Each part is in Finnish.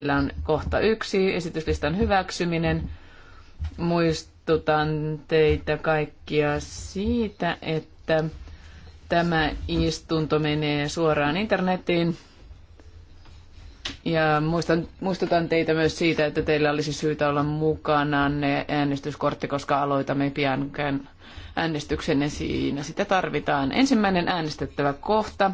Meillä on kohta yksi, esityslistan hyväksyminen. Muistutan teitä kaikkia siitä, että tämä istunto menee suoraan internetiin. Ja muistan, muistutan teitä myös siitä, että teillä olisi syytä olla mukana ne äänestyskortti, koska aloitamme pian äänestyksenne siinä. Sitä tarvitaan. Ensimmäinen äänestettävä kohta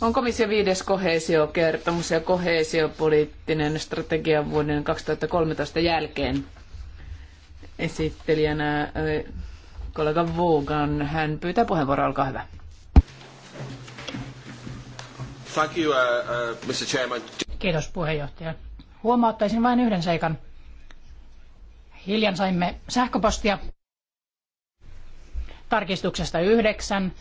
on komission viides kohesiokertomus ja kohesiopoliittinen strategia vuoden 2013 jälkeen. Esittelijänä kollega Vogan, hän pyytää puheenvuoroa, olkaa hyvä. Thank you, uh, uh, Mr. Chairman. Kiitos puheenjohtaja. Huomauttaisin vain yhden seikan. Hiljan saimme sähköpostia tarkistuksesta yhdeksän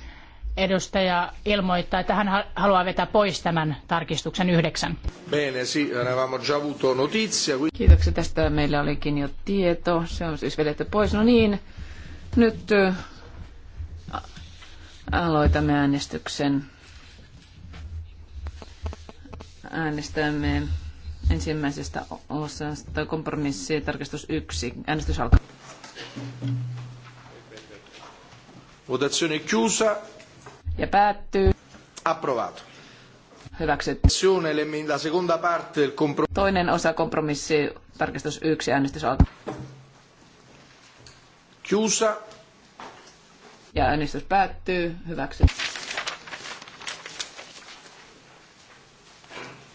edustaja ilmoittaa, että hän haluaa vetää pois tämän tarkistuksen yhdeksän. Bene, sì, avevamo già avuto notizia. Kiitoksia tästä. Meillä olikin jo tieto. Se on siis vedetty pois. No niin, nyt aloitamme äänestyksen. Äänestämme ensimmäisestä osasta kompromissi tarkistus yksi. Äänestys alkaa. Votazione chiusa ja päättyy. Approvato. Hyväksytty. La seconda parte del comprom- Toinen osa kompromissi, tarkistus 1, äänestys alkaa. Chiusa. Ja äänestys päättyy. Hyväksytty.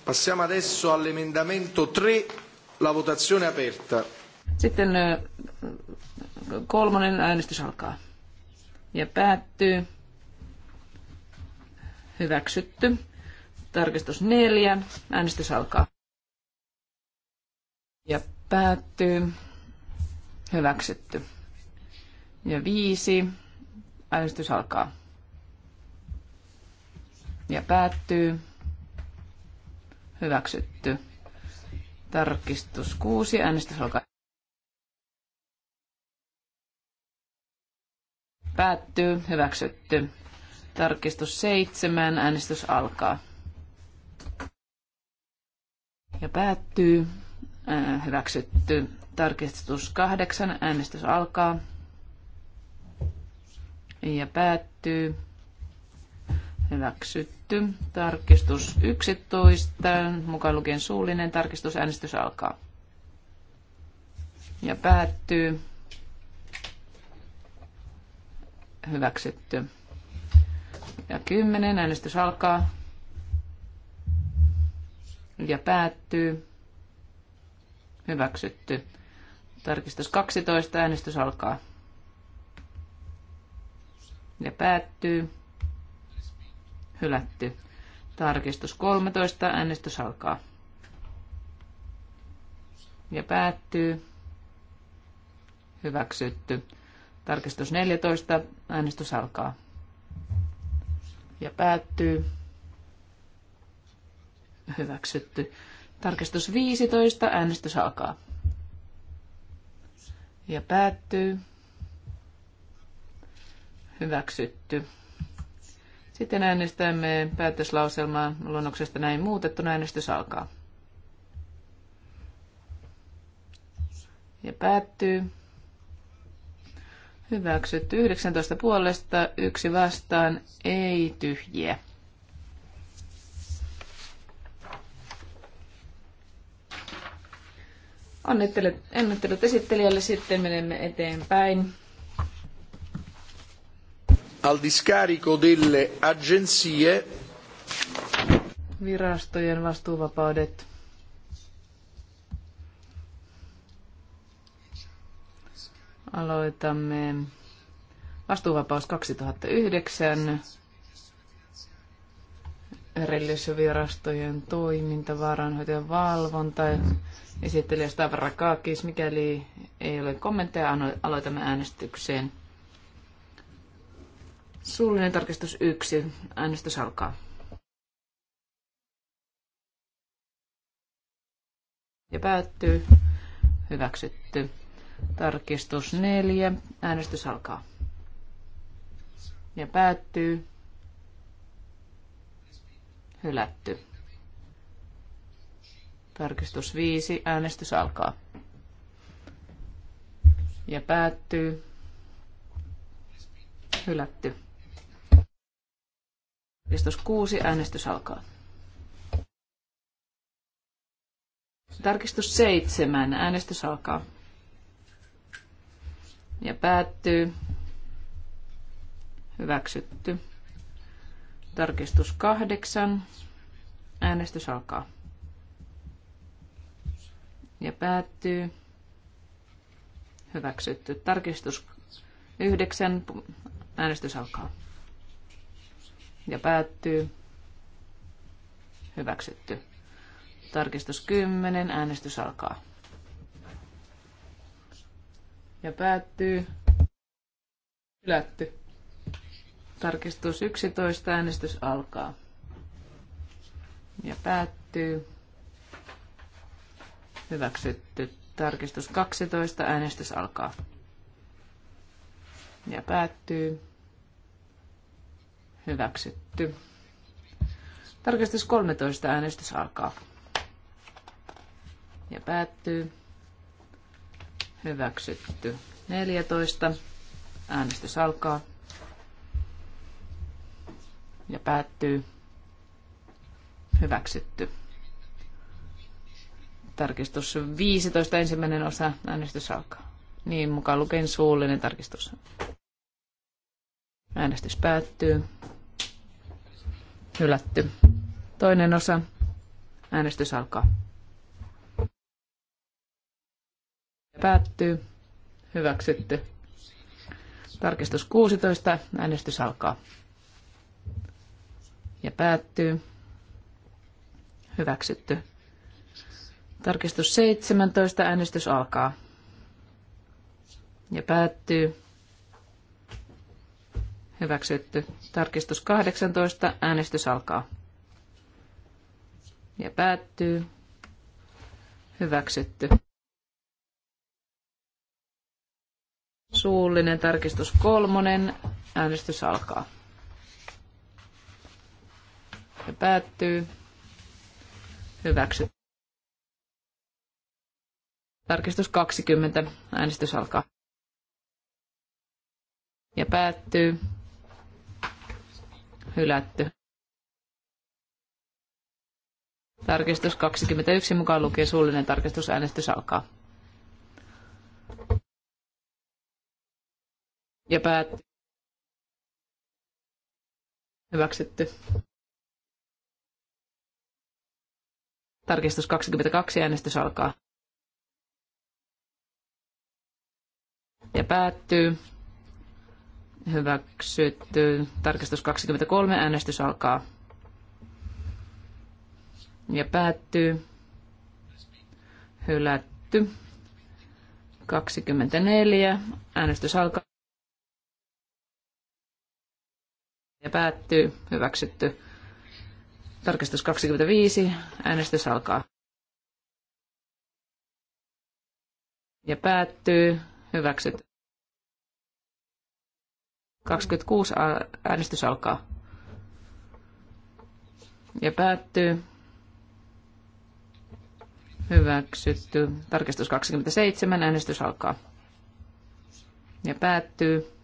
Passiamo adesso all'emendamento 3, la votazione aperta. Sitten kolmonen äänestys alkaa ja päättyy. Hyväksytty. Tarkistus neljä. Äänestys alkaa. Ja päättyy. Hyväksytty. Ja viisi. Äänestys alkaa. Ja päättyy. Hyväksytty. Tarkistus kuusi. Äänestys alkaa. Päättyy. Hyväksytty. Tarkistus seitsemän. Äänestys alkaa. Ja päättyy. Hyväksytty. Tarkistus kahdeksan. Äänestys alkaa. Ja päättyy. Hyväksytty. Tarkistus 11. Mukaan lukien suullinen tarkistus. Äänestys alkaa. Ja päättyy. Hyväksytty ja kymmenen Äänestys alkaa ja päättyy. Hyväksytty. Tarkistus 12. Äänestys alkaa ja päättyy. Hylätty. Tarkistus 13. Äänestys alkaa ja päättyy. Hyväksytty. Tarkistus 14. Äänestys alkaa ja päättyy. Hyväksytty. Tarkistus 15. Äänestys alkaa. Ja päättyy. Hyväksytty. Sitten äänestämme päätöslauselmaa luonnoksesta näin muutettuna. Äänestys alkaa. Ja päättyy. Hyväksytty 19 puolesta, yksi vastaan, ei tyhjiä. Onnittelut, onnittelut esittelijälle, sitten menemme eteenpäin. Al discarico delle agenzie. Virastojen vastuuvapaudet. Aloitamme vastuuvapaus 2009 erillisvirastojen toiminta, ja valvonta, esittelijä Stavra Kaakis. Mikäli ei ole kommentteja, aloitamme äänestykseen. Suullinen tarkistus 1. Äänestys alkaa. Ja päättyy. Hyväksytty. Tarkistus neljä. Äänestys alkaa. Ja päättyy. Hylätty. Tarkistus viisi. Äänestys alkaa. Ja päättyy. Hylätty. Tarkistus kuusi. Äänestys alkaa. Tarkistus seitsemän. Äänestys alkaa ja päättyy. Hyväksytty. Tarkistus kahdeksan. Äänestys alkaa. Ja päättyy. Hyväksytty. Tarkistus yhdeksän. Äänestys alkaa. Ja päättyy. Hyväksytty. Tarkistus 10. Äänestys alkaa ja päättyy. Ylätty. Tarkistus 11. Äänestys alkaa. Ja päättyy. Hyväksytty. Tarkistus 12. Äänestys alkaa. Ja päättyy. Hyväksytty. Tarkistus 13. Äänestys alkaa. Ja päättyy. Hyväksytty. 14. Äänestys alkaa. Ja päättyy. Hyväksytty. Tarkistus 15. Ensimmäinen osa. Äänestys alkaa. Niin, mukaan lukien suullinen tarkistus. Äänestys päättyy. Hylätty. Toinen osa. Äänestys alkaa. Päättyy. Hyväksytty. Tarkistus 16. Äänestys alkaa. Ja päättyy. Hyväksytty. Tarkistus 17. Äänestys alkaa. Ja päättyy. Hyväksytty. Tarkistus 18. Äänestys alkaa. Ja päättyy. Hyväksytty. Suullinen tarkistus kolmonen. Äänestys alkaa. Ja päättyy. Hyväksy. Tarkistus 20. Äänestys alkaa. Ja päättyy. Hylätty. Tarkistus 21 mukaan lukien suullinen Äänestys alkaa. ja päättyy. Hyväksytty. Tarkistus 22, äänestys alkaa. Ja päättyy. Hyväksytty. Tarkistus 23, äänestys alkaa. Ja päättyy. Hylätty. 24, äänestys alkaa. ja päättyy. Hyväksytty. Tarkistus 25. Äänestys alkaa. Ja päättyy. Hyväksytty. 26. Äänestys alkaa. Ja päättyy. Hyväksytty. Tarkistus 27. Äänestys alkaa. Ja päättyy.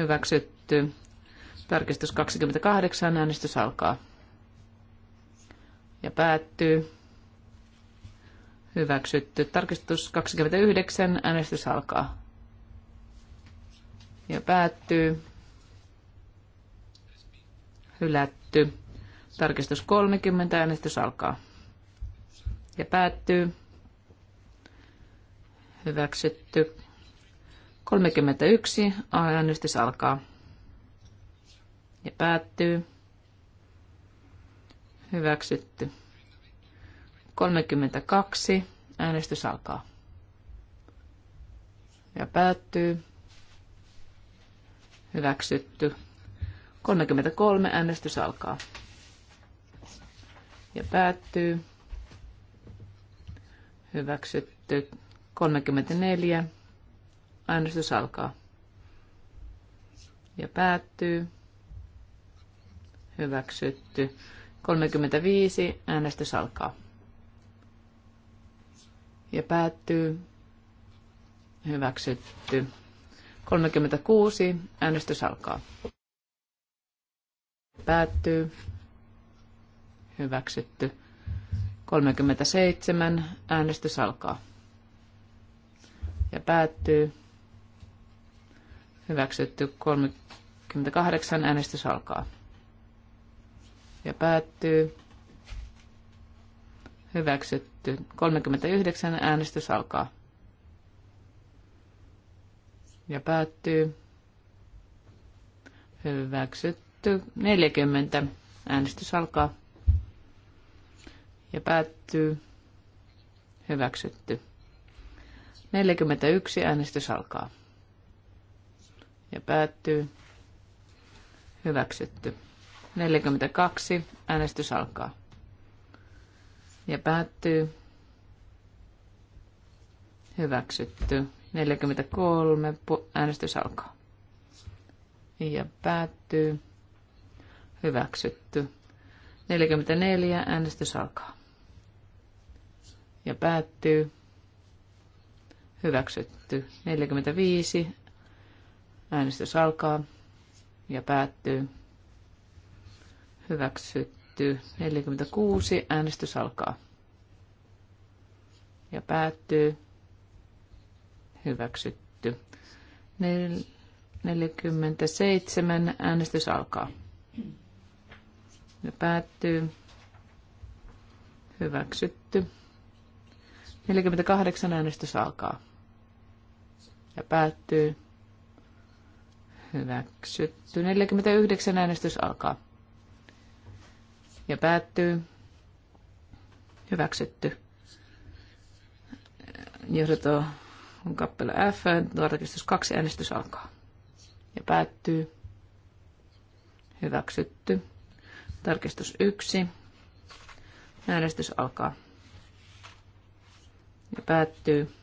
Hyväksytty. Tarkistus 28. Äänestys alkaa. Ja päättyy. Hyväksytty. Tarkistus 29. Äänestys alkaa. Ja päättyy. Hylätty. Tarkistus 30. Äänestys alkaa. Ja päättyy. Hyväksytty. 31. Äänestys alkaa ja päättyy. Hyväksytty. 32. Äänestys alkaa ja päättyy. Hyväksytty. 33. Äänestys alkaa ja päättyy. Hyväksytty. 34. Äänestys alkaa. Ja päättyy. Hyväksytty. 35. Äänestys alkaa. Ja päättyy. Hyväksytty. 36. Äänestys alkaa. Päättyy. Hyväksytty. 37. Äänestys alkaa. Ja päättyy. Hyväksytty 38. Äänestys alkaa. Ja päättyy. Hyväksytty 39. Äänestys alkaa. Ja päättyy. Hyväksytty 40. Äänestys alkaa. Ja päättyy. Hyväksytty. 41. Äänestys alkaa ja päättyy. Hyväksytty. 42. Äänestys alkaa. Ja päättyy. Hyväksytty. 43. Äänestys alkaa. Ja päättyy. Hyväksytty. 44. Äänestys alkaa. Ja päättyy. Hyväksytty. 45. Äänestys alkaa ja päättyy. Hyväksytty. 46. Äänestys alkaa. Ja päättyy. Hyväksytty. 47. Äänestys alkaa. Ja päättyy. Hyväksytty. 48. Äänestys alkaa. Ja päättyy hyväksytty. 49 äänestys alkaa ja päättyy. Hyväksytty. Johdato on kappale F, tarkistus 2, äänestys alkaa ja päättyy. Hyväksytty. Tarkistus 1. Äänestys alkaa ja päättyy.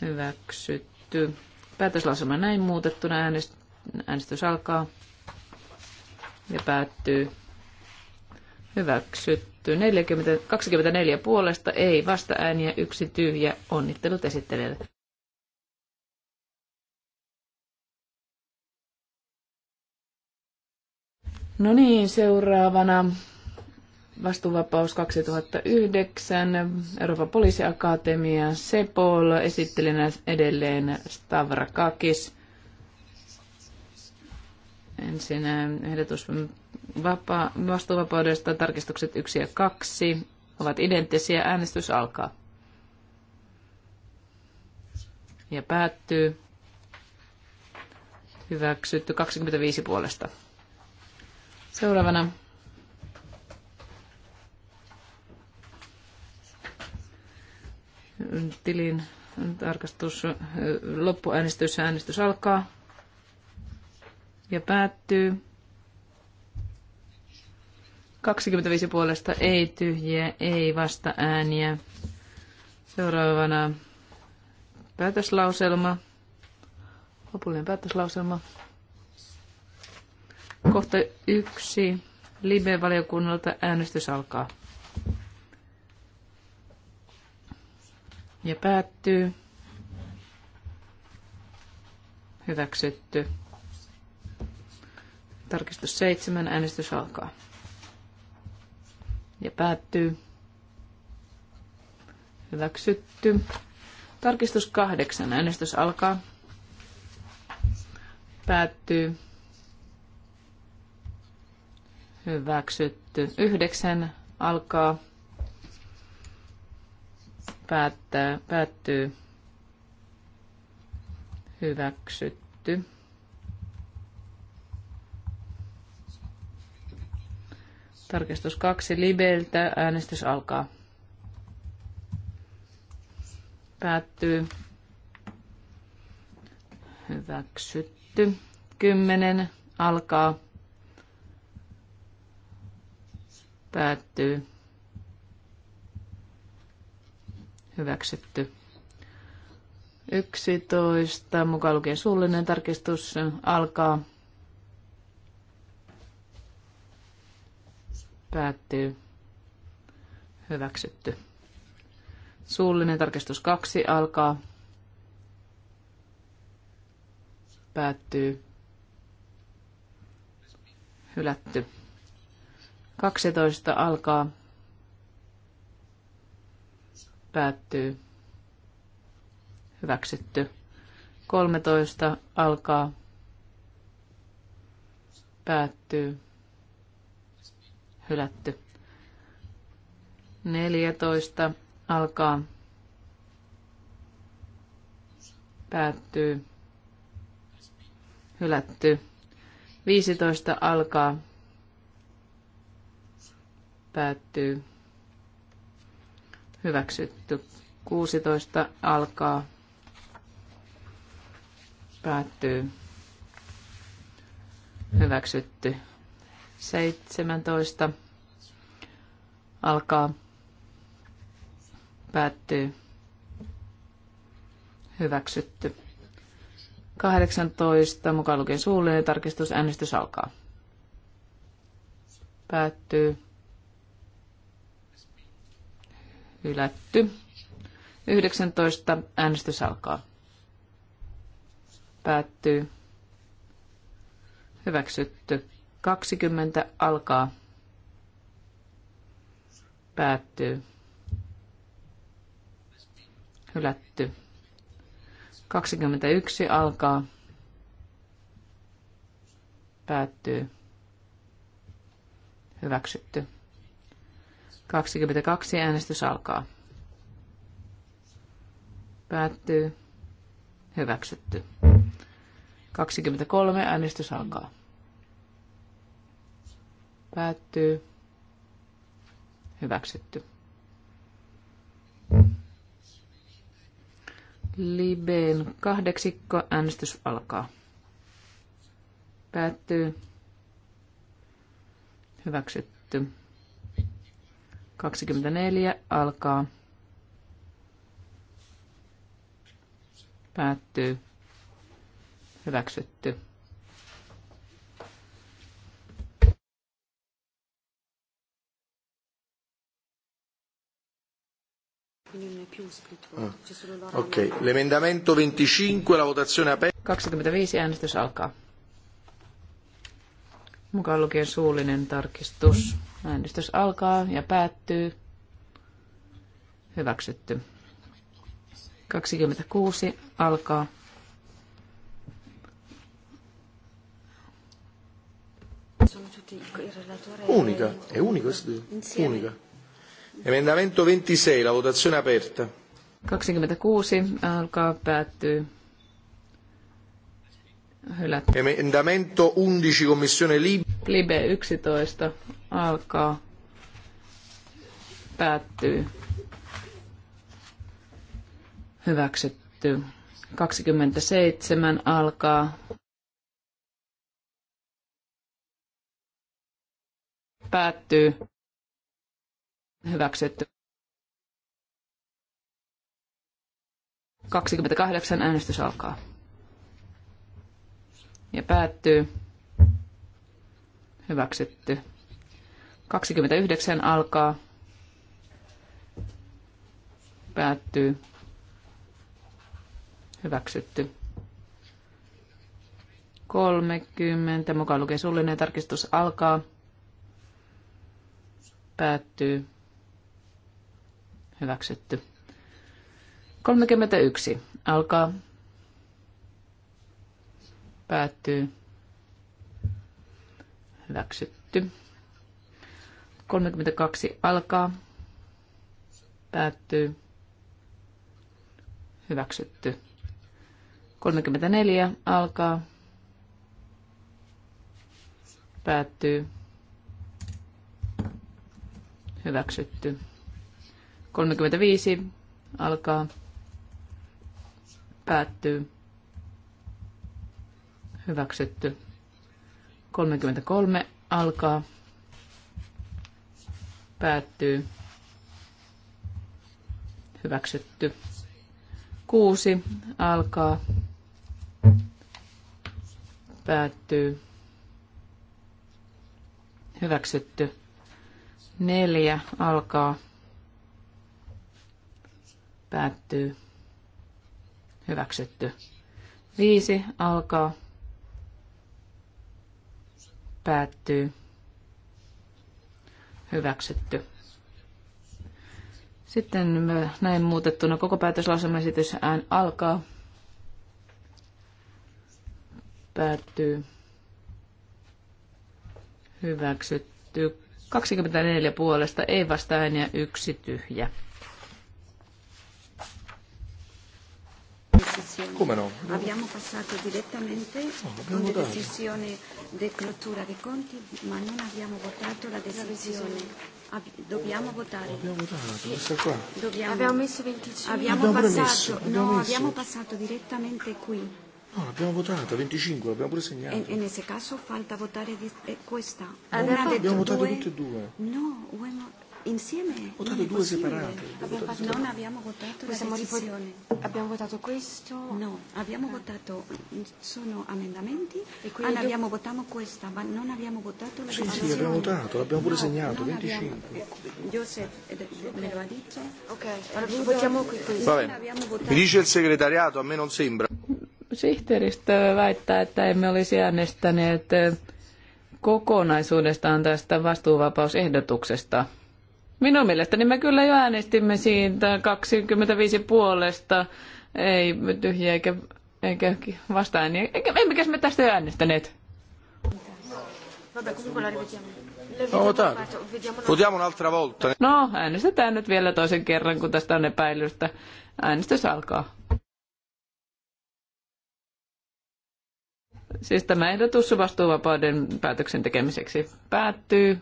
Hyväksytty. Päätöslausuma näin muutettuna äänestys alkaa ja päättyy. Hyväksytty. 40, 24 puolesta, ei vasta ääniä, yksi tyhjä. Onnittelut esittelijälle. No niin, seuraavana Vastuuvapaus 2009, Euroopan poliisiakatemia, Sepol, esittelijänä edelleen Stavrakakis. Ensin äh, ehdotus vapa- vastuuvapaudesta, tarkistukset 1 ja 2 ovat identtisiä, äänestys alkaa. Ja päättyy. Hyväksytty 25 puolesta. Seuraavana tilin tarkastus, loppuäänestys, äänestys alkaa ja päättyy. 25 puolesta ei tyhjiä, ei vasta ääniä. Seuraavana päätöslauselma. Lopullinen päätöslauselma. Kohta yksi. Libe-valiokunnalta äänestys alkaa. ja päättyy. Hyväksytty. Tarkistus 7. Äänestys alkaa. Ja päättyy. Hyväksytty. Tarkistus 8. Äänestys alkaa. Päättyy. Hyväksytty. 9. Alkaa päättää, päättyy hyväksytty. Tarkistus kaksi Libeltä. Äänestys alkaa. Päättyy. Hyväksytty. Kymmenen alkaa. Päättyy. hyväksytty. 11, mukaan lukien suullinen tarkistus, alkaa. Päättyy. Hyväksytty. Suullinen tarkistus 2 alkaa. Päättyy. Hylätty. 12 alkaa päättyy. Hyväksytty. 13 alkaa. Päättyy. Hylätty. 14 alkaa. Päättyy. Hylätty. 15 alkaa. Päättyy hyväksytty. 16 alkaa, päättyy, hyväksytty. 17 alkaa, päättyy, hyväksytty. 18 mukaan lukien suullinen äänestys alkaa. Päättyy. Hylätty. 19. Äänestys alkaa. Päättyy. Hyväksytty. 20 alkaa. Päättyy. Hylätty. 21 alkaa. Päättyy. Hyväksytty. 22 äänestys alkaa. Päättyy. Hyväksytty. 23 äänestys alkaa. Päättyy. Hyväksytty. Libeen kahdeksikko äänestys alkaa. Päättyy. Hyväksytty. 24 alkaa. Päättyy. Hyväksytty. Ok, l'emendamento 25, la votazione aperta. 25 äänestys alkaa. Mukaan lukien suullinen tarkistus. Mm. Äänestys alkaa ja päättyy. Hyväksytty. 26 alkaa. Unica, è unico Unica. Emendamento 26, la votazione aperta. 26 alkaa päättyy. Hylätty. Emendamento 11, commissione Libe. Libe 11, alkaa, päättyy, hyväksytty. 27 alkaa, päättyy, hyväksytty. 28 äänestys alkaa. Ja päättyy. Hyväksytty. 29 alkaa. Päättyy. Hyväksytty. 30. Mukaan lukee suullinen tarkistus alkaa. Päättyy. Hyväksytty. 31. Alkaa. Päättyy. Hyväksytty. 32 alkaa. Päättyy. Hyväksytty. 34 alkaa. Päättyy. Hyväksytty. 35 alkaa. Päättyy. Hyväksytty. 33 alkaa. Päättyy. Hyväksytty. Kuusi alkaa. Päättyy. Hyväksytty. Neljä alkaa. Päättyy. Hyväksytty. Viisi alkaa. Päättyy hyväksytty. Sitten näin muutettuna koko päätöslauselmaesitys ään alkaa. Päättyy. Hyväksytty. 24 puolesta, ei vasta ääniä, yksi tyhjä. decisioni. Come no? Abbiamo passato direttamente no, con la decisione di clottura dei conti, ma non abbiamo votato la decisione. dobbiamo votare. Abbiamo votato, questa qua. Dobbiamo, abbiamo messo 25. Abbiamo, abbiamo passato, premesso, no, abbiamo no, messo. abbiamo passato direttamente qui. No, l'abbiamo votata, 25, l'abbiamo pure segnata. E, e nel caso falta votare eh, questa. Allora, no, abbiamo votato due. tutte e due. No, uno, Insieme? Ho dato due separate. Abbiamo fatto, no, non abbiamo votato Possiamo la decisione. Abbiamo votato questo? No, abbiamo ah. votato, sono emendamenti e ah, no, quindi ah, do... abbiamo votato questa, ma non abbiamo votato la decisione. Sì, sì, abbiamo votato, l'abbiamo pure no, segnato, 25. Abbiamo, eh, Joseph eh, me lo ha detto. Ok, allora votiamo qui questo. Vabbè. No, Mi dice il segretariato, a me non sembra. Sihteeristö väittää, että emme olisi äänestäneet kokonaisuudestaan tästä vastuuvapausehdotuksesta. Minun mielestäni me kyllä jo äänestimme siitä 25 puolesta, ei tyhjiä eikä, eikä ääniä. Eikä, emmekäs me tästä jo äänestäneet. No, äänestetään nyt vielä toisen kerran, kun tästä on epäilystä. Äänestys alkaa. Siis tämä ehdotus vastuuvapauden päätöksen tekemiseksi päättyy.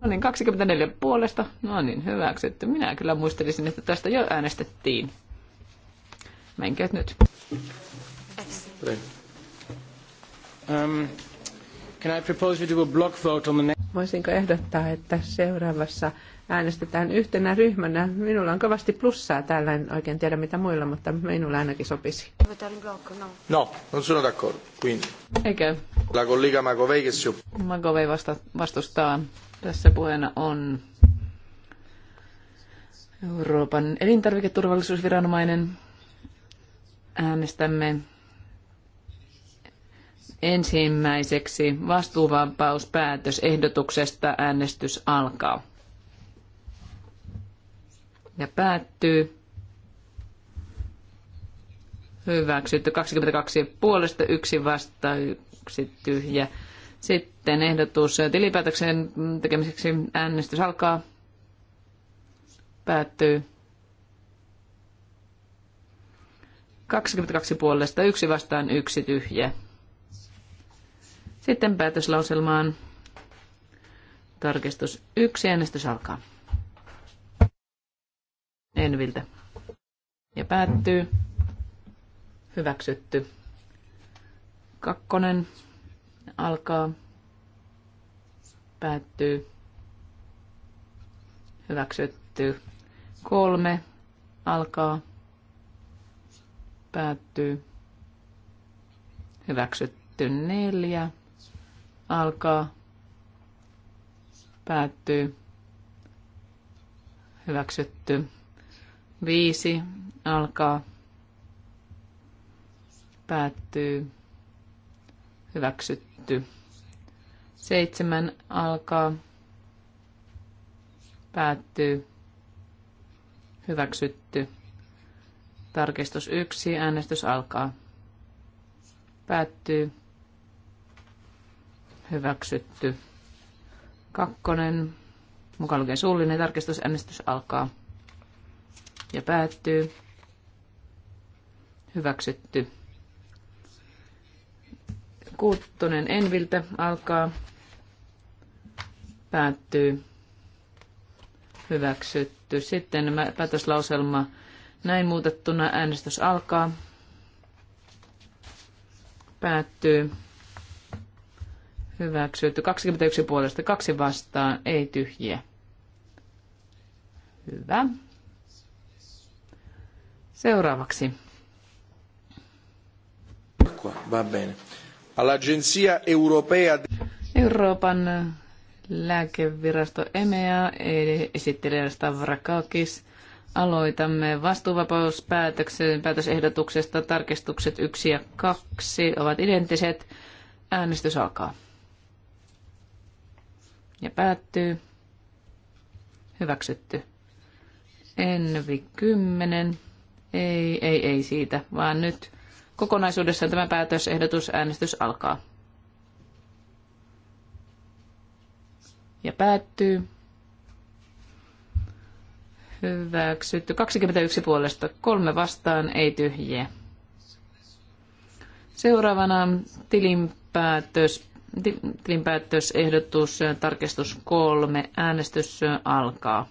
No niin, 24 puolesta. No niin, hyväksytty. Minä kyllä muistelisin, että tästä jo äänestettiin. Menkööt nyt. Um, can I propose we do a block vote on the next... Voisinko ehdottaa, että seuraavassa äänestetään yhtenä ryhmänä. Minulla on kovasti plussaa täällä, en oikein tiedä mitä muilla, mutta minulla ainakin sopisi. No, non sono d'accordo, quindi. Eikö? La collega Magovei, che si... Magovei vasta, vastustaa tässä puheena on Euroopan elintarviketurvallisuusviranomainen. Äänestämme ensimmäiseksi vastuuvapauspäätösehdotuksesta äänestys alkaa. Ja päättyy. Hyväksytty 22 puolesta, yksi vasta, yksi tyhjä. Sitten ehdotus tilipäätöksen tekemiseksi. Äänestys alkaa. Päättyy. 22 puolesta, yksi vastaan, yksi tyhjä. Sitten päätöslauselmaan. Tarkistus yksi äänestys alkaa. Enviltä. Ja päättyy. Hyväksytty. Kakkonen alkaa, päättyy, hyväksytty. Kolme alkaa, päättyy, hyväksytty. Neljä alkaa, päättyy, hyväksytty. Viisi alkaa, päättyy, hyväksytty Hylätty. Seitsemän alkaa. Päättyy. Hyväksytty. Tarkistus yksi. Äänestys alkaa. Päättyy. Hyväksytty. Kakkonen. Mukaan lukee suullinen äänestys alkaa ja päättyy. Hyväksytty. Kuuttonen Enviltä alkaa. Päättyy. Hyväksytty. Sitten päätöslauselma näin muutettuna äänestys alkaa. Päättyy. Hyväksytty. 21 puolesta, kaksi vastaan, ei tyhjiä. Hyvä. Seuraavaksi. Va bene all'Agenzia Europea Euroopan lääkevirasto EMEA esittelee Stavrakakis. Aloitamme vastuuvapauspäätöksen päätösehdotuksesta. Tarkistukset 1 ja 2 ovat identtiset. Äänestys alkaa. Ja päättyy. Hyväksytty. Envi 10. Ei, ei, ei siitä, vaan nyt Kokonaisuudessaan tämä päätösehdotus äänestys alkaa. Ja päättyy. Hyväksytty. 21 puolesta, kolme vastaan, ei tyhjiä. Seuraavana tilinpäätös, tilinpäätösehdotus, tarkistus kolme, äänestys alkaa.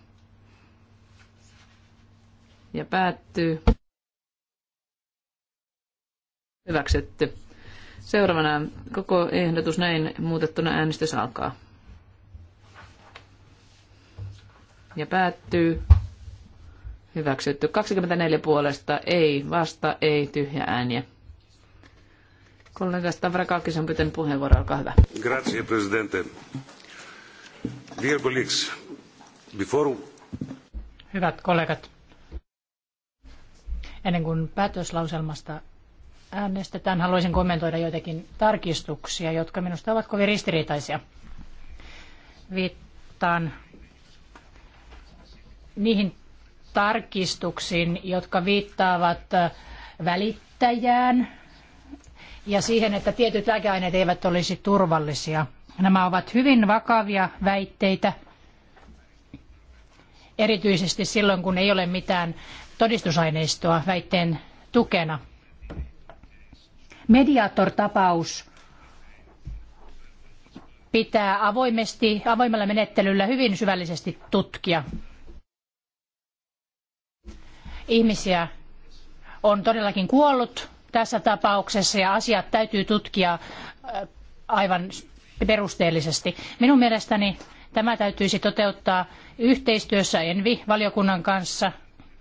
Ja päättyy. Hyväksytty. Seuraavana koko ehdotus näin muutettuna äänestys alkaa. Ja päättyy. Hyväksytty. 24 puolesta ei, vasta ei, tyhjä ääniä. Kollega Stavrakakis on pyytänyt puheenvuoro, olkaa hyvä. Grazie, presidente. Dear colleagues, before... Hyvät kollegat, ennen kuin päätöslauselmasta äänestetään, haluaisin kommentoida joitakin tarkistuksia, jotka minusta ovat kovin ristiriitaisia. Viittaan niihin tarkistuksiin, jotka viittaavat välittäjään ja siihen, että tietyt lääkeaineet eivät olisi turvallisia. Nämä ovat hyvin vakavia väitteitä, erityisesti silloin, kun ei ole mitään todistusaineistoa väitteen tukena. Mediator-tapaus pitää avoimesti, avoimella menettelyllä hyvin syvällisesti tutkia. Ihmisiä on todellakin kuollut tässä tapauksessa ja asiat täytyy tutkia äh, aivan perusteellisesti. Minun mielestäni tämä täytyisi toteuttaa yhteistyössä Envi-valiokunnan kanssa.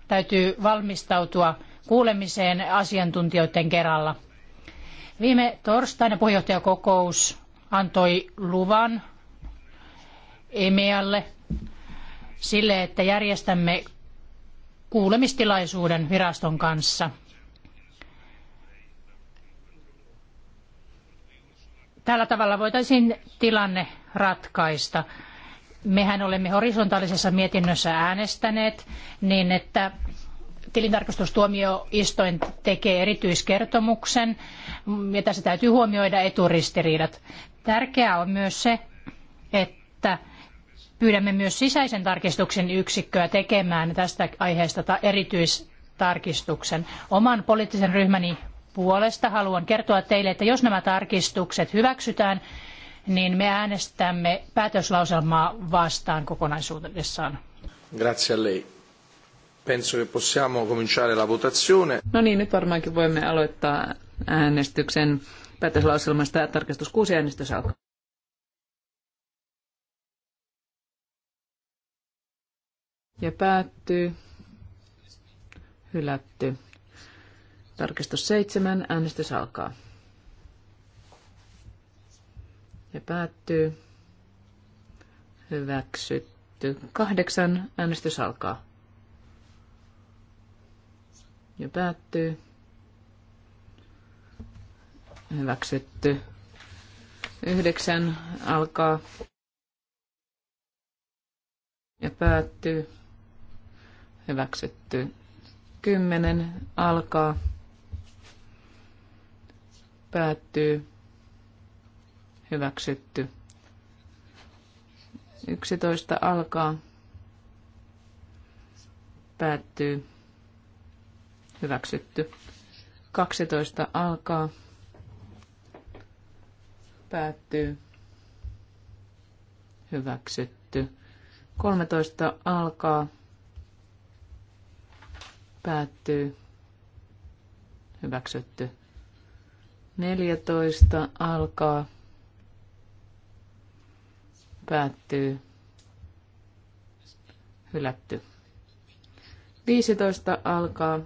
Täytyy valmistautua kuulemiseen asiantuntijoiden kerralla. Viime torstaina puheenjohtajakokous antoi luvan EMEAlle sille, että järjestämme kuulemistilaisuuden viraston kanssa. Tällä tavalla voitaisiin tilanne ratkaista. Mehän olemme horisontaalisessa mietinnössä äänestäneet niin, että tilintarkastustuomioistuin tekee erityiskertomuksen ja tässä täytyy huomioida eturistiriidat. Tärkeää on myös se, että pyydämme myös sisäisen tarkistuksen yksikköä tekemään tästä aiheesta erityistarkistuksen. Oman poliittisen ryhmäni puolesta haluan kertoa teille, että jos nämä tarkistukset hyväksytään, niin me äänestämme päätöslauselmaa vastaan kokonaisuudessaan. Grazie a lei. Penso che possiamo cominciare la votazione. No niin, nyt varmaankin voimme aloittaa äänestyksen päätöslauselmasta tarkastus kuusi äänestys alkaa. Ja päättyy. Hylätty. Tarkistus seitsemän Äänestys alkaa. Ja päättyy. Hyväksytty. Kahdeksan. Äänestys alkaa. Ja päättyy hyväksytty. Yhdeksän alkaa ja päättyy. Hyväksytty. Kymmenen alkaa. Päättyy. Hyväksytty. Yksitoista alkaa. Päättyy. Hyväksytty. Kaksitoista alkaa. Päättyy. Hyväksytty. 13 alkaa. Päättyy. Hyväksytty. 14 alkaa. Päättyy. Hylätty. 15 alkaa.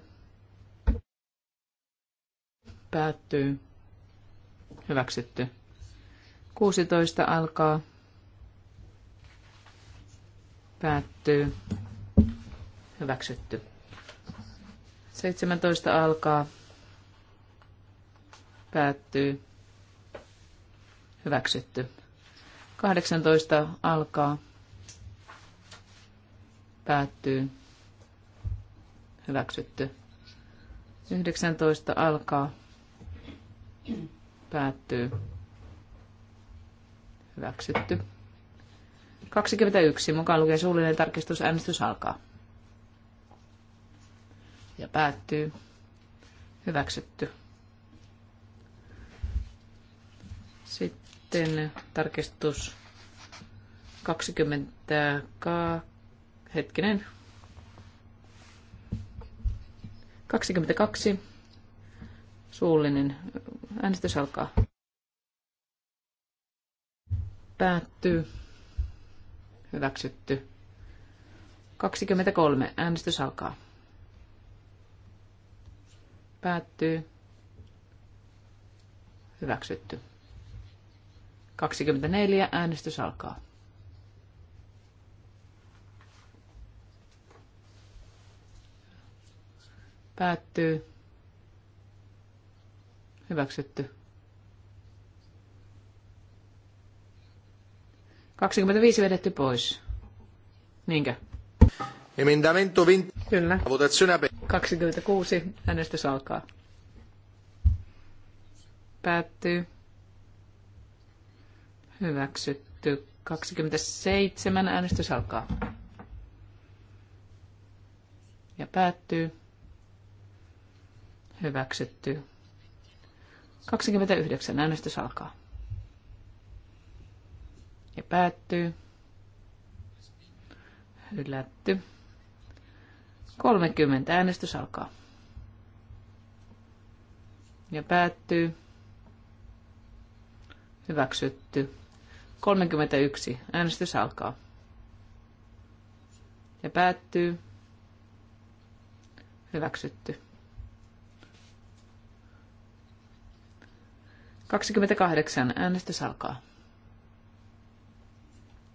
Päättyy. Hyväksytty. 16 alkaa. Päättyy. Hyväksytty. 17 alkaa. Päättyy. Hyväksytty. 18 alkaa. Päättyy. Hyväksytty. 19 alkaa. Päättyy. Hyväksytty. 21. Mukaan lukee suullinen tarkistus. Äänestys alkaa. Ja päättyy. Hyväksytty. Sitten tarkistus 22. Hetkinen. 22. Suullinen. Äänestys alkaa. Päättyy. Hyväksytty. 23. Äänestys alkaa. Päättyy. Hyväksytty. 24. Äänestys alkaa. Päättyy. Hyväksytty. 25 vedetty pois. Niinkö? Emendamento 20. Kyllä. Votazione 26. Äänestys alkaa. Päättyy. Hyväksytty. 27. Äänestys alkaa. Ja päättyy. Hyväksytty. 29. Äänestys alkaa ja päättyy. Hylätty. 30 äänestys alkaa. Ja päättyy. Hyväksytty. 31 äänestys alkaa. Ja päättyy. Hyväksytty. 28 äänestys alkaa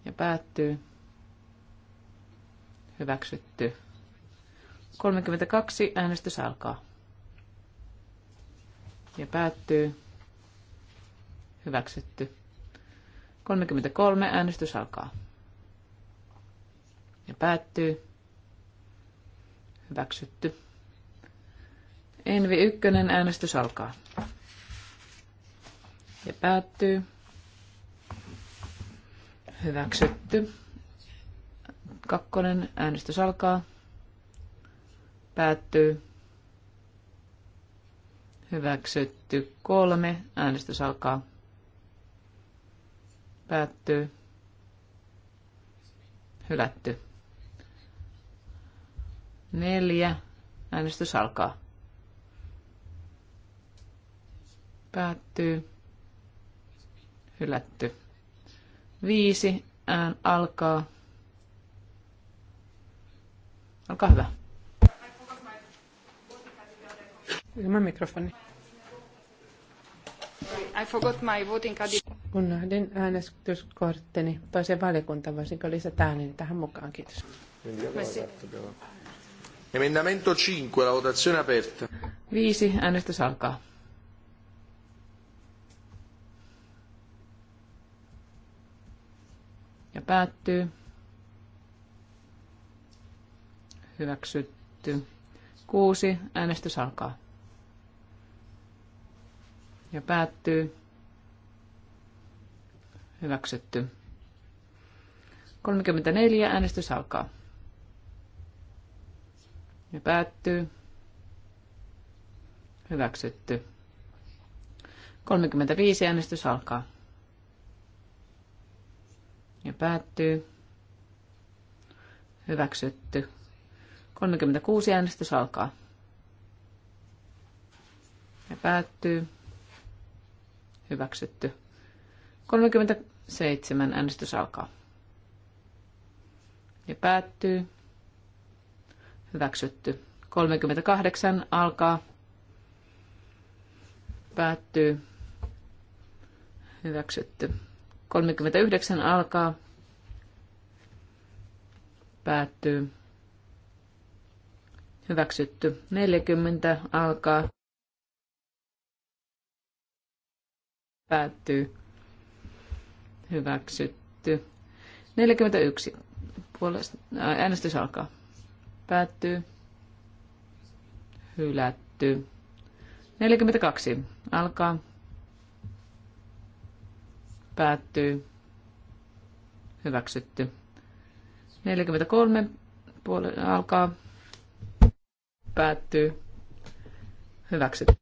ja päättyy. Hyväksytty. 32 äänestys alkaa. Ja päättyy. Hyväksytty. 33 äänestys alkaa. Ja päättyy. Hyväksytty. Envi 1 äänestys alkaa. Ja päättyy. Hyväksytty. Kakkonen. Äänestys alkaa. Päättyy. Hyväksytty. Kolme. Äänestys alkaa. Päättyy. Hylätty. Neljä. Äänestys alkaa. Päättyy. Hylätty. Viisi ään alkaa. Olkaa hyvä. Ilman mikrofoni. I forgot my voting card. Unohdin äänestyskortteni toiseen valiokuntaan. Voisinko lisätä ääneni tähän mukaan? Kiitos. Emendamento 5, la votazione aperta. Viisi, äänestys alkaa. päättyy. Hyväksytty. Kuusi. Äänestys alkaa. Ja päättyy. Hyväksytty. 34. Äänestys alkaa. Ja päättyy. Hyväksytty. 35. Äänestys alkaa ja päättyy. Hyväksytty. 36 äänestys alkaa. Ja päättyy. Hyväksytty. 37 äänestys alkaa. Ja päättyy. Hyväksytty. 38 alkaa. Päättyy. Hyväksytty. 39 alkaa. Päättyy. Hyväksytty. 40 alkaa. Päättyy. Hyväksytty. 41. Puolesta, äänestys alkaa. Päättyy. Hylätty. 42. Alkaa päättyy, hyväksytty. 43 puoli alkaa, päättyy, hyväksytty.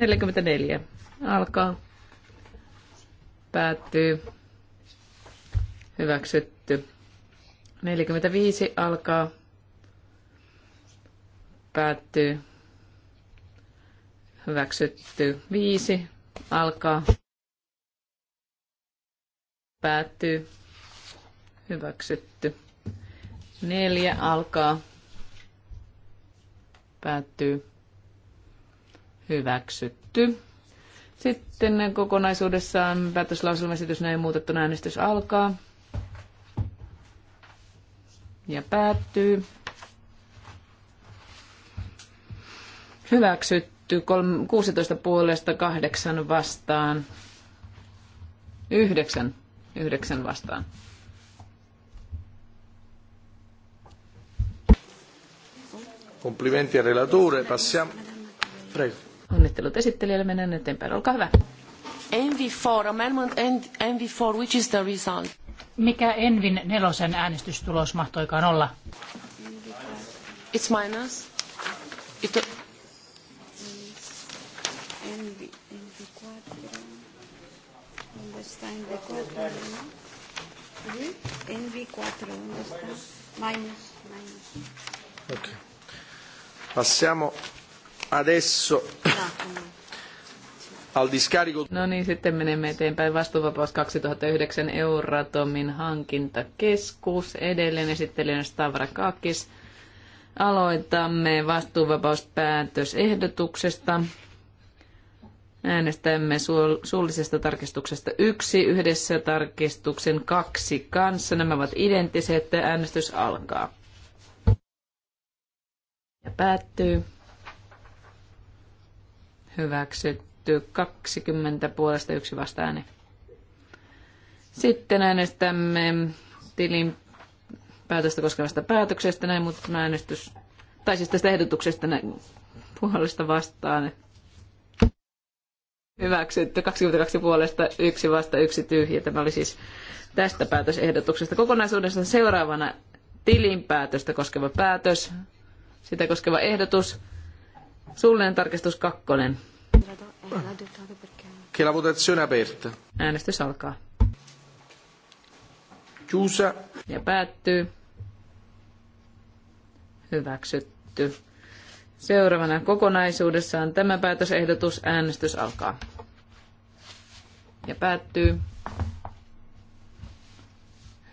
44 alkaa, päättyy, hyväksytty. 45 alkaa, päättyy, hyväksytty. 5 alkaa, Päättyy. Hyväksytty. Neljä alkaa. Päättyy. Hyväksytty. Sitten kokonaisuudessaan päätöslauselmaesitys näin muutettuna äänestys alkaa. Ja päättyy. Hyväksytty 16 puolesta kahdeksan vastaan. Yhdeksän yhdeksän vastaan. Komplimentti relatuure, passiam. Passiamo. Prego. Onnittelut esittelijälle. Mennään eteenpäin. Olkaa hyvä. NV4, amendment NV4, which is the result? Mikä Envin nelosen äänestystulos mahtoikaan olla? It's minus. It, está en the 4 ¿no? ¿Sí? En B4, ¿dónde está? Minus, minus. Ok. Passiamo adesso ah, al discarico. No niin, sitten menemme eteenpäin. Vastuuvapaus 2009 Euratomin hankintakeskus. Edelleen esittelijänä Stavra Kakis. Aloitamme vastuuvapauspäätösehdotuksesta. ehdotuksesta Äänestämme suullisesta tarkistuksesta yksi yhdessä tarkistuksen kaksi kanssa. Nämä ovat identtiset. Äänestys alkaa. Ja päättyy. Hyväksytty 20 puolesta yksi vastaääni. Sitten äänestämme tilin päätöstä koskevasta päätöksestä, näin, mutta äänestys, tai siis tästä ehdotuksesta näin, puolesta vastaan, hyväksytty 22 puolesta, yksi vasta, yksi tyhjä. Tämä oli siis tästä päätösehdotuksesta. Kokonaisuudessaan seuraavana tilinpäätöstä koskeva päätös, sitä koskeva ehdotus, suullinen tarkistus kakkonen. Che aperta. Äänestys alkaa. Chiusa. Ja päättyy. Hyväksytty. Seuraavana kokonaisuudessaan tämä päätösehdotus. Äänestys alkaa ja päättyy.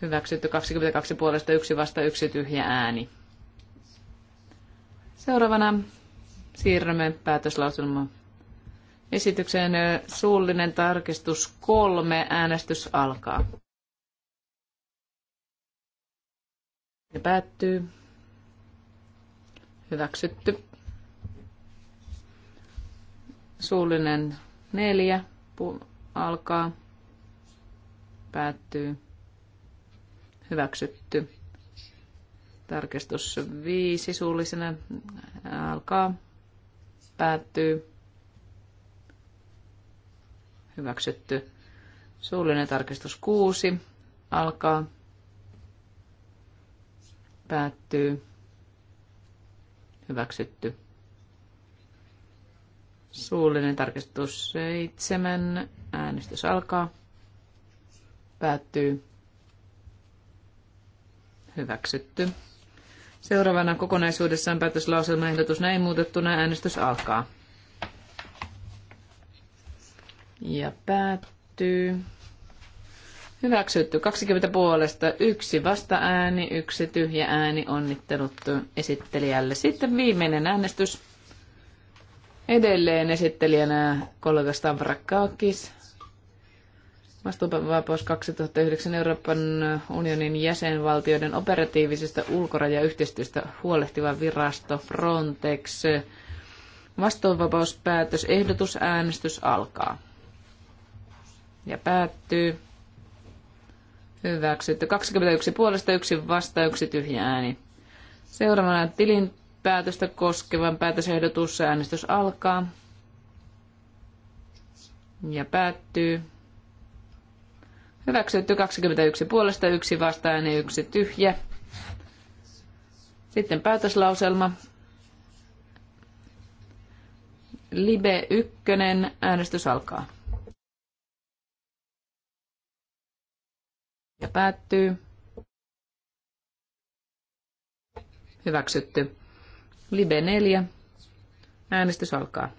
Hyväksytty 22 puolesta yksi vasta yksi tyhjä ääni. Seuraavana siirrymme päätöslausunnon esitykseen suullinen tarkistus kolme. Äänestys alkaa. Ja päättyy. Hyväksytty. Suullinen neljä. Pu- alkaa, päättyy, hyväksytty. Tarkistus 5 suullisena alkaa, päättyy, hyväksytty. Suullinen tarkistus 6 alkaa, päättyy, hyväksytty. Suullinen tarkistus 7 Äänestys alkaa. Päättyy. Hyväksytty. Seuraavana kokonaisuudessaan päätöslauselmaehdotus näin muutettuna äänestys alkaa. Ja päättyy. Hyväksytty 20 puolesta, yksi vastaääni, yksi tyhjä ääni, onnittelut esittelijälle. Sitten viimeinen äänestys. Edelleen esittelijänä kollega Stavrakakis. Vastuuvapaus 2009 Euroopan unionin jäsenvaltioiden operatiivisesta ulkorajayhteistyöstä huolehtiva virasto Frontex. Vastuunvapauspäätös, äänestys alkaa. Ja päättyy. Hyväksytty. 21 puolesta, yksi vasta, yksi tyhjä ääni. Seuraavana tilin päätöstä koskevan päätösehdotus äänestys alkaa. Ja päättyy. Hyväksytty 21 puolesta, yksi vastaan ja yksi tyhjä. Sitten päätöslauselma. Libe 1, äänestys alkaa. Ja päättyy. Hyväksytty. Libe 4, äänestys alkaa.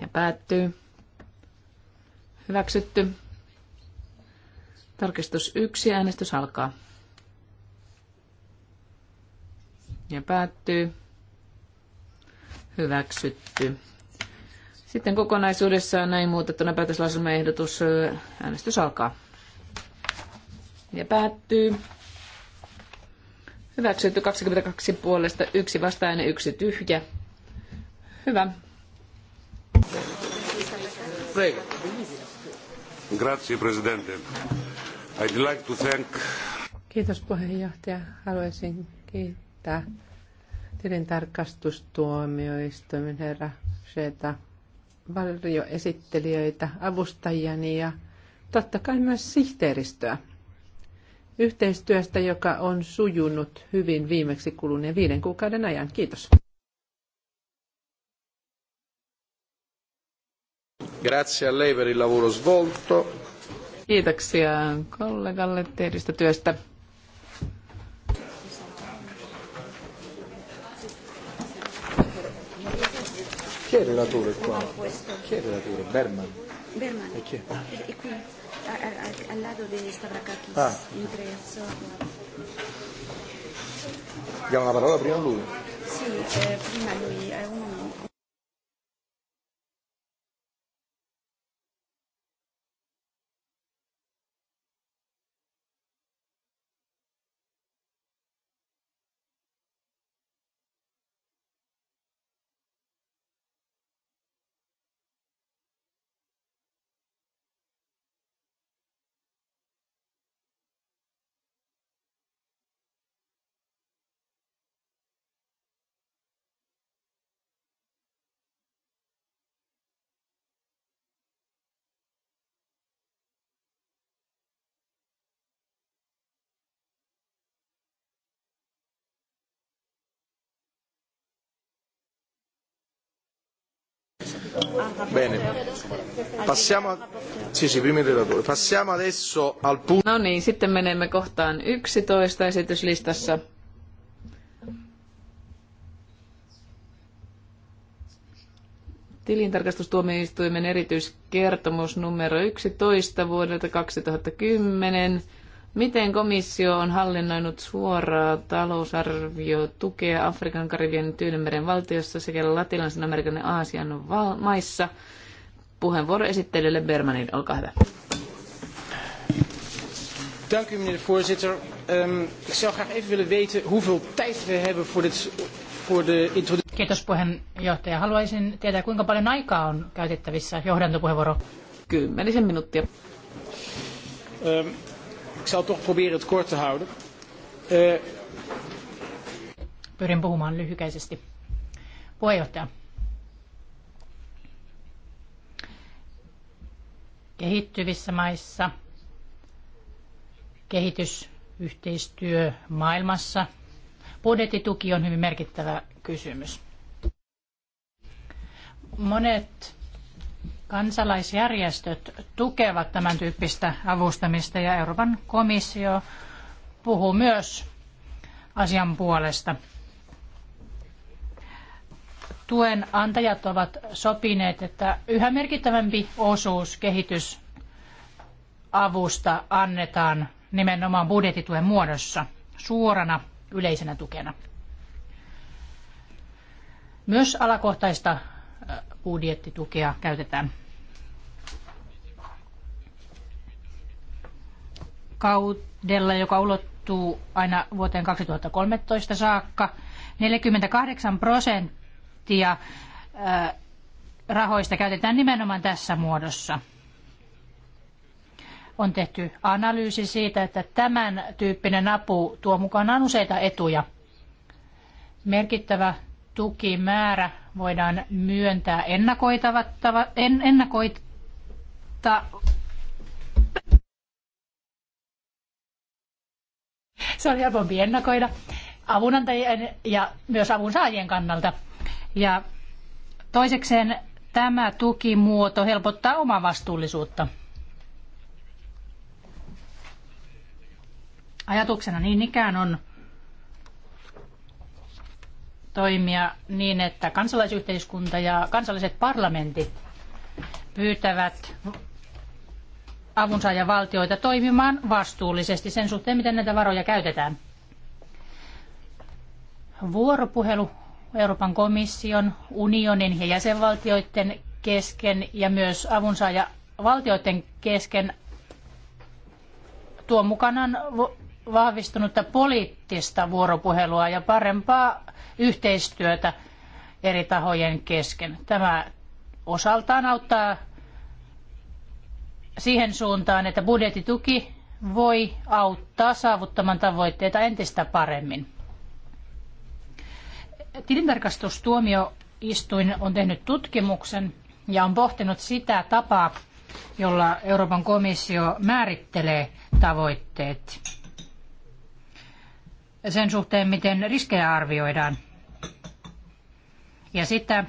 Ja päättyy. Hyväksytty. Tarkistus 1. Äänestys alkaa. Ja päättyy. Hyväksytty. Sitten kokonaisuudessaan näin muutettuna päätöslauselmaehdotus. Äänestys alkaa. Ja päättyy. Hyväksytty 22 puolesta, yksi vastainen, yksi tyhjä. Hyvä. Reikä. Kiitos puheenjohtaja. Haluaisin kiittää tilintarkastustuomioistuimen herra Sheta varjoesittelijöitä, avustajiani ja totta kai myös sihteeristöä yhteistyöstä, joka on sujunut hyvin viimeksi kuluneen viiden kuukauden ajan. Kiitos. Grazie a lei per il lavoro svolto. Kiitoksia kollegalle tehdystä työstä. Chi è il relatore qua? Chi è il relatore? Berman? Berman. E chi è? È, e, e qui, al lato di Stavrakakis, ah. in prezzo. Diamo la parola prima a lui? Sì, eh, prima lui. È uno Bene. Passiamo, sì, sì, Passiamo adesso al punto... No niin, sitten menemme kohtaan 11 esityslistassa. Tilintarkastustuomioistuimen erityiskertomus numero 11 vuodelta 2010 Miten komissio on hallinnoinut suoraa talousarviotukea Afrikan, Karibian ja Tyynemeren valtiossa sekä Latinalaisen Amerikan ja Aasian val- maissa? Puheenvuoro esittelijälle Bermanin, olkaa hyvä. Dank u meneer de voorzitter. Um, ik zou graag even willen weten hoeveel tijd we hebben voor, dit, voor de introductie. Kiitos puheenjohtaja. Haluaisin tietää, kuinka paljon aikaa on käytettävissä johdantopuheenvuoro. Kymmenisen minuuttia. Um, Ik zal toch proberen het kort te houden. Eh, Pyrin puhumaan lyhykäisesti. Puheenjohtaja. Kehittyvissä maissa kehitysyhteistyö maailmassa. Budjettituki on hyvin merkittävä kysymys. Monet Kansalaisjärjestöt tukevat tämän tyyppistä avustamista ja Euroopan komissio puhuu myös asian puolesta. Tuen antajat ovat sopineet, että yhä merkittävämpi osuus kehitysavusta annetaan nimenomaan budjettituen muodossa suorana yleisenä tukena. Myös alakohtaista budjettitukea käytetään. kaudella, joka ulottuu aina vuoteen 2013 saakka, 48 prosenttia äh, rahoista käytetään nimenomaan tässä muodossa. On tehty analyysi siitä, että tämän tyyppinen apu tuo mukanaan useita etuja. Merkittävä tukimäärä voidaan myöntää ennakoitavatta, en, ennakoitta Se on helpompi ennakoida avunantajien ja myös avunsaajien kannalta. Ja toisekseen tämä tukimuoto helpottaa omaa vastuullisuutta. Ajatuksena niin ikään on toimia niin, että kansalaisyhteiskunta ja kansalliset parlamentit pyytävät avunsaajavaltioita toimimaan vastuullisesti sen suhteen, miten näitä varoja käytetään. Vuoropuhelu Euroopan komission, unionin ja jäsenvaltioiden kesken ja myös avunsaajavaltioiden kesken tuo mukanaan vahvistunutta poliittista vuoropuhelua ja parempaa yhteistyötä eri tahojen kesken. Tämä osaltaan auttaa siihen suuntaan, että budjettituki voi auttaa saavuttamaan tavoitteita entistä paremmin. Tilintarkastustuomioistuin on tehnyt tutkimuksen ja on pohtinut sitä tapaa, jolla Euroopan komissio määrittelee tavoitteet sen suhteen, miten riskejä arvioidaan. Ja sitä,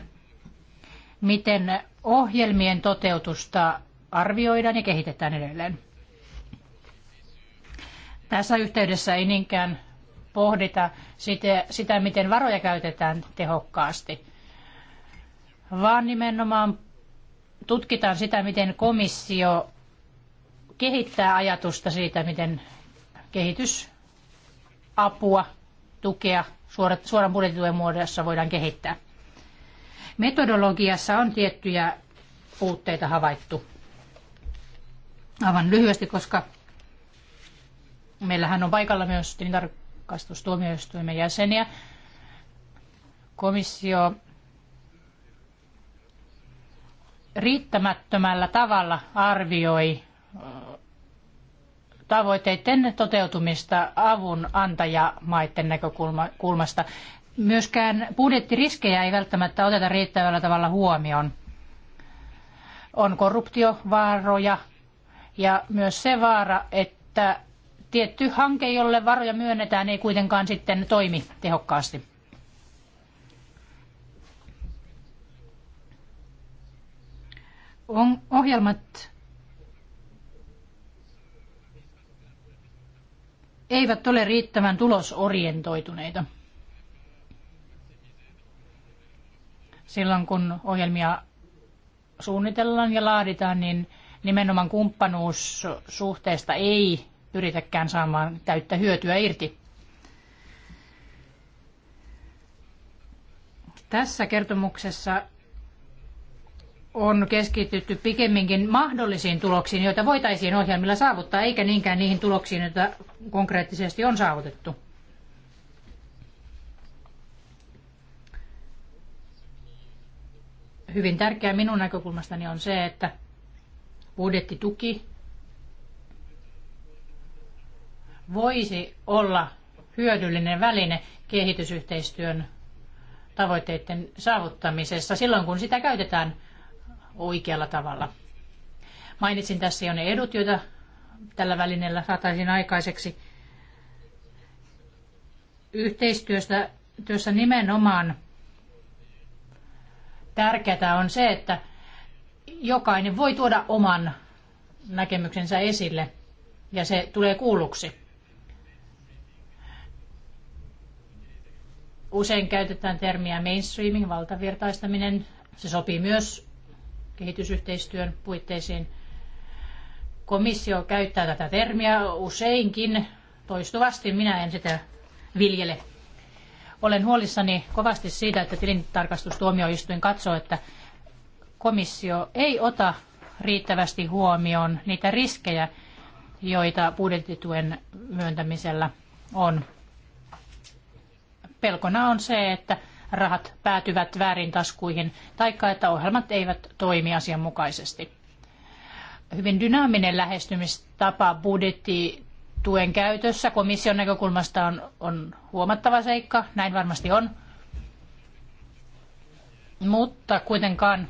miten ohjelmien toteutusta arvioidaan ja kehitetään edelleen. Tässä yhteydessä ei niinkään pohdita sitä, sitä miten varoja käytetään tehokkaasti, vaan nimenomaan tutkitaan sitä, miten komissio kehittää ajatusta siitä, miten kehitysapua, tukea suoran budjetituen muodossa voidaan kehittää. Metodologiassa on tiettyjä puutteita havaittu. Aivan lyhyesti, koska meillähän on paikalla myös tilintarkastustuomioistuimen jäseniä. Komissio riittämättömällä tavalla arvioi tavoitteiden toteutumista avun antajamaiden näkökulmasta. Myöskään budjettiriskejä ei välttämättä oteta riittävällä tavalla huomioon. On korruptiovaaroja, ja myös se vaara, että tietty hanke, jolle varoja myönnetään, ei kuitenkaan sitten toimi tehokkaasti. On ohjelmat eivät ole riittävän tulosorientoituneita. Silloin kun ohjelmia suunnitellaan ja laaditaan, niin nimenomaan kumppanuussuhteesta ei pyritäkään saamaan täyttä hyötyä irti. Tässä kertomuksessa on keskitytty pikemminkin mahdollisiin tuloksiin, joita voitaisiin ohjelmilla saavuttaa, eikä niinkään niihin tuloksiin, joita konkreettisesti on saavutettu. Hyvin tärkeää minun näkökulmastani on se, että budjettituki voisi olla hyödyllinen väline kehitysyhteistyön tavoitteiden saavuttamisessa silloin, kun sitä käytetään oikealla tavalla. Mainitsin tässä jo ne edut, joita tällä välineellä saataisiin aikaiseksi. Yhteistyössä työssä nimenomaan tärkeää on se, että jokainen voi tuoda oman näkemyksensä esille ja se tulee kuulluksi. Usein käytetään termiä mainstreaming, valtavirtaistaminen. Se sopii myös kehitysyhteistyön puitteisiin. Komissio käyttää tätä termiä useinkin, toistuvasti minä en sitä viljele. Olen huolissani kovasti siitä, että tilintarkastustuomioistuin katsoo, että komissio ei ota riittävästi huomioon niitä riskejä, joita budjettituen myöntämisellä on. Pelkona on se, että rahat päätyvät väärin taskuihin taikka että ohjelmat eivät toimi asianmukaisesti. Hyvin dynaaminen lähestymistapa budjettituen käytössä komission näkökulmasta on, on huomattava seikka, näin varmasti on. Mutta kuitenkaan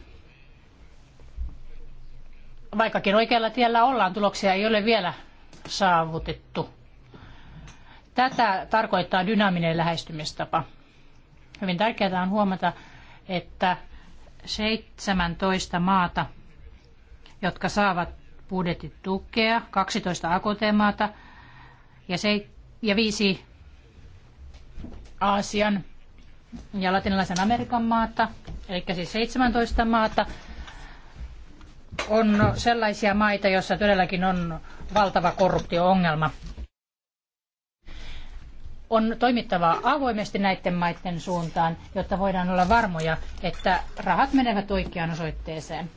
vaikkakin oikealla tiellä ollaan, tuloksia ei ole vielä saavutettu. Tätä tarkoittaa dynaaminen lähestymistapa. Hyvin tärkeää on huomata, että 17 maata, jotka saavat budjettitukea, 12 AKT-maata ja, se, ja viisi Aasian ja Latinalaisen Amerikan maata, eli siis 17 maata, on sellaisia maita, joissa todellakin on valtava korruptio-ongelma. On toimittava avoimesti näiden maiden suuntaan, jotta voidaan olla varmoja, että rahat menevät oikeaan osoitteeseen.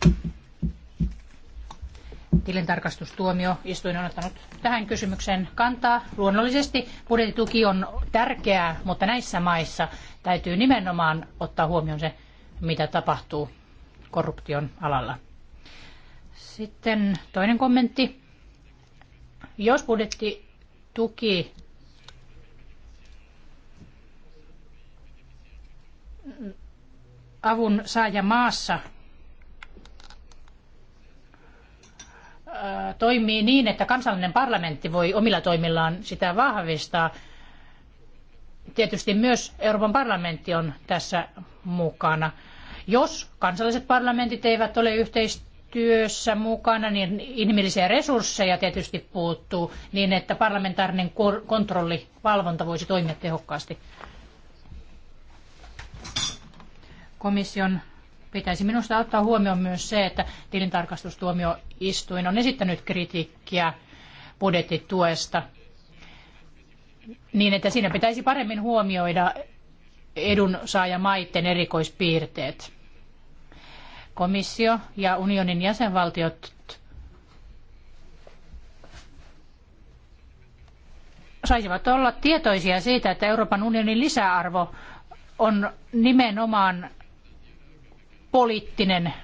Tilintarkastustuomioistuin on ottanut tähän kysymykseen kantaa. Luonnollisesti budjettituki on tärkeää, mutta näissä maissa täytyy nimenomaan ottaa huomioon se, mitä tapahtuu korruption alalla. Sitten toinen kommentti. Jos tuki avun saaja maassa toimii niin, että kansallinen parlamentti voi omilla toimillaan sitä vahvistaa. Tietysti myös Euroopan parlamentti on tässä mukana. Jos kansalliset parlamentit eivät ole yhteistyössä, työssä mukana, niin inhimillisiä resursseja tietysti puuttuu, niin että parlamentaarinen kontrolli, valvonta voisi toimia tehokkaasti. Komission pitäisi minusta ottaa huomioon myös se, että tilintarkastustuomioistuin on esittänyt kritiikkiä budjettituesta niin, että siinä pitäisi paremmin huomioida edunsaajamaiden erikoispiirteet komissio ja unionin jäsenvaltiot saisivat olla tietoisia siitä, että Euroopan unionin lisäarvo on nimenomaan poliittinen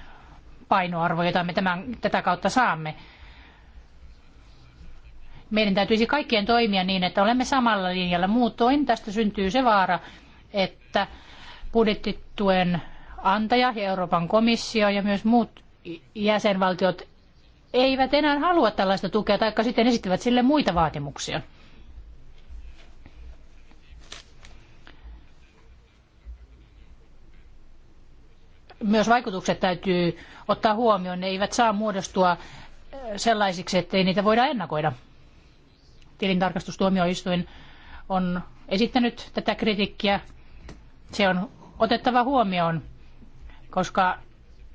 painoarvo, jota me tämän, tätä kautta saamme. Meidän täytyisi kaikkien toimia niin, että olemme samalla linjalla. Muutoin tästä syntyy se vaara, että budjettituen antaja ja Euroopan komissio ja myös muut jäsenvaltiot eivät enää halua tällaista tukea, taikka sitten esittävät sille muita vaatimuksia. Myös vaikutukset täytyy ottaa huomioon. Ne eivät saa muodostua sellaisiksi, ettei niitä voida ennakoida. Tilintarkastustuomioistuin on esittänyt tätä kritiikkiä. Se on otettava huomioon koska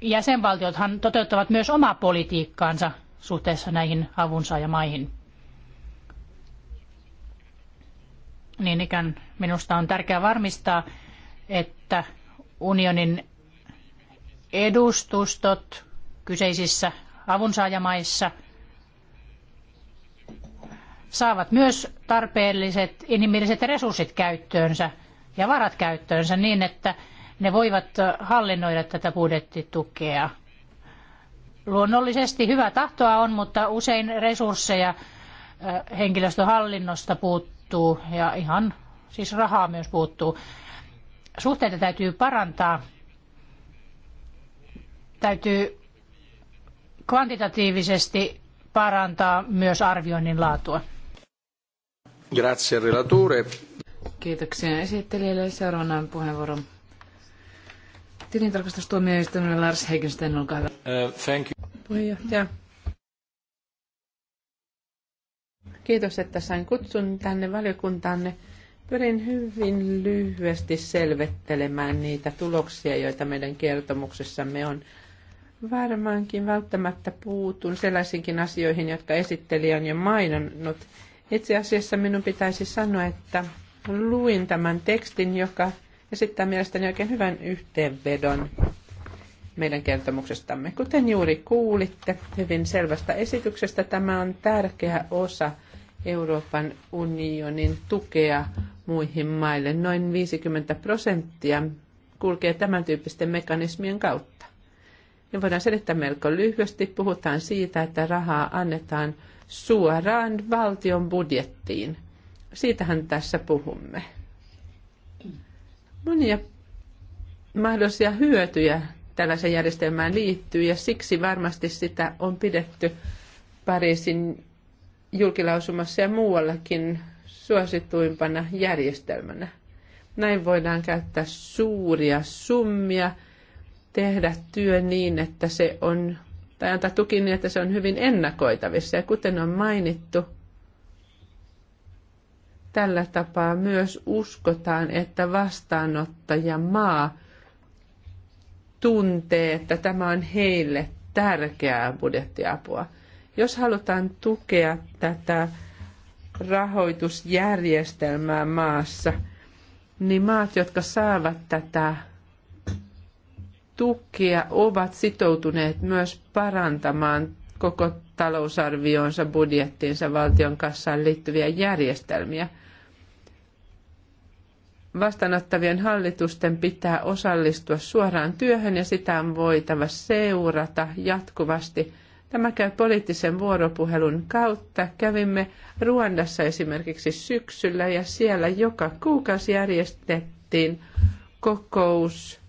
jäsenvaltiothan toteuttavat myös omaa politiikkaansa suhteessa näihin avunsaajamaihin. Niin ikään minusta on tärkeää varmistaa, että unionin edustustot kyseisissä avunsaajamaissa saavat myös tarpeelliset inhimilliset resurssit käyttöönsä ja varat käyttöönsä niin, että ne voivat hallinnoida tätä budjettitukea. Luonnollisesti hyvä tahtoa on, mutta usein resursseja henkilöstöhallinnosta puuttuu ja ihan siis rahaa myös puuttuu. Suhteita täytyy parantaa. Täytyy kvantitatiivisesti parantaa myös arvioinnin laatua. Grazie relatore. Kiitoksia esittelijälle. Seuraavana puheenvuoron Tilintarkastustuomioistuimella Lars Heikenstein, olkaa hyvä. Uh, thank you. Puheenjohtaja. Kiitos, että sain kutsun tänne valiokuntaanne. Pyrin hyvin lyhyesti selvittelemään niitä tuloksia, joita meidän kertomuksessamme on. Varmaankin välttämättä puutun sellaisinkin asioihin, jotka esittelijä on jo maininnut. Itse asiassa minun pitäisi sanoa, että luin tämän tekstin, joka esittää mielestäni oikein hyvän yhteenvedon meidän kertomuksestamme. Kuten juuri kuulitte hyvin selvästä esityksestä, tämä on tärkeä osa Euroopan unionin tukea muihin maille. Noin 50 prosenttia kulkee tämän tyyppisten mekanismien kautta. Ja voidaan selittää melko lyhyesti. Puhutaan siitä, että rahaa annetaan suoraan valtion budjettiin. Siitähän tässä puhumme monia mahdollisia hyötyjä tällaisen järjestelmään liittyy ja siksi varmasti sitä on pidetty Pariisin julkilausumassa ja muuallakin suosituimpana järjestelmänä. Näin voidaan käyttää suuria summia, tehdä työ niin, että se on, tai antaa tuki niin, että se on hyvin ennakoitavissa. Ja kuten on mainittu, Tällä tapaa myös uskotaan, että vastaanottaja maa tuntee, että tämä on heille tärkeää budjettiapua. Jos halutaan tukea tätä rahoitusjärjestelmää maassa, niin maat, jotka saavat tätä tukea, ovat sitoutuneet myös parantamaan koko talousarvioonsa, budjettiinsa, valtion kassaan liittyviä järjestelmiä – vastaanottavien hallitusten pitää osallistua suoraan työhön ja sitä on voitava seurata jatkuvasti. Tämä käy poliittisen vuoropuhelun kautta. Kävimme Ruandassa esimerkiksi syksyllä ja siellä joka kuukausi järjestettiin kokous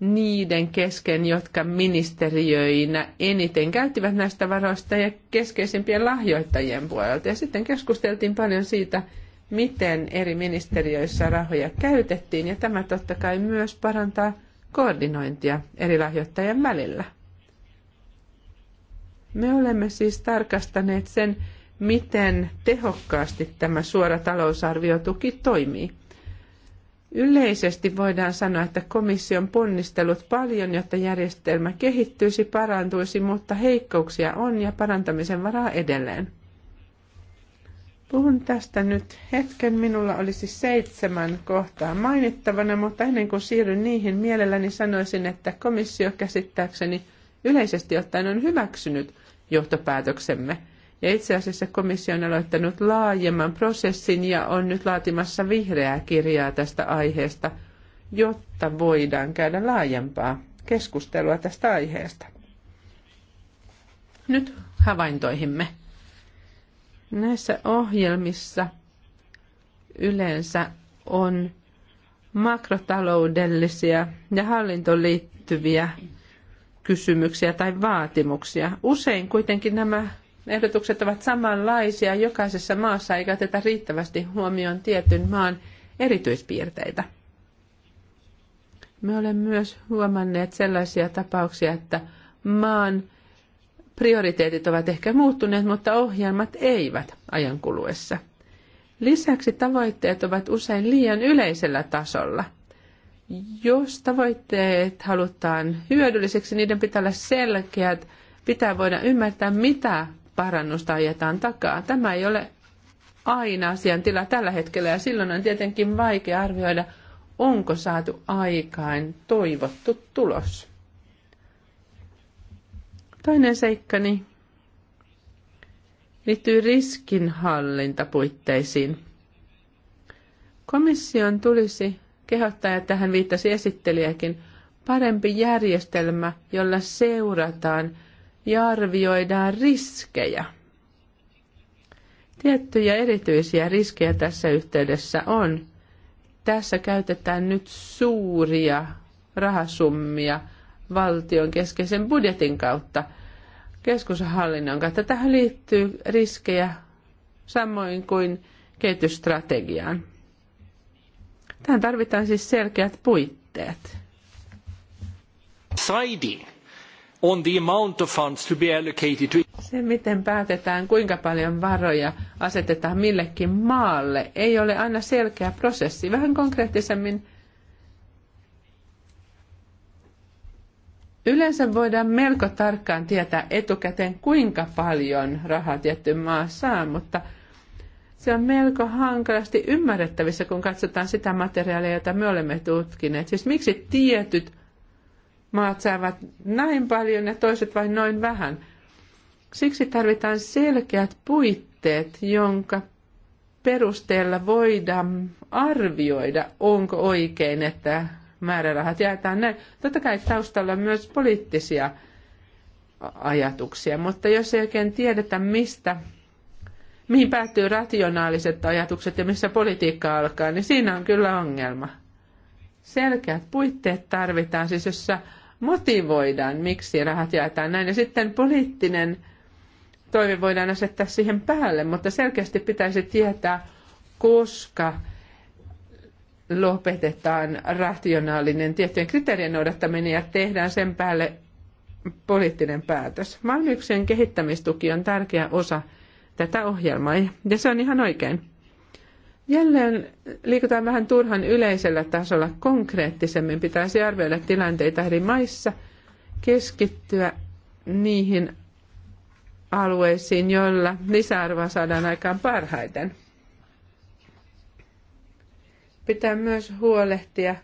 niiden kesken, jotka ministeriöinä eniten käyttivät näistä varoista ja keskeisimpien lahjoittajien puolelta. Ja sitten keskusteltiin paljon siitä, miten eri ministeriöissä rahoja käytettiin, ja tämä totta kai myös parantaa koordinointia eri lahjoittajien välillä. Me olemme siis tarkastaneet sen, miten tehokkaasti tämä suora talousarviotuki toimii. Yleisesti voidaan sanoa, että komission ponnistelut paljon, jotta järjestelmä kehittyisi, parantuisi, mutta heikkouksia on ja parantamisen varaa edelleen. Puhun tästä nyt hetken. Minulla olisi seitsemän kohtaa mainittavana, mutta ennen kuin siirryn niihin mielelläni sanoisin, että komissio käsittääkseni yleisesti ottaen on hyväksynyt johtopäätöksemme. Ja itse asiassa komissio on aloittanut laajemman prosessin ja on nyt laatimassa vihreää kirjaa tästä aiheesta, jotta voidaan käydä laajempaa keskustelua tästä aiheesta. Nyt havaintoihimme. Näissä ohjelmissa yleensä on makrotaloudellisia ja hallintoon liittyviä kysymyksiä tai vaatimuksia. Usein kuitenkin nämä ehdotukset ovat samanlaisia jokaisessa maassa eikä oteta riittävästi huomioon tietyn maan erityispiirteitä. Me olemme myös huomanneet sellaisia tapauksia, että maan Prioriteetit ovat ehkä muuttuneet, mutta ohjelmat eivät ajan kuluessa. Lisäksi tavoitteet ovat usein liian yleisellä tasolla. Jos tavoitteet halutaan hyödylliseksi, niiden pitää olla selkeät, pitää voida ymmärtää, mitä parannusta ajetaan takaa. Tämä ei ole aina asiantila tällä hetkellä ja silloin on tietenkin vaikea arvioida, onko saatu aikaan toivottu tulos. Toinen seikkani liittyy riskinhallintapuitteisiin. Komission tulisi kehottaa, ja tähän viittasi esittelijäkin, parempi järjestelmä, jolla seurataan ja arvioidaan riskejä. Tiettyjä erityisiä riskejä tässä yhteydessä on. Tässä käytetään nyt suuria rahasummia – valtion keskeisen budjetin kautta, keskushallinnon kautta. Tähän liittyy riskejä samoin kuin kehitysstrategiaan. Tähän tarvitaan siis selkeät puitteet. On the amount of funds to be allocated to... Se, miten päätetään, kuinka paljon varoja asetetaan millekin maalle, ei ole aina selkeä prosessi. Vähän konkreettisemmin Yleensä voidaan melko tarkkaan tietää etukäteen, kuinka paljon rahaa tietty maa saa, mutta se on melko hankalasti ymmärrettävissä, kun katsotaan sitä materiaalia, jota me olemme tutkineet. Siis miksi tietyt maat saavat näin paljon ja toiset vain noin vähän? Siksi tarvitaan selkeät puitteet, jonka perusteella voidaan arvioida, onko oikein, että määrärahat jaetaan näin. Totta kai taustalla on myös poliittisia ajatuksia, mutta jos ei oikein tiedetä, mistä, mihin päättyy rationaaliset ajatukset ja missä politiikka alkaa, niin siinä on kyllä ongelma. Selkeät puitteet tarvitaan, siis jossa motivoidaan, miksi rahat jaetaan näin. Ja sitten poliittinen toimi voidaan asettaa siihen päälle, mutta selkeästi pitäisi tietää, koska lopetetaan rationaalinen tiettyjen kriteerien noudattaminen ja tehdään sen päälle poliittinen päätös. Valmiuksien kehittämistuki on tärkeä osa tätä ohjelmaa ja se on ihan oikein. Jälleen liikutaan vähän turhan yleisellä tasolla. Konkreettisemmin pitäisi arvioida tilanteita eri maissa, keskittyä niihin alueisiin, joilla lisäarvoa saadaan aikaan parhaiten. Pitää myös huolehtia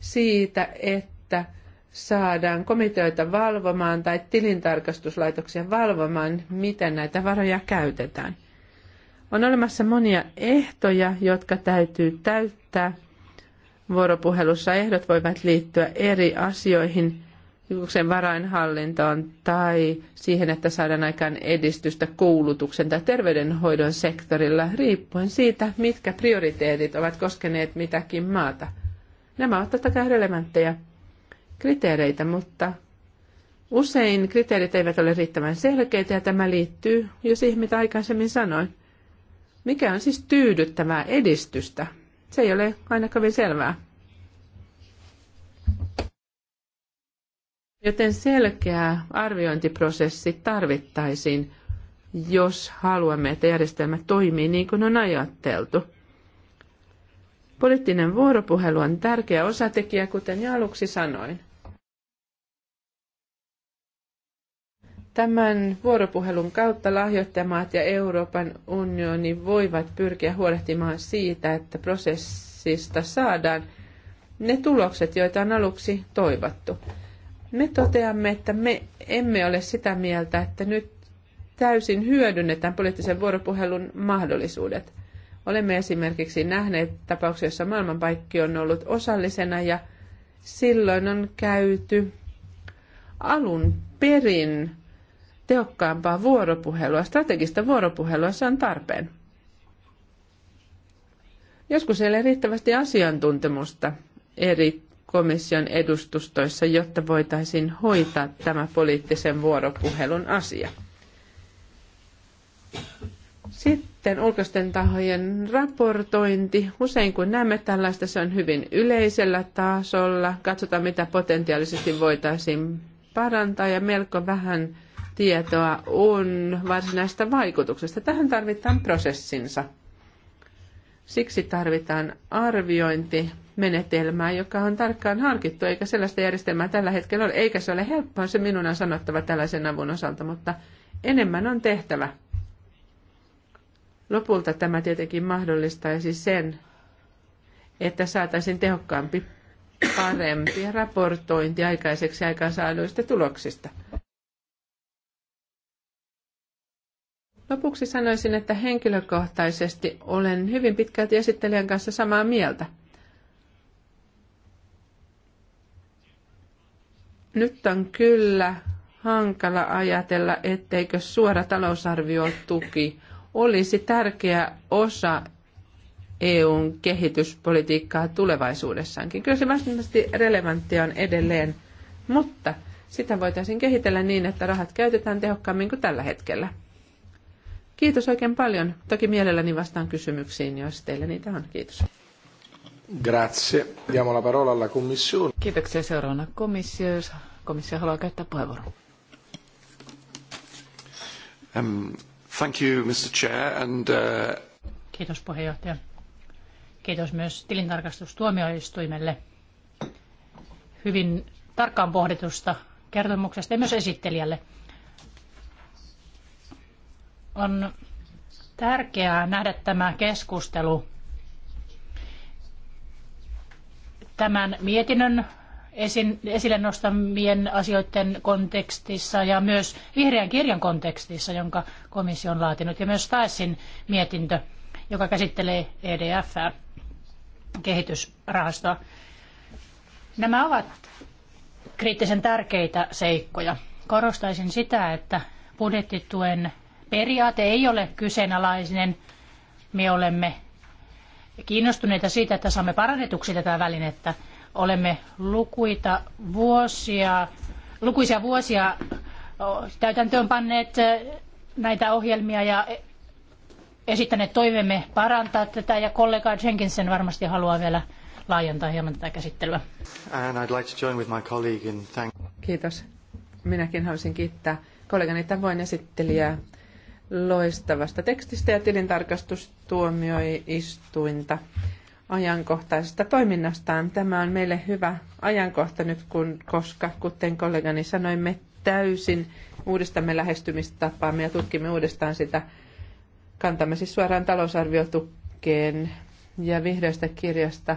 siitä, että saadaan komiteoita valvomaan tai tilintarkastuslaitoksia valvomaan, miten näitä varoja käytetään. On olemassa monia ehtoja, jotka täytyy täyttää. Vuoropuhelussa ehdot voivat liittyä eri asioihin, julkisen varainhallintoon tai siihen, että saadaan aikaan edistystä koulutuksen tai terveydenhoidon sektorilla, riippuen siitä, mitkä prioriteetit ovat koskeneet mitäkin maata. Nämä ovat totta kai relevantteja kriteereitä, mutta usein kriteerit eivät ole riittävän selkeitä ja tämä liittyy jo siihen, mitä aikaisemmin sanoin. Mikä on siis tyydyttävää edistystä? Se ei ole aina kovin selvää. Joten selkeä arviointiprosessi tarvittaisiin, jos haluamme, että järjestelmä toimii niin kuin on ajateltu. Poliittinen vuoropuhelu on tärkeä osatekijä, kuten jo aluksi sanoin. Tämän vuoropuhelun kautta lahjoittamaat ja Euroopan unioni voivat pyrkiä huolehtimaan siitä, että prosessista saadaan ne tulokset, joita on aluksi toivottu. Me toteamme, että me emme ole sitä mieltä, että nyt täysin hyödynnetään poliittisen vuoropuhelun mahdollisuudet. Olemme esimerkiksi nähneet tapauksia, joissa maailmanpaikki on ollut osallisena ja silloin on käyty alun perin tehokkaampaa vuoropuhelua, strategista vuoropuhelua, se on tarpeen. Joskus ei ole riittävästi asiantuntemusta eri komission edustustoissa, jotta voitaisiin hoitaa tämä poliittisen vuoropuhelun asia. Sitten ulkoisten tahojen raportointi. Usein kun näemme tällaista, se on hyvin yleisellä tasolla. Katsotaan, mitä potentiaalisesti voitaisiin parantaa ja melko vähän tietoa on varsinaista vaikutuksesta. Tähän tarvitaan prosessinsa. Siksi tarvitaan arviointi menetelmää, joka on tarkkaan harkittu, eikä sellaista järjestelmää tällä hetkellä ole. Eikä se ole helppoa, se minun on sanottava tällaisen avun osalta, mutta enemmän on tehtävä. Lopulta tämä tietenkin mahdollistaisi sen, että saataisiin tehokkaampi, parempi raportointi aikaiseksi aikaansaaduista tuloksista. Lopuksi sanoisin, että henkilökohtaisesti olen hyvin pitkälti esittelijän kanssa samaa mieltä – Nyt on kyllä hankala ajatella, etteikö suora talousarviotuki olisi tärkeä osa EUn kehityspolitiikkaa tulevaisuudessaankin. Kyllä se varsinaisesti relevanttia on edelleen, mutta sitä voitaisiin kehitellä niin, että rahat käytetään tehokkaammin kuin tällä hetkellä. Kiitos oikein paljon. Toki mielelläni vastaan kysymyksiin, jos teillä niitä on. Kiitos. Grazie. Diamo la parola alla Commissione. Kiitoksia seuraavana komissio, jos komissio haluaa käyttää puheenvuoron. Um, thank you, Mr. Chair, and, uh... Kiitos puheenjohtaja. Kiitos myös tilintarkastustuomioistuimelle hyvin tarkkaan pohditusta kertomuksesta ja myös esittelijälle. On tärkeää nähdä tämä keskustelu tämän mietinnön esin, esille nostamien asioiden kontekstissa ja myös vihreän kirjan kontekstissa, jonka komissio on laatinut, ja myös Taessin mietintö, joka käsittelee EDF kehitysrahastoa. Nämä ovat kriittisen tärkeitä seikkoja. Korostaisin sitä, että budjettituen periaate ei ole kyseenalainen. Me olemme kiinnostuneita siitä, että saamme parannetuksi tätä välinettä. Olemme lukuita vuosia, lukuisia vuosia täytäntöön panneet näitä ohjelmia ja e, esittäneet toivemme parantaa tätä ja kollega Jenkinsen varmasti haluaa vielä laajentaa hieman tätä käsittelyä. Kiitos. Minäkin haluaisin kiittää kollegani tavoin esittelijää loistavasta tekstistä ja tilintarkastustuomioistuinta ajankohtaisesta toiminnastaan. Tämä on meille hyvä ajankohta nyt, kun, koska kuten kollegani sanoi, me täysin uudistamme lähestymistapaamme ja tutkimme uudestaan sitä. Kantamme siis suoraan talousarviotukkeen ja vihreästä kirjasta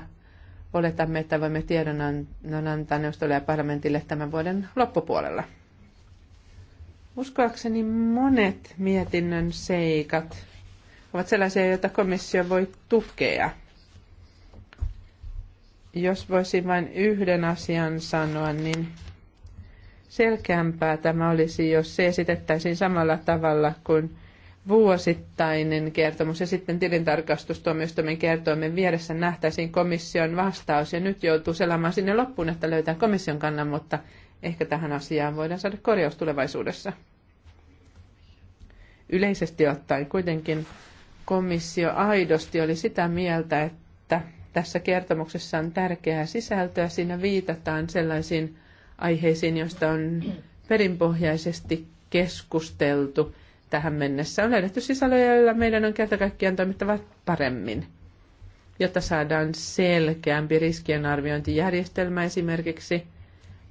oletamme, että voimme tiedonannon antaa neuvostolle ja parlamentille tämän vuoden loppupuolella. Uskoakseni monet mietinnön seikat ovat sellaisia, joita komissio voi tukea. Jos voisin vain yhden asian sanoa, niin selkeämpää tämä olisi, jos se esitettäisiin samalla tavalla kuin vuosittainen kertomus ja sitten tilintarkastustuomioistuimen kertoimen vieressä nähtäisiin komission vastaus ja nyt joutuu selaamaan sinne loppuun, että löytää komission kannan, mutta Ehkä tähän asiaan voidaan saada korjaus tulevaisuudessa. Yleisesti ottaen kuitenkin komissio aidosti oli sitä mieltä, että tässä kertomuksessa on tärkeää sisältöä. Siinä viitataan sellaisiin aiheisiin, joista on perinpohjaisesti keskusteltu tähän mennessä. On löydetty sisällöjä, joilla meidän on kerta kaikkiaan toimittava paremmin, jotta saadaan selkeämpi riskien arviointijärjestelmä, esimerkiksi,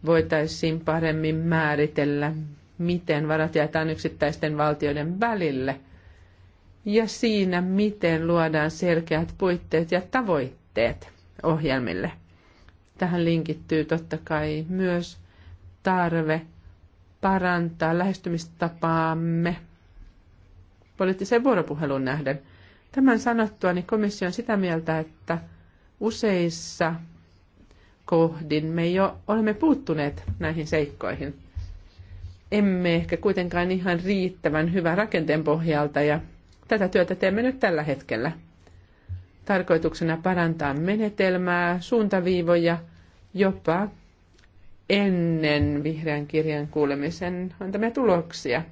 voitaisiin paremmin määritellä, miten varat jaetaan yksittäisten valtioiden välille ja siinä, miten luodaan selkeät puitteet ja tavoitteet ohjelmille. Tähän linkittyy totta kai myös tarve parantaa lähestymistapaamme poliittiseen vuoropuheluun nähden. Tämän sanottua niin komissio on sitä mieltä, että useissa kohdin me jo olemme puuttuneet näihin seikkoihin. Emme ehkä kuitenkaan ihan riittävän hyvän rakenteen pohjalta ja tätä työtä teemme nyt tällä hetkellä. Tarkoituksena parantaa menetelmää, suuntaviivoja, jopa ennen vihreän kirjan kuulemisen antamia tuloksia.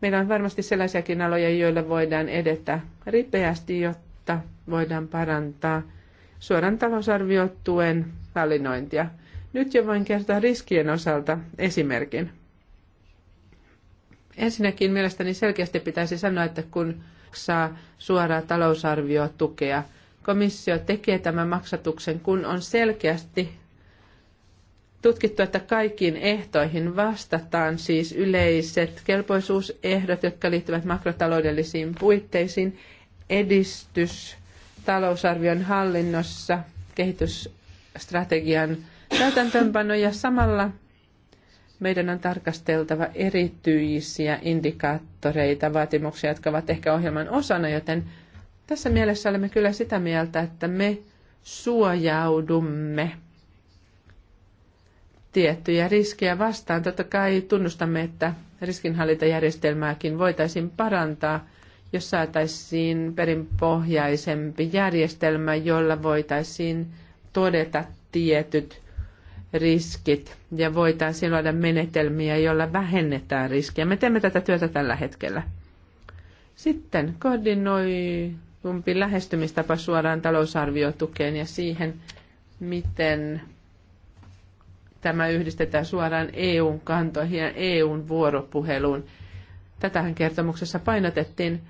Meillä on varmasti sellaisiakin aloja, joilla voidaan edetä ripeästi, jotta voidaan parantaa – suoran talousarviotuen hallinnointia. Nyt jo voin kertoa riskien osalta esimerkin. Ensinnäkin mielestäni selkeästi pitäisi sanoa, että kun saa suoraa talousarviotukea, komissio tekee tämän maksatuksen, kun on selkeästi tutkittu, että kaikkiin ehtoihin vastataan siis yleiset kelpoisuusehdot, jotka liittyvät makrotaloudellisiin puitteisiin, edistys, talousarvion hallinnossa kehitysstrategian täytäntöönpano ja samalla meidän on tarkasteltava erityisiä indikaattoreita, vaatimuksia, jotka ovat ehkä ohjelman osana, joten tässä mielessä olemme kyllä sitä mieltä, että me suojaudumme tiettyjä riskejä vastaan. Totta kai tunnustamme, että riskinhallintajärjestelmääkin voitaisiin parantaa, jos saataisiin perinpohjaisempi järjestelmä, jolla voitaisiin todeta tietyt riskit ja voitaisiin luoda menetelmiä, joilla vähennetään riskejä. Me teemme tätä työtä tällä hetkellä. Sitten koordinoidumpi lähestymistapa suoraan talousarviotukeen ja siihen, miten tämä yhdistetään suoraan EUn kantoihin ja EUn vuoropuheluun. Tätähän kertomuksessa painotettiin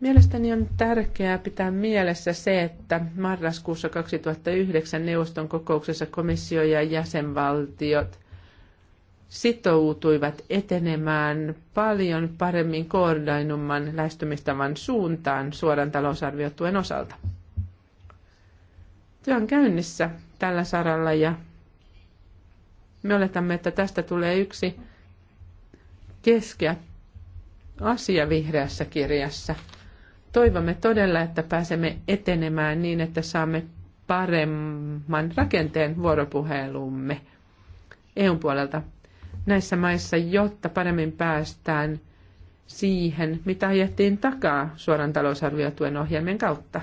Mielestäni on tärkeää pitää mielessä se, että marraskuussa 2009 neuvoston kokouksessa komissio ja jäsenvaltiot sitoutuivat etenemään paljon paremmin koordinoidumman lähestymistavan suuntaan suoran talousarviotuen osalta. Työ on käynnissä tällä saralla ja me oletamme, että tästä tulee yksi keskeä asia vihreässä kirjassa – Toivomme todella, että pääsemme etenemään niin, että saamme paremman rakenteen vuoropuheluumme EUn puolelta näissä maissa, jotta paremmin päästään siihen, mitä ajettiin takaa suoran talousarviotuen ohjelmien kautta.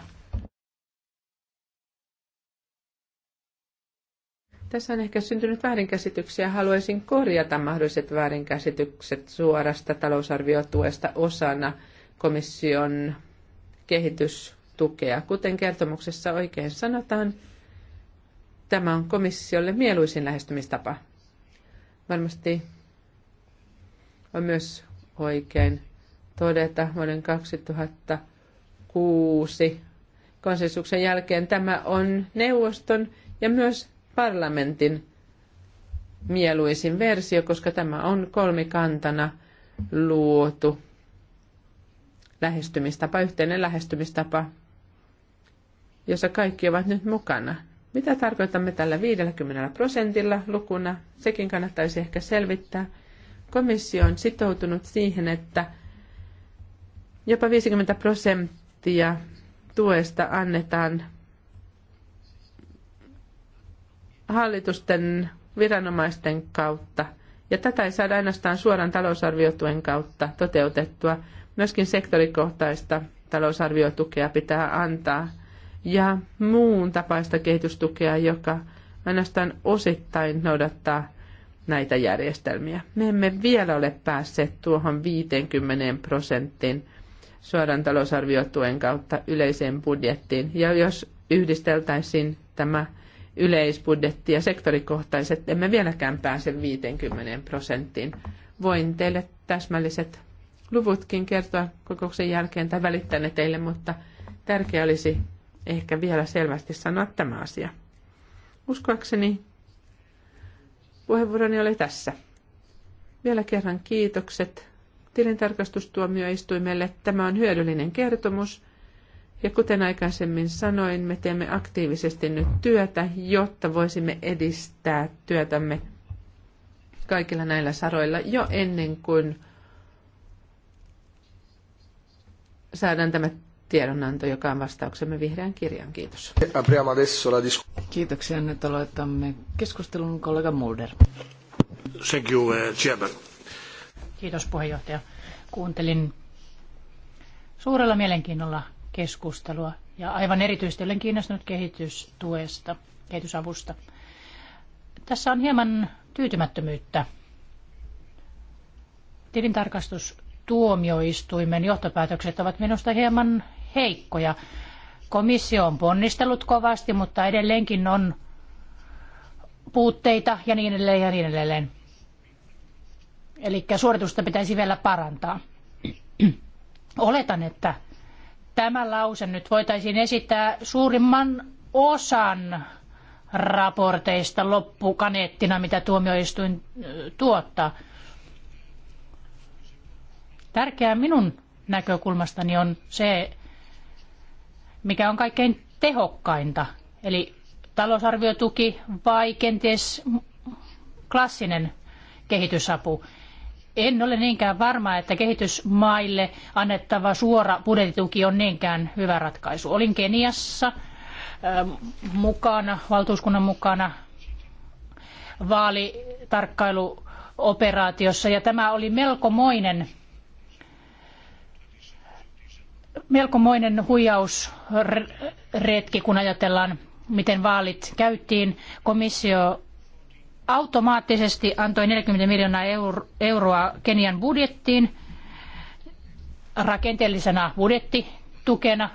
Tässä on ehkä syntynyt väärinkäsityksiä. Haluaisin korjata mahdolliset väärinkäsitykset suorasta talousarviotuesta osana komission kehitystukea. Kuten kertomuksessa oikein sanotaan, tämä on komissiolle mieluisin lähestymistapa. Varmasti on myös oikein todeta vuoden 2006 konsensuksen jälkeen tämä on neuvoston ja myös parlamentin mieluisin versio, koska tämä on kolmikantana luotu lähestymistapa, yhteinen lähestymistapa, jossa kaikki ovat nyt mukana. Mitä tarkoitamme tällä 50 prosentilla lukuna? Sekin kannattaisi ehkä selvittää. Komissio on sitoutunut siihen, että jopa 50 prosenttia tuesta annetaan hallitusten viranomaisten kautta. Ja tätä ei saada ainoastaan suoran talousarviotuen kautta toteutettua, Myöskin sektorikohtaista talousarviotukea pitää antaa ja muun tapaista kehitystukea, joka ainoastaan osittain noudattaa näitä järjestelmiä. Me emme vielä ole päässeet tuohon 50 prosentin suoran talousarviotuen kautta yleiseen budjettiin. Ja jos yhdisteltäisiin tämä yleisbudjetti ja sektorikohtaiset, emme vieläkään pääse 50 prosenttiin. Voin teille täsmälliset luvutkin kertoa kokouksen jälkeen tai välittää ne teille, mutta tärkeä olisi ehkä vielä selvästi sanoa tämä asia. Uskoakseni puheenvuoroni oli tässä. Vielä kerran kiitokset tilintarkastustuomioistuimelle. Tämä on hyödyllinen kertomus. Ja kuten aikaisemmin sanoin, me teemme aktiivisesti nyt työtä, jotta voisimme edistää työtämme kaikilla näillä saroilla jo ennen kuin saadaan tämä tiedonanto, joka on vastauksemme vihreän kirjaan. Kiitos. Kiitoksia. Nyt aloitamme keskustelun kollega Mulder. Thank you, eh, chairman. Kiitos puheenjohtaja. Kuuntelin suurella mielenkiinnolla keskustelua ja aivan erityisesti olen kiinnostunut kehitystuesta, kehitysavusta. Tässä on hieman tyytymättömyyttä. Tilintarkastus tuomioistuimen johtopäätökset ovat minusta hieman heikkoja. Komissio on ponnistellut kovasti, mutta edelleenkin on puutteita ja niin edelleen ja niin edelleen. Eli suoritusta pitäisi vielä parantaa. Oletan, että tämä lause nyt voitaisiin esittää suurimman osan raporteista loppukaneettina, mitä tuomioistuin tuottaa. Tärkeää minun näkökulmastani on se, mikä on kaikkein tehokkainta, eli talousarviotuki vai kenties klassinen kehitysapu. En ole niinkään varma, että kehitysmaille annettava suora budjettituki on niinkään hyvä ratkaisu. Olin Keniassa ähm, mukana, valtuuskunnan mukana vaalitarkkailuoperaatiossa ja tämä oli melkomoinen melkomoinen huijausretki, kun ajatellaan, miten vaalit käyttiin. Komissio automaattisesti antoi 40 miljoonaa euroa Kenian budjettiin rakenteellisena budjettitukena.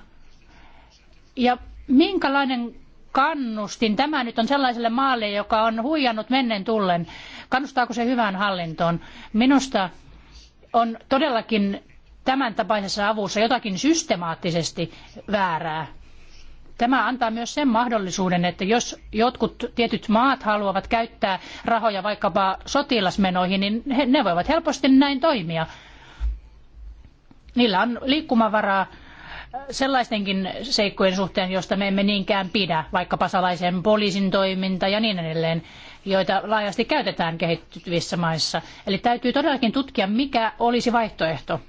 Ja minkälainen kannustin tämä nyt on sellaiselle maalle, joka on huijannut mennen tullen? Kannustaako se hyvään hallintoon? Minusta on todellakin tämän tapaisessa avussa jotakin systemaattisesti väärää. Tämä antaa myös sen mahdollisuuden, että jos jotkut tietyt maat haluavat käyttää rahoja vaikkapa sotilasmenoihin, niin he, ne voivat helposti näin toimia. Niillä on liikkumavaraa äh, sellaistenkin seikkojen suhteen, josta me emme niinkään pidä, vaikkapa salaisen poliisin toiminta ja niin edelleen, joita laajasti käytetään kehittyvissä maissa. Eli täytyy todellakin tutkia, mikä olisi vaihtoehto.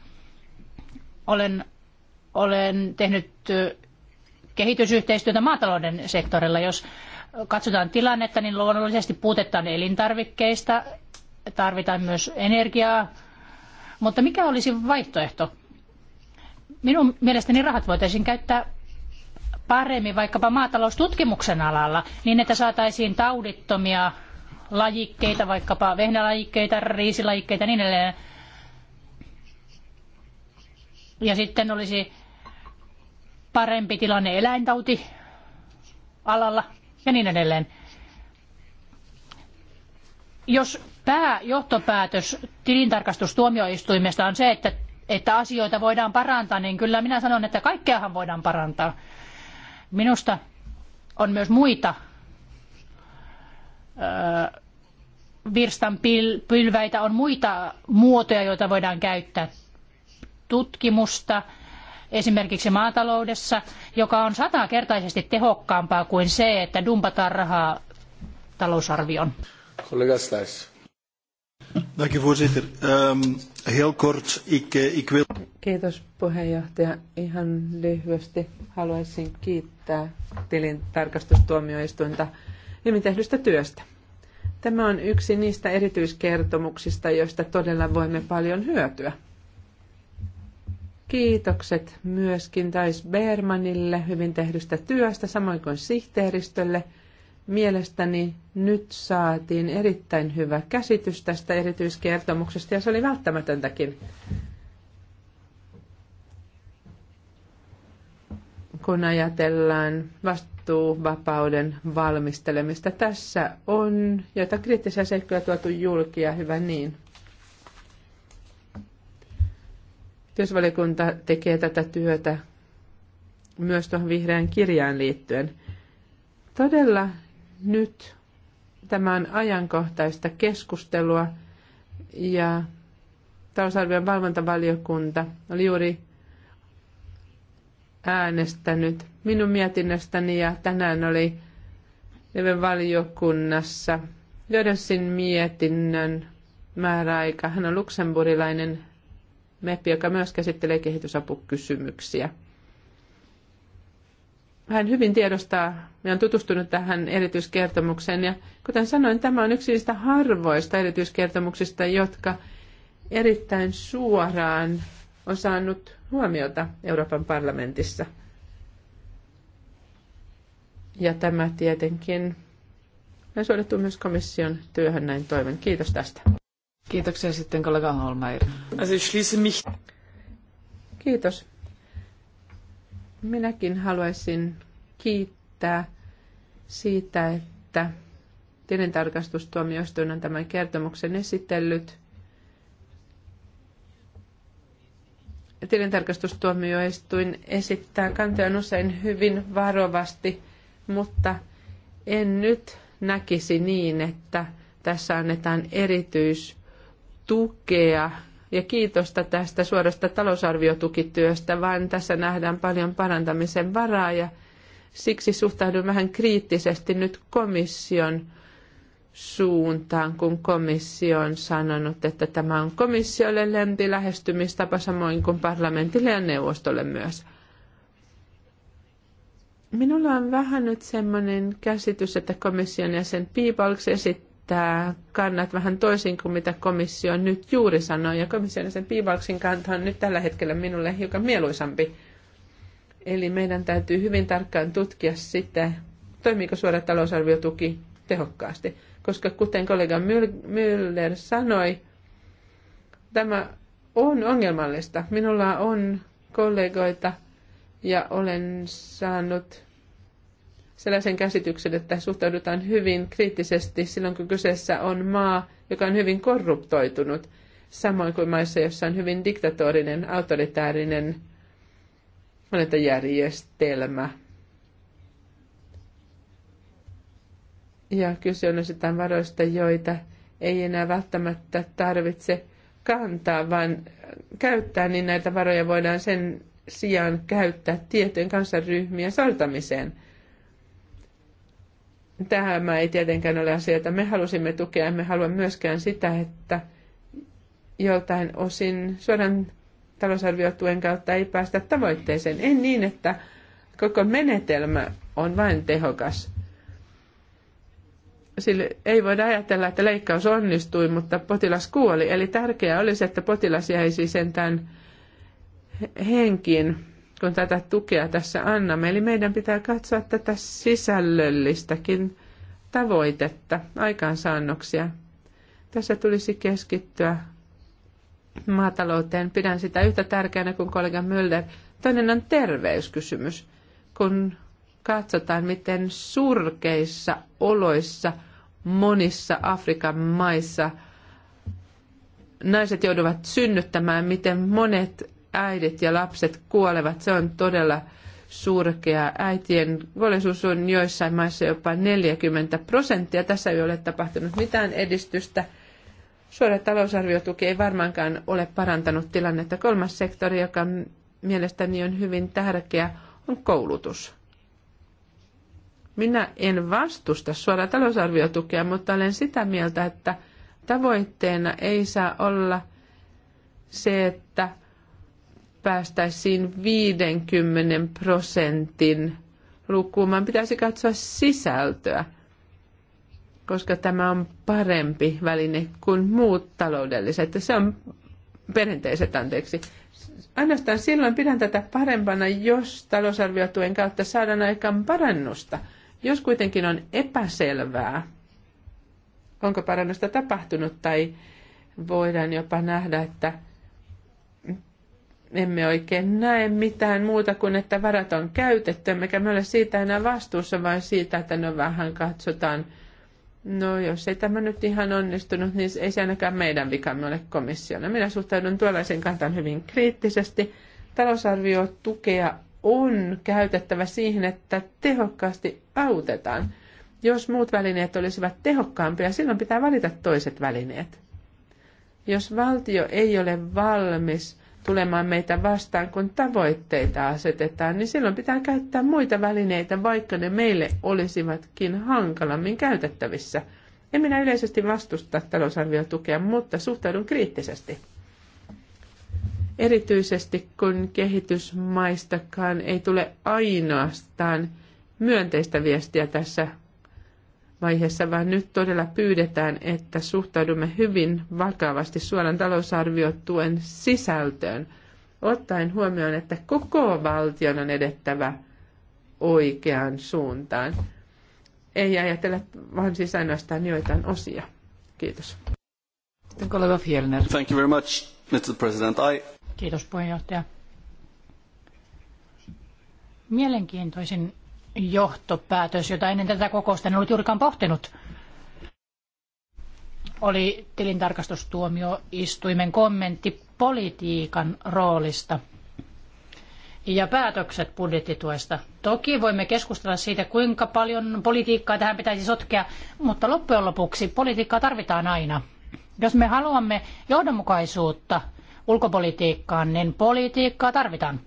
Olen, olen tehnyt kehitysyhteistyötä maatalouden sektorilla. Jos katsotaan tilannetta, niin luonnollisesti puutetta on elintarvikkeista, tarvitaan myös energiaa. Mutta mikä olisi vaihtoehto? Minun mielestäni rahat voitaisiin käyttää paremmin vaikkapa maataloustutkimuksen alalla, niin että saataisiin taudittomia lajikkeita, vaikkapa vehnälajikkeita, riisilajikkeita ja niin edelleen ja sitten olisi parempi tilanne eläintauti alalla ja niin edelleen. Jos pääjohtopäätös tilintarkastustuomioistuimesta on se, että, että asioita voidaan parantaa, niin kyllä minä sanon, että kaikkeahan voidaan parantaa. Minusta on myös muita virstanpylväitä virstan pylväitä, on muita muotoja, joita voidaan käyttää tutkimusta esimerkiksi maataloudessa, joka on satakertaisesti tehokkaampaa kuin se, että dumpataan rahaa talousarvioon. Kollega Stais. Dank voorzitter. Um, heel kort, ik, eh, ik wil... Kiitos puheenjohtaja. Ihan lyhyesti haluaisin kiittää tilin tarkastustuomioistuinta hyvin tehdystä työstä. Tämä on yksi niistä erityiskertomuksista, joista todella voimme paljon hyötyä. Kiitokset myöskin Tais Bermanille hyvin tehdystä työstä, samoin kuin sihteeristölle. Mielestäni nyt saatiin erittäin hyvä käsitys tästä erityiskertomuksesta ja se oli välttämätöntäkin. Kun ajatellaan vastuuvapauden valmistelemista, tässä on joita kriittisiä seikkoja tuotu julki ja hyvä niin. Työsvaliokunta tekee tätä työtä myös tuohon vihreään kirjaan liittyen. Todella nyt tämä on ajankohtaista keskustelua ja talousarvion valvontavaliokunta oli juuri äänestänyt minun mietinnöstäni ja tänään oli Leven valiokunnassa Jödösin mietinnön määräaika. Hän on luksemburilainen MEPI, joka myös käsittelee kehitysapukysymyksiä. Hän hyvin tiedostaa ja on tutustunut tähän erityiskertomukseen. Ja kuten sanoin, tämä on yksi niistä harvoista erityiskertomuksista, jotka erittäin suoraan on saanut huomiota Euroopan parlamentissa. Ja tämä tietenkin on suodettu myös komission työhön näin toivon. Kiitos tästä. Kiitoksia sitten kollega Holmeier. Also ich schließe mich. Kiitos. Minäkin haluaisin kiittää siitä, että tilintarkastustuomioistuin on tämän kertomuksen esitellyt. Tilintarkastustuomioistuin esittää kantoja usein hyvin varovasti, mutta en nyt näkisi niin, että tässä annetaan erityis tukea ja kiitosta tästä suorasta talousarviotukityöstä, vaan tässä nähdään paljon parantamisen varaa ja siksi suhtaudun vähän kriittisesti nyt komission suuntaan, kun komissio on sanonut, että tämä on komissiolle lempi lähestymistapa samoin kuin parlamentille ja neuvostolle myös. Minulla on vähän nyt semmoinen käsitys, että komission jäsen Piipalks esittää, että kannat vähän toisin kuin mitä komissio nyt juuri sanoi. Ja komission sen piivauksin kanta on nyt tällä hetkellä minulle hiukan mieluisampi. Eli meidän täytyy hyvin tarkkaan tutkia sitä, toimiiko suora talousarviotuki tehokkaasti. Koska kuten kollega Müller sanoi, tämä on ongelmallista. Minulla on kollegoita ja olen saanut sellaisen käsityksen, että suhtaudutaan hyvin kriittisesti silloin, kun kyseessä on maa, joka on hyvin korruptoitunut, samoin kuin maissa, joissa on hyvin diktatorinen, autoritäärinen valintajärjestelmä. Ja kyse on osittain varoista, joita ei enää välttämättä tarvitse kantaa, vaan käyttää, niin näitä varoja voidaan sen sijaan käyttää tietyn kansanryhmien sortamiseen – Tämä ei tietenkään ole asia, että me halusimme tukea, emme halua myöskään sitä, että joltain osin sodan talousarviotuen kautta ei päästä tavoitteeseen. En niin, että koko menetelmä on vain tehokas. Sille ei voida ajatella, että leikkaus onnistui, mutta potilas kuoli. Eli tärkeää olisi, että potilas jäisi sentään henkiin kun tätä tukea tässä annamme. Eli meidän pitää katsoa tätä sisällöllistäkin tavoitetta, aikaansaannoksia. Tässä tulisi keskittyä maatalouteen. Pidän sitä yhtä tärkeänä kuin kollega Müller. Toinen on terveyskysymys. Kun katsotaan, miten surkeissa oloissa monissa Afrikan maissa naiset joutuvat synnyttämään, miten monet äidit ja lapset kuolevat. Se on todella surkea. Äitien kuolleisuus on joissain maissa jopa 40 prosenttia. Tässä ei ole tapahtunut mitään edistystä. Suora talousarviotuki ei varmaankaan ole parantanut tilannetta. Kolmas sektori, joka mielestäni on hyvin tärkeä, on koulutus. Minä en vastusta suora talousarviotukea, mutta olen sitä mieltä, että tavoitteena ei saa olla se, että päästäisiin 50 prosentin lukuun, lukumaan, pitäisi katsoa sisältöä, koska tämä on parempi väline kuin muut taloudelliset. Se on perinteiset, anteeksi. Ainoastaan silloin pidän tätä parempana, jos talousarviotuen kautta saadaan aikaan parannusta. Jos kuitenkin on epäselvää, onko parannusta tapahtunut tai voidaan jopa nähdä, että emme oikein näe mitään muuta kuin, että varat on käytetty, emmekä me ole siitä enää vastuussa, vaan siitä, että no vähän katsotaan. No jos ei tämä nyt ihan onnistunut, niin ei se ainakaan meidän vikamme ole komissiona. Minä suhtaudun tuollaisen kantaan hyvin kriittisesti. tukea on käytettävä siihen, että tehokkaasti autetaan. Jos muut välineet olisivat tehokkaampia, silloin pitää valita toiset välineet. Jos valtio ei ole valmis – tulemaan meitä vastaan, kun tavoitteita asetetaan, niin silloin pitää käyttää muita välineitä, vaikka ne meille olisivatkin hankalammin käytettävissä. En minä yleisesti vastusta talousarviotukea, mutta suhtaudun kriittisesti. Erityisesti kun kehitysmaistakaan ei tule ainoastaan myönteistä viestiä tässä vaiheessa, vaan nyt todella pyydetään, että suhtaudumme hyvin vakavasti suoran talousarviotuen sisältöön, ottaen huomioon, että koko valtion on edettävä oikeaan suuntaan. Ei ajatella vain siis ainoastaan joitain osia. Kiitos. Sitten kollega Fjellner. Thank you very much, Mr. President. I... Kiitos puheenjohtaja. Mielenkiintoisin johtopäätös, jota ennen tätä kokousta en ollut juurikaan pohtinut. Oli tilintarkastustuomioistuimen kommentti politiikan roolista ja päätökset budjettituesta. Toki voimme keskustella siitä, kuinka paljon politiikkaa tähän pitäisi sotkea, mutta loppujen lopuksi politiikkaa tarvitaan aina. Jos me haluamme johdonmukaisuutta ulkopolitiikkaan, niin politiikkaa tarvitaan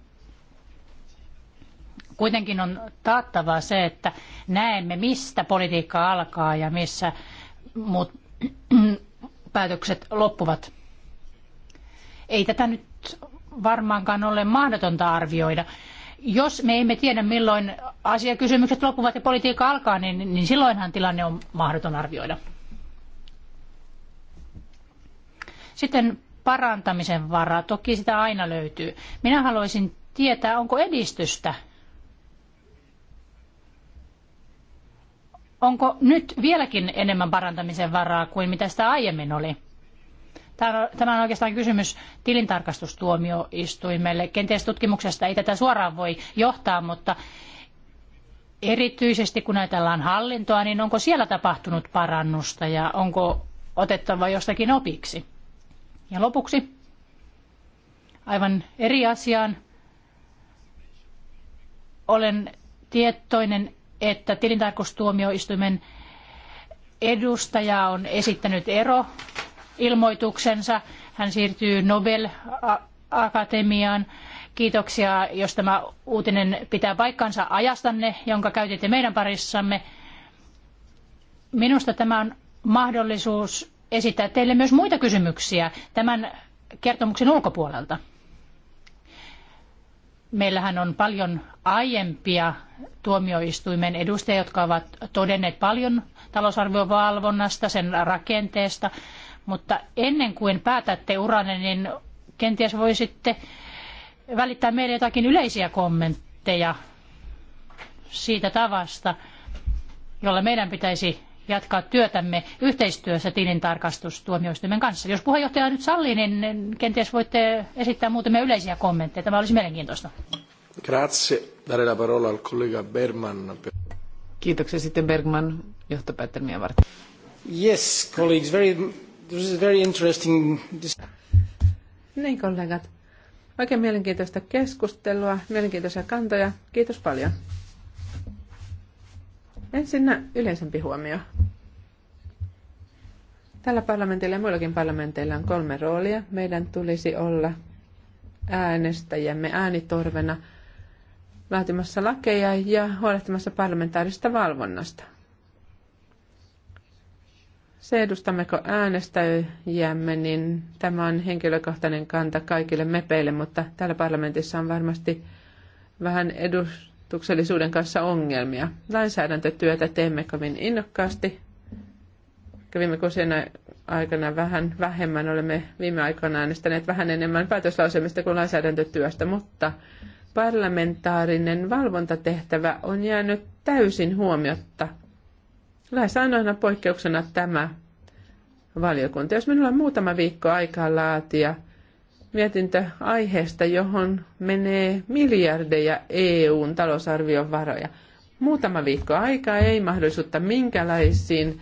kuitenkin on taattava se, että näemme, mistä politiikka alkaa ja missä muut päätökset loppuvat. Ei tätä nyt varmaankaan ole mahdotonta arvioida. Jos me emme tiedä, milloin asiakysymykset loppuvat ja politiikka alkaa, niin, niin silloinhan tilanne on mahdoton arvioida. Sitten parantamisen varaa. Toki sitä aina löytyy. Minä haluaisin tietää, onko edistystä Onko nyt vieläkin enemmän parantamisen varaa kuin mitä sitä aiemmin oli? Tämä on oikeastaan kysymys tilintarkastustuomioistuimelle. Kenties tutkimuksesta ei tätä suoraan voi johtaa, mutta erityisesti kun ajatellaan hallintoa, niin onko siellä tapahtunut parannusta ja onko otettava jostakin opiksi? Ja lopuksi aivan eri asiaan. Olen tietoinen että tilintarkastustuomioistuimen edustaja on esittänyt ero ilmoituksensa. Hän siirtyy Nobel-akatemiaan. Kiitoksia, jos tämä uutinen pitää paikkansa ajastanne, jonka käytitte meidän parissamme. Minusta tämä on mahdollisuus esittää teille myös muita kysymyksiä tämän kertomuksen ulkopuolelta. Meillähän on paljon aiempia tuomioistuimen edustajia, jotka ovat todenneet paljon talousarviovalvonnasta, sen rakenteesta, mutta ennen kuin päätätte uranne, niin kenties voisitte välittää meille jotakin yleisiä kommentteja siitä tavasta, jolla meidän pitäisi jatkaa työtämme yhteistyössä tilintarkastustuomioistuimen kanssa. Jos puheenjohtaja nyt sallii, niin kenties voitte esittää muutamia yleisiä kommentteja. Tämä olisi mielenkiintoista. Grazie. Dare la parola al collega Berman. Kiitoksia sitten Bergman johtopäätelmiä varten. Yes, colleagues, very, this is very interesting. Niin, kollegat. Oikein mielenkiintoista keskustelua, mielenkiintoisia kantoja. Kiitos paljon. Ensinnä yleisempi huomio. Tällä parlamentilla ja muillakin parlamenteilla on kolme roolia. Meidän tulisi olla äänestäjämme äänitorvena – laatimassa lakeja ja huolehtimassa parlamentaarista valvonnasta. Se edustammeko äänestäjämme, niin tämä on henkilökohtainen kanta kaikille mepeille, mutta täällä parlamentissa on varmasti vähän edustuksellisuuden kanssa ongelmia. Lainsäädäntötyötä teemme kovin innokkaasti. Kävimme kuusien aikana vähän vähemmän, olemme viime aikoina äänestäneet vähän enemmän päätöslausemista kuin lainsäädäntötyöstä, mutta parlamentaarinen valvontatehtävä on jäänyt täysin huomiotta. Lähes ainoana poikkeuksena tämä valiokunta. Jos minulla on muutama viikko aikaa laatia mietintö aiheesta, johon menee miljardeja EUn talousarvion varoja. Muutama viikko aikaa ei mahdollisuutta minkälaisiin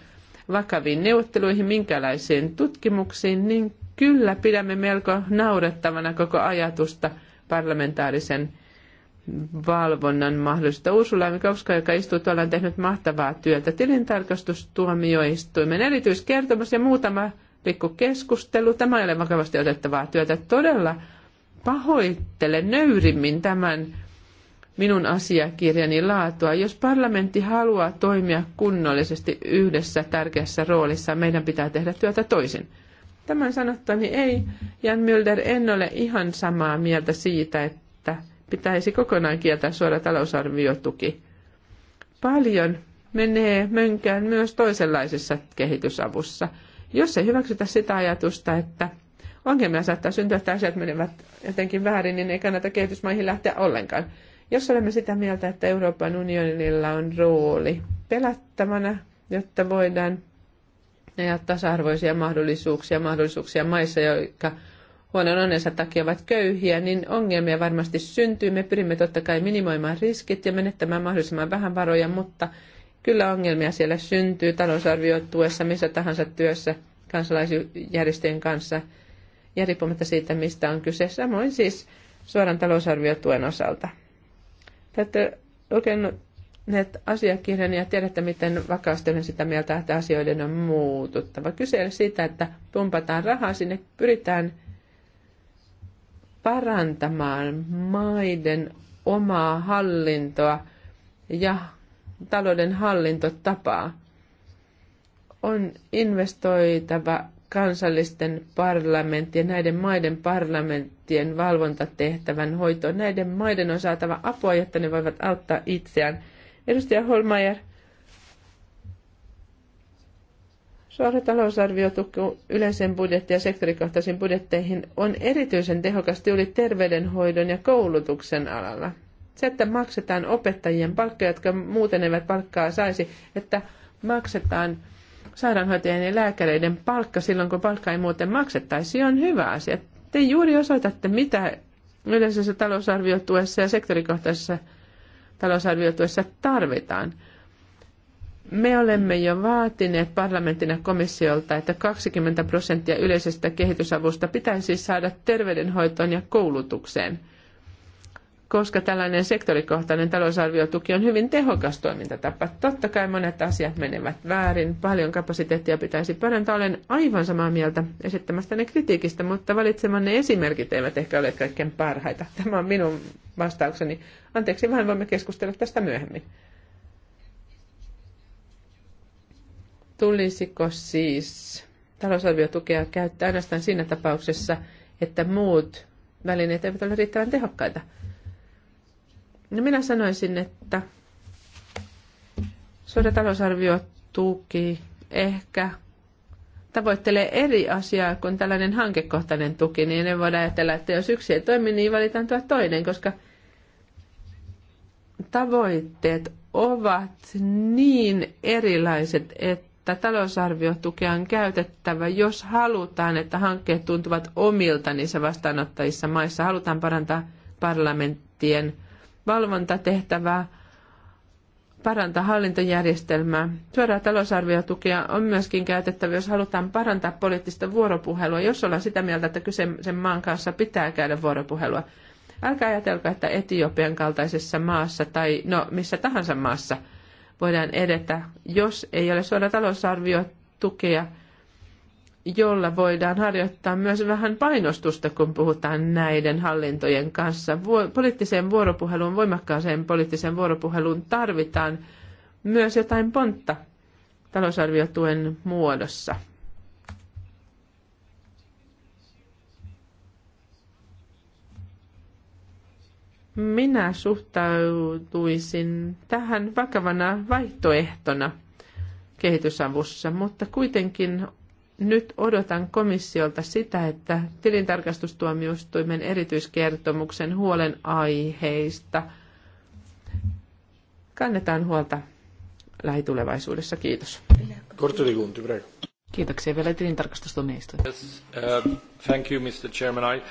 vakaviin neuvotteluihin, minkälaisiin tutkimuksiin, niin kyllä pidämme melko naurettavana koko ajatusta parlamentaarisen valvonnan mahdollisuutta. Ursula Mikowska, joka istuu tuolla, on tehnyt mahtavaa työtä. Tilintarkastustuomioistuimen erityiskertomus ja muutama pikku keskustelu. Tämä ei ole vakavasti otettavaa työtä. Todella pahoittelen nöyrimmin tämän minun asiakirjani laatua. Jos parlamentti haluaa toimia kunnollisesti yhdessä tärkeässä roolissa, meidän pitää tehdä työtä toisin. Tämän sanottani ei, Jan Mylder, en ole ihan samaa mieltä siitä, että pitäisi kokonaan kieltää suora talousarviotuki. Paljon menee mönkään myös toisenlaisessa kehitysavussa. Jos ei hyväksytä sitä ajatusta, että ongelmia saattaa syntyä, että asiat menevät jotenkin väärin, niin ei kannata kehitysmaihin lähteä ollenkaan. Jos olemme sitä mieltä, että Euroopan unionilla on rooli pelättävänä, jotta voidaan ja tasa-arvoisia mahdollisuuksia, mahdollisuuksia maissa, jotka huonon onnensa takia ovat köyhiä, niin ongelmia varmasti syntyy. Me pyrimme totta kai minimoimaan riskit ja menettämään mahdollisimman vähän varoja, mutta kyllä ongelmia siellä syntyy talousarviotuessa, missä tahansa työssä kansalaisjärjestöjen kanssa ja riippumatta siitä, mistä on kyse. Samoin siis suoran talousarviotuen osalta. Tätä lukenut lukeneet asiakirjan ja tiedätte, miten vakaasti olen sitä mieltä, että asioiden on muututtava. Kyse ei ole siitä, että pumpataan rahaa sinne, pyritään parantamaan maiden omaa hallintoa ja talouden hallintotapaa. On investoitava kansallisten parlamenttien, näiden maiden parlamenttien valvontatehtävän hoitoon. Näiden maiden on saatava apua, jotta ne voivat auttaa itseään. Edustaja Holmeier, Suora talousarviotukku yleisen budjettiin ja sektorikohtaisiin budjetteihin on erityisen tehokas tyyli terveydenhoidon ja koulutuksen alalla. Se, että maksetaan opettajien palkkoja, jotka muuten eivät palkkaa saisi, että maksetaan sairaanhoitajien ja lääkäreiden palkka silloin, kun palkka ei muuten maksettaisi, on hyvä asia. Te juuri osoitatte, mitä yleisessä talousarviotuessa ja sektorikohtaisessa talousarviotuessa tarvitaan – me olemme jo vaatineet parlamenttina komissiolta, että 20 prosenttia yleisestä kehitysavusta pitäisi saada terveydenhoitoon ja koulutukseen, koska tällainen sektorikohtainen talousarviotuki on hyvin tehokas toimintatapa. Totta kai monet asiat menevät väärin, paljon kapasiteettia pitäisi parantaa. Olen aivan samaa mieltä esittämästäne kritiikistä, mutta valitsemanne esimerkit eivät ehkä ole kaikkein parhaita. Tämä on minun vastaukseni. Anteeksi, vähän voimme keskustella tästä myöhemmin. Tulisiko siis talousarviotukea käyttää ainoastaan siinä tapauksessa, että muut välineet eivät ole riittävän tehokkaita? No minä sanoisin, että suora talousarviotuki ehkä tavoittelee eri asiaa kuin tällainen hankekohtainen tuki, niin ne voidaan ajatella, että jos yksi ei toimi, niin valitaan tuo toinen, koska tavoitteet ovat niin erilaiset, että että talousarviotukea on käytettävä, jos halutaan, että hankkeet tuntuvat omilta niissä vastaanottajissa maissa. Halutaan parantaa parlamenttien valvontatehtävää, parantaa hallintojärjestelmää. Suoraa talousarviotukea on myöskin käytettävä, jos halutaan parantaa poliittista vuoropuhelua, jos ollaan sitä mieltä, että kyseisen maan kanssa pitää käydä vuoropuhelua. Älkää ajatelko, että Etiopian kaltaisessa maassa tai no missä tahansa maassa – voidaan edetä, jos ei ole suora tukea, jolla voidaan harjoittaa myös vähän painostusta, kun puhutaan näiden hallintojen kanssa. Poliittiseen vuoropuheluun, voimakkaaseen poliittiseen vuoropuheluun tarvitaan myös jotain pontta talousarviotuen muodossa. Minä suhtautuisin tähän vakavana vaihtoehtona kehitysavussa, mutta kuitenkin nyt odotan komissiolta sitä, että tilintarkastustuomioistuimen erityiskertomuksen huolenaiheista kannetaan huolta lähitulevaisuudessa. Kiitos. Kiitoksia vielä tilintarkastustuomioistuin. Yes, uh, thank you, Mr. Chairman. I,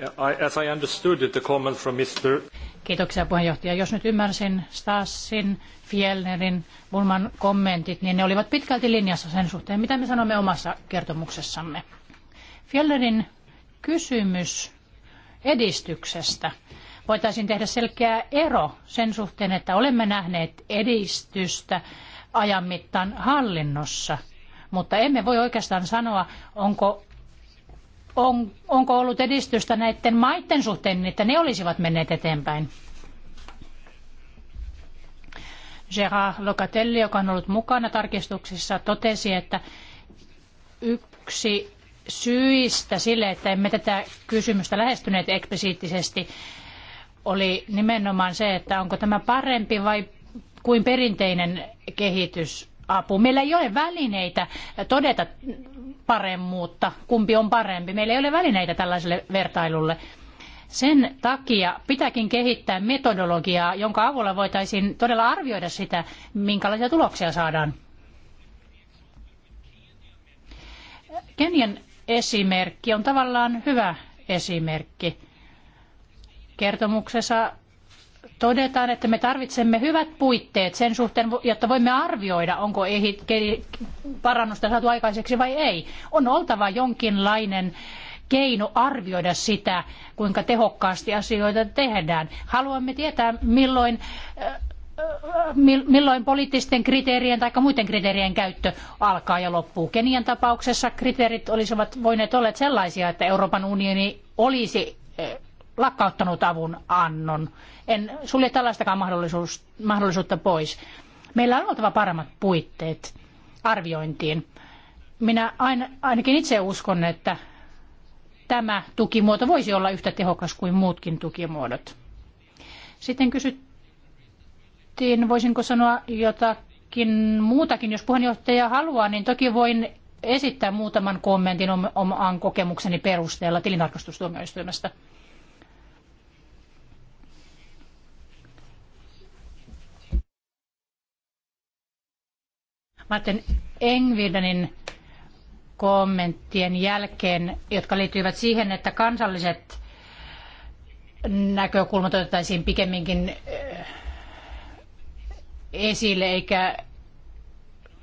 I, as I understood it, the comment from Mr. Kiitoksia puheenjohtaja. Jos nyt ymmärsin Stassin, Fjellnerin, Bulman kommentit, niin ne olivat pitkälti linjassa sen suhteen, mitä me sanomme omassa kertomuksessamme. Fjellnerin kysymys edistyksestä. Voitaisiin tehdä selkeä ero sen suhteen, että olemme nähneet edistystä ajan mittaan hallinnossa – mutta emme voi oikeastaan sanoa, onko on, onko ollut edistystä näiden maiden suhteen, niin että ne olisivat menneet eteenpäin. Gerard Locatelli, joka on ollut mukana tarkistuksissa, totesi, että yksi syistä sille, että emme tätä kysymystä lähestyneet eksplisiittisesti, oli nimenomaan se, että onko tämä parempi vai kuin perinteinen kehitys apu. Meillä ei ole välineitä todeta paremmuutta, kumpi on parempi. Meillä ei ole välineitä tällaiselle vertailulle. Sen takia pitääkin kehittää metodologiaa, jonka avulla voitaisiin todella arvioida sitä, minkälaisia tuloksia saadaan. Kenian esimerkki on tavallaan hyvä esimerkki. Kertomuksessa todetaan, että me tarvitsemme hyvät puitteet sen suhteen, jotta voimme arvioida, onko parannusta saatu aikaiseksi vai ei. On oltava jonkinlainen keino arvioida sitä, kuinka tehokkaasti asioita tehdään. Haluamme tietää, milloin äh, äh, milloin poliittisten kriteerien tai muiden kriteerien käyttö alkaa ja loppuu. Kenian tapauksessa kriteerit olisivat voineet olla sellaisia, että Euroopan unioni olisi äh, lakkauttanut avun annon. En sulje tällaistakaan mahdollisuutta pois. Meillä on oltava paremmat puitteet arviointiin. Minä aina, ainakin itse uskon, että tämä tukimuoto voisi olla yhtä tehokas kuin muutkin tukimuodot. Sitten kysyttiin, voisinko sanoa jotakin muutakin. Jos puheenjohtaja haluaa, niin toki voin esittää muutaman kommentin oman kokemukseni perusteella tilintarkastustuomioistuimesta. Martin Engvidenin kommenttien jälkeen, jotka liittyivät siihen, että kansalliset näkökulmat otettaisiin pikemminkin eh, esille, eikä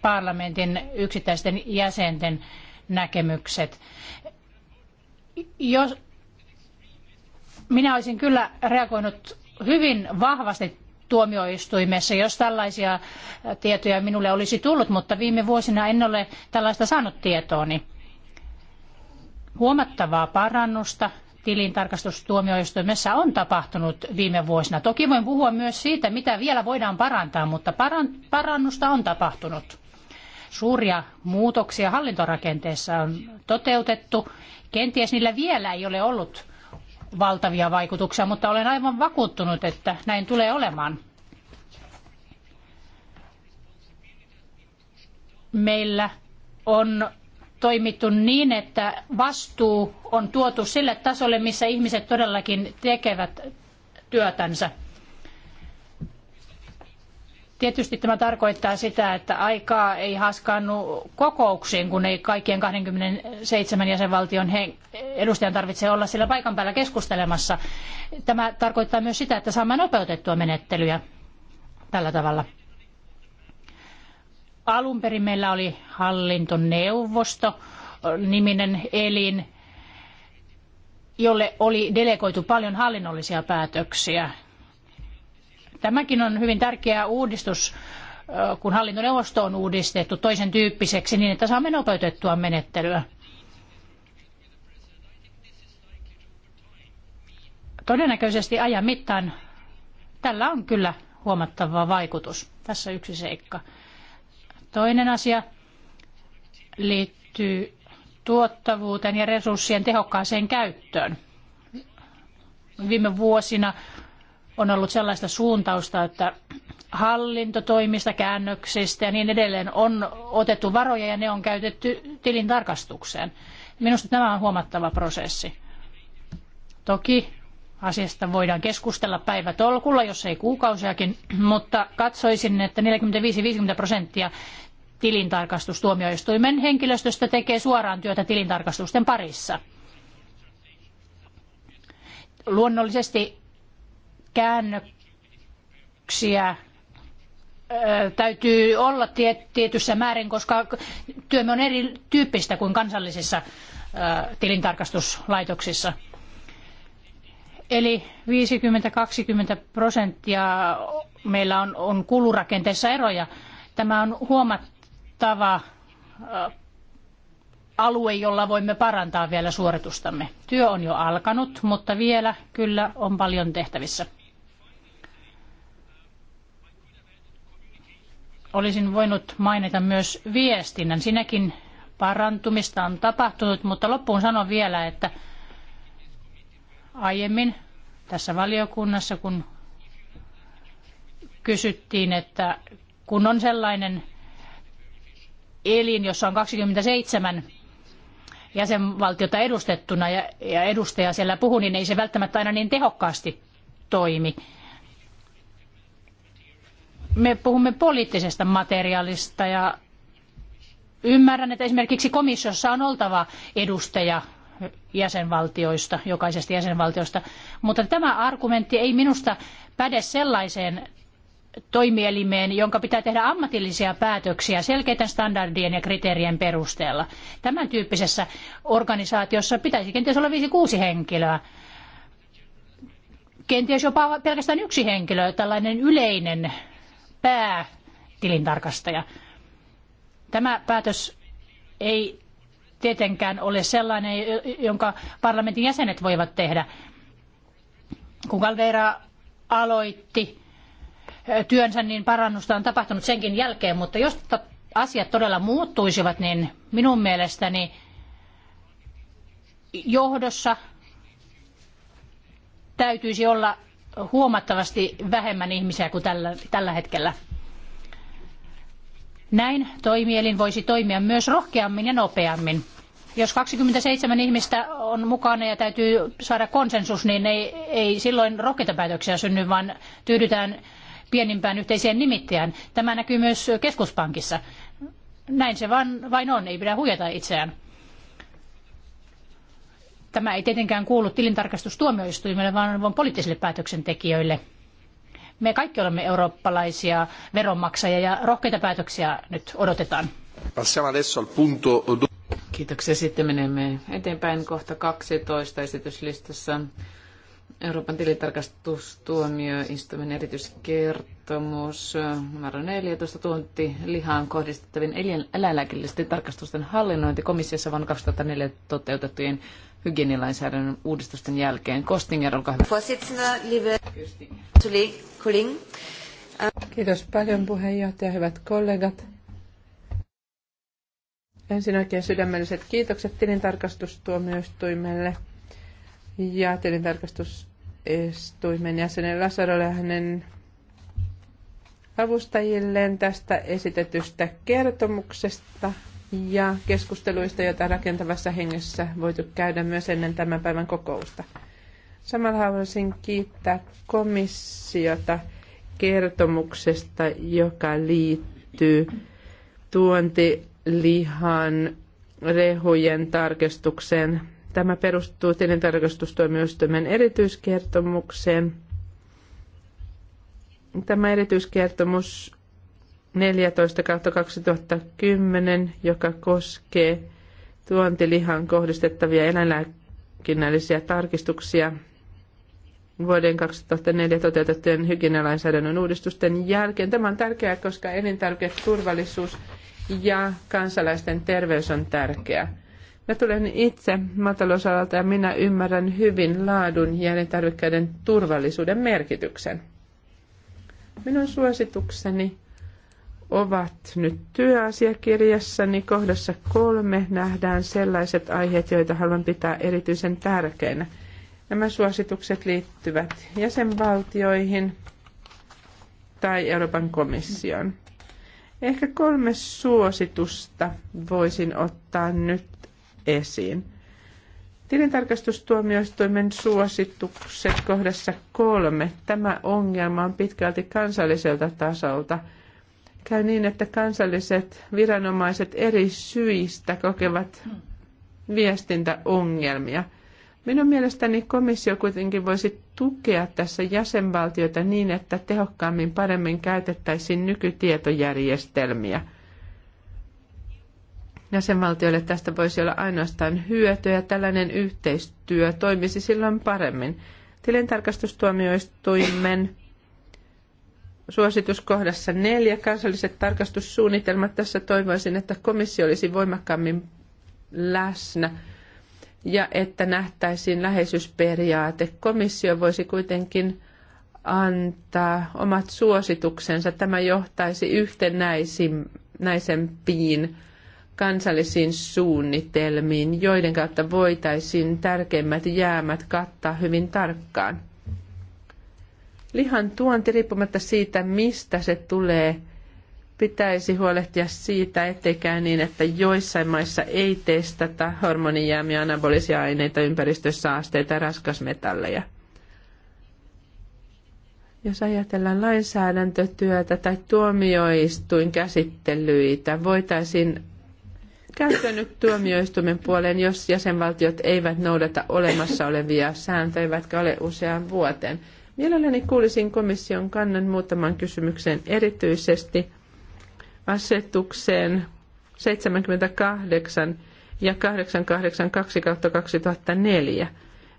parlamentin yksittäisten jäsenten näkemykset. Jos minä olisin kyllä reagoinut hyvin vahvasti tuomioistuimessa, jos tällaisia tietoja minulle olisi tullut, mutta viime vuosina en ole tällaista saanut tietooni. Huomattavaa parannusta tilintarkastustuomioistuimessa on tapahtunut viime vuosina. Toki voin puhua myös siitä, mitä vielä voidaan parantaa, mutta parannusta on tapahtunut. Suuria muutoksia hallintorakenteessa on toteutettu. Kenties niillä vielä ei ole ollut valtavia vaikutuksia, mutta olen aivan vakuuttunut, että näin tulee olemaan. Meillä on toimittu niin, että vastuu on tuotu sille tasolle, missä ihmiset todellakin tekevät työtänsä. Tietysti tämä tarkoittaa sitä, että aikaa ei haskaannu kokouksiin, kun ei kaikkien 27 jäsenvaltion edustajan tarvitse olla siellä paikan päällä keskustelemassa. Tämä tarkoittaa myös sitä, että saamme nopeutettua menettelyjä tällä tavalla. Alun perin meillä oli hallintoneuvosto, niminen elin, jolle oli delegoitu paljon hallinnollisia päätöksiä. Tämäkin on hyvin tärkeä uudistus, kun hallintoneuvosto on uudistettu toisen tyyppiseksi niin, että saamme nopeutettua menettelyä. Todennäköisesti ajan mittaan tällä on kyllä huomattava vaikutus. Tässä yksi seikka. Toinen asia liittyy tuottavuuteen ja resurssien tehokkaaseen käyttöön. Viime vuosina on ollut sellaista suuntausta, että hallintotoimista, käännöksistä ja niin edelleen on otettu varoja ja ne on käytetty tilin tarkastukseen. Minusta tämä on huomattava prosessi. Toki asiasta voidaan keskustella päivätolkulla, jos ei kuukausiakin, mutta katsoisin, että 45-50 prosenttia tilintarkastustuomioistuimen henkilöstöstä tekee suoraan työtä tilintarkastusten parissa. Luonnollisesti käännöksiä täytyy olla tietyssä määrin, koska työmme on erityyppistä kuin kansallisissa tilintarkastuslaitoksissa. Eli 50-20 prosenttia meillä on, on kulurakenteessa eroja. Tämä on huomattava alue, jolla voimme parantaa vielä suoritustamme. Työ on jo alkanut, mutta vielä kyllä on paljon tehtävissä. olisin voinut mainita myös viestinnän. Siinäkin parantumista on tapahtunut, mutta loppuun sanon vielä, että aiemmin tässä valiokunnassa, kun kysyttiin, että kun on sellainen elin, jossa on 27 jäsenvaltiota edustettuna ja edustaja siellä puhuu, niin ei se välttämättä aina niin tehokkaasti toimi me puhumme poliittisesta materiaalista ja ymmärrän, että esimerkiksi komissiossa on oltava edustaja jäsenvaltioista, jokaisesta jäsenvaltiosta, mutta tämä argumentti ei minusta päde sellaiseen toimielimeen, jonka pitää tehdä ammatillisia päätöksiä selkeiden standardien ja kriteerien perusteella. Tämän tyyppisessä organisaatiossa pitäisi kenties olla viisi kuusi henkilöä. Kenties jopa pelkästään yksi henkilö, tällainen yleinen päätilintarkastaja. Tämä päätös ei tietenkään ole sellainen, jonka parlamentin jäsenet voivat tehdä. Kun Caldeira aloitti työnsä, niin parannusta on tapahtunut senkin jälkeen, mutta jos asiat todella muuttuisivat, niin minun mielestäni johdossa täytyisi olla huomattavasti vähemmän ihmisiä kuin tällä, tällä hetkellä. Näin toimielin voisi toimia myös rohkeammin ja nopeammin. Jos 27 ihmistä on mukana ja täytyy saada konsensus, niin ei, ei silloin rohkeita päätöksiä synny, vaan tyydytään pienimpään yhteiseen nimittäjään. Tämä näkyy myös keskuspankissa. Näin se vain, vain on, ei pidä huijata itseään. Tämä ei tietenkään kuulu tilintarkastustuomioistuimelle, vaan, vaan poliittisille päätöksentekijöille. Me kaikki olemme eurooppalaisia veronmaksajia ja rohkeita päätöksiä nyt odotetaan. Passiamo adesso al punto... Kiitoksia. Sitten menemme eteenpäin kohta 12 esityslistassa. Euroopan tilintarkastustuomioistuimen erityiskertomus numero 14 tuonti lihaan kohdistettavien eläinlääkillisten tarkastusten hallinnointi komissiossa vuonna 2004 toteutettujen hygienilainsäädännön uudistusten jälkeen. Kostinger, olkaa hyvä. Kiitos paljon puheenjohtaja, hyvät kollegat. Ensin oikein sydämelliset kiitokset tilintarkastustuomioistuimelle ja tilintarkastustuomioistuimen jäsenen Lasarolle ja hänen avustajilleen tästä esitetystä kertomuksesta ja keskusteluista, joita rakentavassa hengessä voitu käydä myös ennen tämän päivän kokousta. Samalla haluaisin kiittää komissiota kertomuksesta, joka liittyy tuontilihan rehujen tarkistukseen. Tämä perustuu tilintarkastustuomioistuimen erityiskertomukseen. Tämä erityiskertomus 14 kautta 2010, joka koskee tuontilihan kohdistettavia eläinlääkinnällisiä tarkistuksia vuoden 2004 toteutettujen hygienialainsäädännön uudistusten jälkeen. Tämä on tärkeää, koska elintarviketurvallisuus ja kansalaisten terveys on tärkeää. Mä tulen itse matalousalalta ja minä ymmärrän hyvin laadun ja elintarvikkeiden turvallisuuden merkityksen. Minun suositukseni ovat nyt työasiakirjassani. Kohdassa kolme nähdään sellaiset aiheet, joita haluan pitää erityisen tärkeinä. Nämä suositukset liittyvät jäsenvaltioihin tai Euroopan komissioon. Ehkä kolme suositusta voisin ottaa nyt esiin. Tilintarkastustuomioistuimen suositukset kohdassa kolme. Tämä ongelma on pitkälti kansalliselta tasolta – käy niin, että kansalliset viranomaiset eri syistä kokevat viestintäongelmia. Minun mielestäni komissio kuitenkin voisi tukea tässä jäsenvaltioita niin, että tehokkaammin paremmin käytettäisiin nykytietojärjestelmiä. Jäsenvaltioille tästä voisi olla ainoastaan hyötyä ja tällainen yhteistyö toimisi silloin paremmin. Tilintarkastustuomioistuimen suosituskohdassa neljä, kansalliset tarkastussuunnitelmat. Tässä toivoisin, että komissio olisi voimakkaammin läsnä ja että nähtäisiin läheisyysperiaate. Komissio voisi kuitenkin antaa omat suosituksensa. Tämä johtaisi yhtenäisempiin kansallisiin suunnitelmiin, joiden kautta voitaisiin tärkeimmät jäämät kattaa hyvin tarkkaan. Lihan tuonti, riippumatta siitä, mistä se tulee, pitäisi huolehtia siitä, ettei käy niin, että joissain maissa ei testata hormonijäämiä, anabolisia aineita, ympäristössä ja raskasmetalleja. Jos ajatellaan lainsäädäntötyötä tai tuomioistuin käsittelyitä, voitaisiin käyttää nyt tuomioistuimen puoleen, jos jäsenvaltiot eivät noudata olemassa olevia sääntöjä, eivätkä ole usean vuoteen. Mielelläni kuulisin komission kannan muutaman kysymykseen, erityisesti asetukseen 78 ja 882 2004.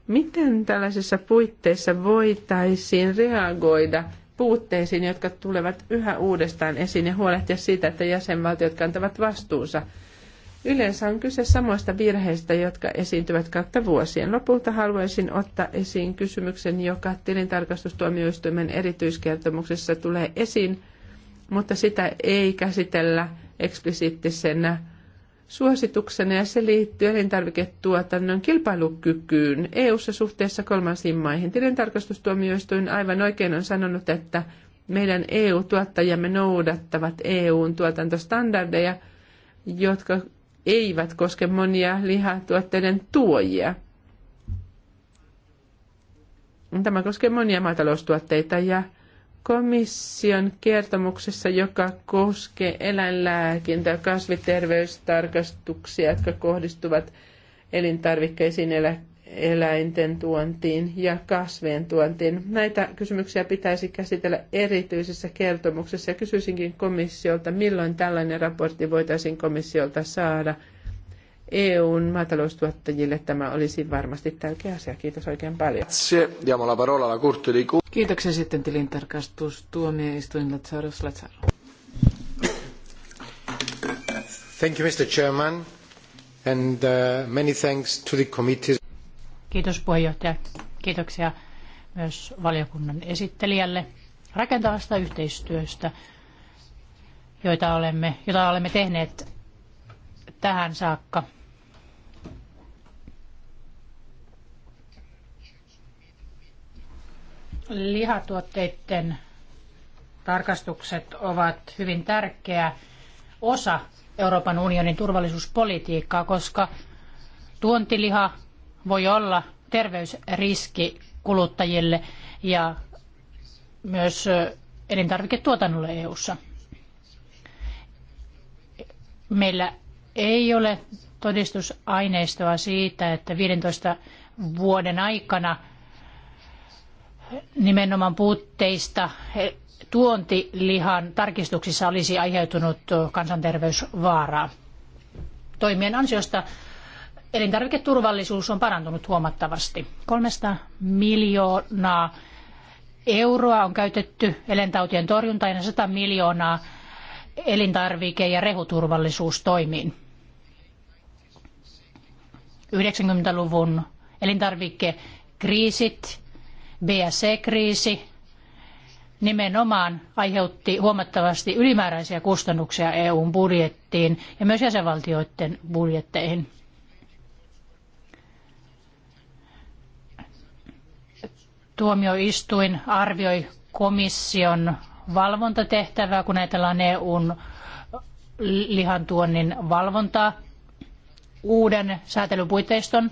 Miten tällaisissa puitteissa voitaisiin reagoida puutteisiin, jotka tulevat yhä uudestaan esiin ja huolehtia siitä, että jäsenvaltiot kantavat vastuunsa Yleensä on kyse samoista virheistä, jotka esiintyvät kautta vuosien. Lopulta haluaisin ottaa esiin kysymyksen, joka tilintarkastustuomioistuimen erityiskertomuksessa tulee esiin, mutta sitä ei käsitellä eksplisiittisenä suosituksena ja se liittyy elintarviketuotannon kilpailukykyyn EU-ssa suhteessa kolmansiin maihin. Tilintarkastustuomioistuin aivan oikein on sanonut, että meidän EU-tuottajamme noudattavat EUn tuotantostandardeja, jotka eivät koske monia lihatuotteiden tuojia. Tämä koskee monia maataloustuotteita ja komission kertomuksessa, joka koskee eläinlääkintä- ja kasviterveystarkastuksia, jotka kohdistuvat elintarvikkeisiin, eläkkeisiin, eläinten tuontiin ja kasvien tuontiin. Näitä kysymyksiä pitäisi käsitellä erityisessä kertomuksessa ja kysyisinkin komissiolta, milloin tällainen raportti voitaisiin komissiolta saada. EUn maataloustuottajille tämä olisi varmasti tärkeä asia. Kiitos oikein paljon. Kiitoksia sitten tilintarkastus tuomioistuin Latsaros Latsaro. Thank you, Mr. Chairman, and uh, many thanks to the committee. Kiitos puheenjohtaja. Kiitoksia myös valiokunnan esittelijälle rakentavasta yhteistyöstä, joita olemme, jota olemme tehneet tähän saakka. Lihatuotteiden tarkastukset ovat hyvin tärkeä osa Euroopan unionin turvallisuuspolitiikkaa, koska tuontiliha voi olla terveysriski kuluttajille ja myös elintarviketuotannolle EU:ssa. Meillä ei ole todistusaineistoa siitä, että 15 vuoden aikana nimenomaan puutteista tuontilihan tarkistuksissa olisi aiheutunut kansanterveysvaaraa. Toimien ansiosta Elintarviketurvallisuus on parantunut huomattavasti. Kolmesta miljoonaa euroa on käytetty eläintautien torjuntaan ja 100 miljoonaa elintarvike- ja rehuturvallisuustoimiin. 90-luvun elintarvikekriisit, BSE-kriisi, nimenomaan aiheutti huomattavasti ylimääräisiä kustannuksia EUn budjettiin ja myös jäsenvaltioiden budjetteihin. tuomioistuin arvioi komission valvontatehtävää, kun ajatellaan EUn lihantuonnin valvontaa uuden säätelypuitteiston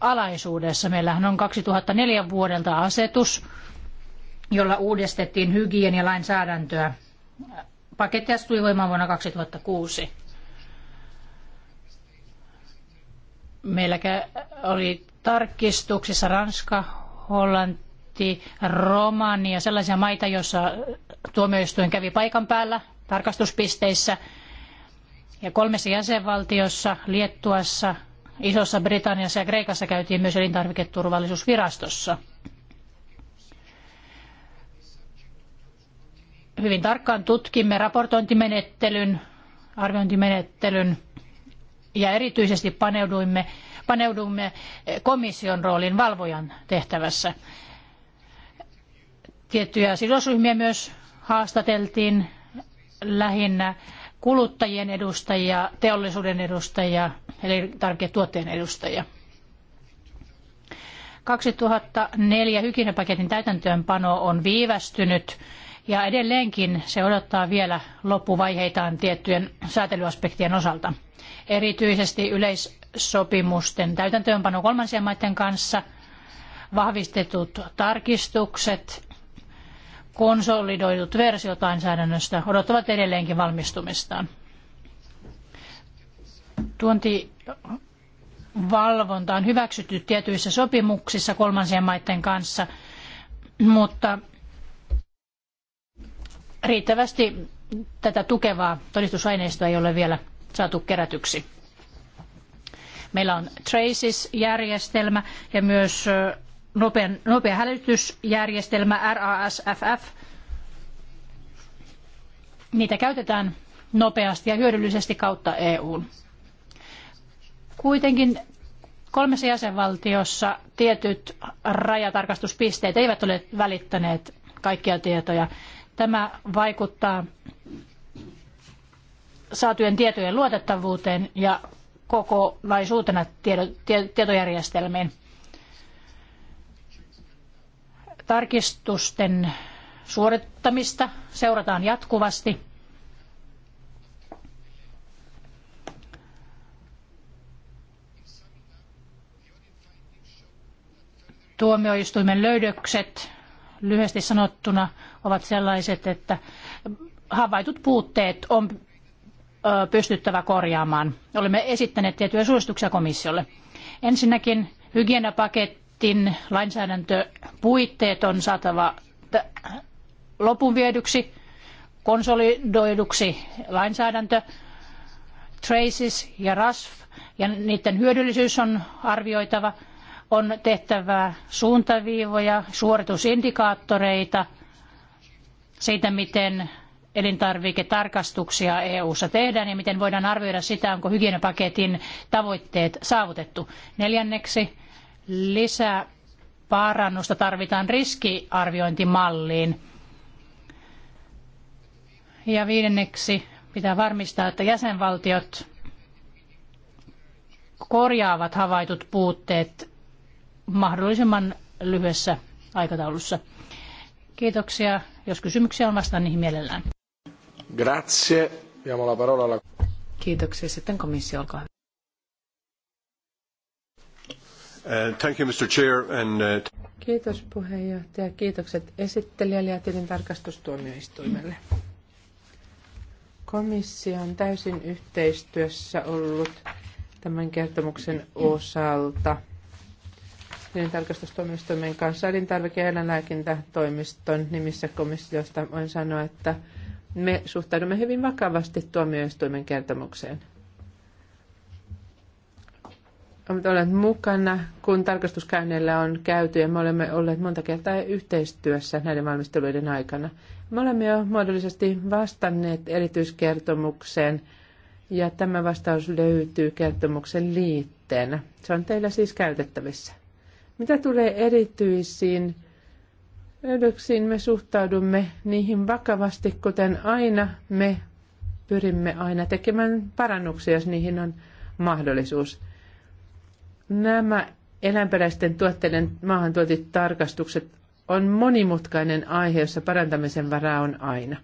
alaisuudessa. Meillähän on 2004 vuodelta asetus, jolla uudistettiin hygienialainsäädäntöä. Paketti astui voimaan vuonna 2006. Meillä oli tarkistuksissa Ranska, Hollanti, Romania, sellaisia maita, joissa tuomioistuin kävi paikan päällä tarkastuspisteissä. Ja kolmessa jäsenvaltiossa, Liettuassa, Isossa Britanniassa ja Kreikassa käytiin myös elintarviketurvallisuusvirastossa. Hyvin tarkkaan tutkimme raportointimenettelyn, arviointimenettelyn ja erityisesti paneuduimme paneudumme eh, komission roolin valvojan tehtävässä. Tiettyjä sidosryhmiä myös haastateltiin lähinnä kuluttajien edustajia, teollisuuden edustajia, eli tuotteen edustajia. 2004 hygieniapaketin täytäntöönpano on viivästynyt ja edelleenkin se odottaa vielä loppuvaiheitaan tiettyjen säätelyaspektien osalta. Erityisesti yleis sopimusten täytäntöönpano kolmansien maiden kanssa, vahvistetut tarkistukset, konsolidoidut versiot lainsäädännöstä odottavat edelleenkin valmistumistaan. Tuontivalvonta on hyväksytty tietyissä sopimuksissa kolmansien maiden kanssa, mutta riittävästi tätä tukevaa todistusaineistoa ei ole vielä saatu kerätyksi. Meillä on Traces-järjestelmä ja myös nopean, nopea hälytysjärjestelmä RASFF. Niitä käytetään nopeasti ja hyödyllisesti kautta EUn. Kuitenkin kolmessa jäsenvaltiossa tietyt rajatarkastuspisteet eivät ole välittäneet kaikkia tietoja. Tämä vaikuttaa saatujen tietojen luotettavuuteen ja kokonaisuutena tietojärjestelmiin. Tarkistusten suorittamista seurataan jatkuvasti. Tuomioistuimen löydökset lyhyesti sanottuna ovat sellaiset, että havaitut puutteet on pystyttävä korjaamaan. Olemme esittäneet tiettyjä suosituksia komissiolle. Ensinnäkin hygieniapaketin lainsäädäntöpuitteet on saatava lopun viedyksi, konsolidoiduksi lainsäädäntö, traces ja rasv, ja niiden hyödyllisyys on arvioitava, on tehtävä suuntaviivoja, suoritusindikaattoreita siitä, miten elintarviketarkastuksia EU-ssa tehdään ja miten voidaan arvioida sitä, onko hygienipaketin tavoitteet saavutettu. Neljänneksi lisää parannusta tarvitaan riskiarviointimalliin. Ja viidenneksi pitää varmistaa, että jäsenvaltiot korjaavat havaitut puutteet mahdollisimman lyhyessä aikataulussa. Kiitoksia. Jos kysymyksiä on, vastaan niihin mielellään. Grazie. Diamo la parola alla... Kiitoksia. Sitten komissio, olkaa hyvä. Uh, thank you, Mr. Chair, and... Uh, Kiitos puheenjohtaja. Kiitokset esittelijälle ja tilintarkastustuomioistuimelle. Komissio on täysin yhteistyössä ollut tämän kertomuksen osalta tilintarkastustuomioistuimen kanssa elintarvike- ja eläinlääkintätoimiston nimissä komissiosta voin sanoa, että – me suhtaudumme hyvin vakavasti tuomioistuimen kertomukseen. Olemme olleet mukana, kun tarkastuskäynneillä on käyty ja me olemme olleet monta kertaa yhteistyössä näiden valmisteluiden aikana. Me olemme jo muodollisesti vastanneet erityiskertomukseen ja tämä vastaus löytyy kertomuksen liitteenä. Se on teillä siis käytettävissä. Mitä tulee erityisiin Löydöksiin me suhtaudumme niihin vakavasti, kuten aina me pyrimme aina tekemään parannuksia, jos niihin on mahdollisuus. Nämä eläinperäisten tuotteiden maahantuotit tarkastukset on monimutkainen aihe, jossa parantamisen varaa on aina.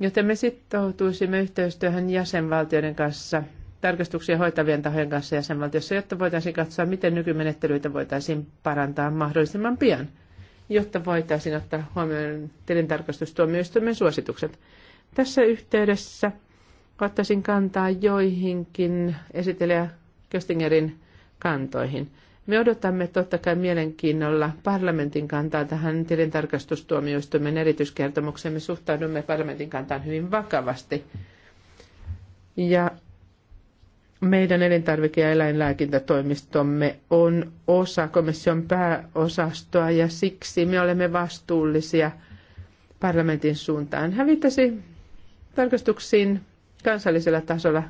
Joten me sitoutuisimme yhteistyöhön jäsenvaltioiden kanssa, tarkastuksia hoitavien tahojen kanssa jäsenvaltiossa, jotta voitaisiin katsoa, miten nykymenettelyitä voitaisiin parantaa mahdollisimman pian jotta voitaisiin ottaa huomioon tilintarkastustuomioistuimen suositukset. Tässä yhteydessä ottaisin kantaa joihinkin esitelijä Köstingerin kantoihin. Me odotamme totta kai mielenkiinnolla parlamentin kantaa tähän tilintarkastustuomioistuimen erityiskertomukseen. Me suhtaudumme parlamentin kantaan hyvin vakavasti. Ja meidän elintarvike- ja eläinlääkintätoimistomme on osa komission pääosastoa ja siksi me olemme vastuullisia parlamentin suuntaan. Hän viittasi tarkastuksiin kansallisella tasolla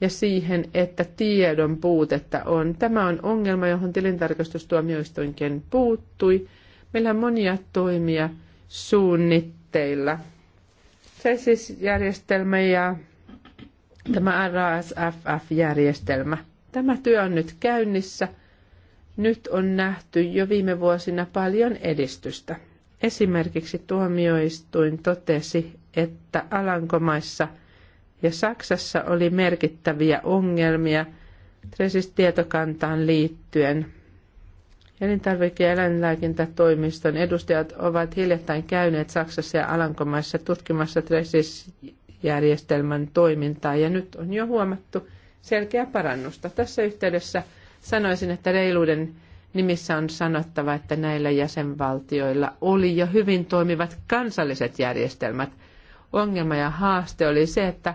ja siihen, että tiedon puutetta on. Tämä on ongelma, johon tilintarkastustuomioistuinkin puuttui. Meillä on monia toimia suunnitteilla. Se siis järjestelmä ja tämä RASFF-järjestelmä. Tämä työ on nyt käynnissä. Nyt on nähty jo viime vuosina paljon edistystä. Esimerkiksi tuomioistuin totesi, että Alankomaissa ja Saksassa oli merkittäviä ongelmia Tresis-tietokantaan liittyen. Elintarvike- ja eläinlääkintätoimiston edustajat ovat hiljattain käyneet Saksassa ja Alankomaissa tutkimassa Tresis järjestelmän toimintaa ja nyt on jo huomattu selkeä parannusta. Tässä yhteydessä sanoisin, että reiluuden nimissä on sanottava, että näillä jäsenvaltioilla oli jo hyvin toimivat kansalliset järjestelmät. Ongelma ja haaste oli se, että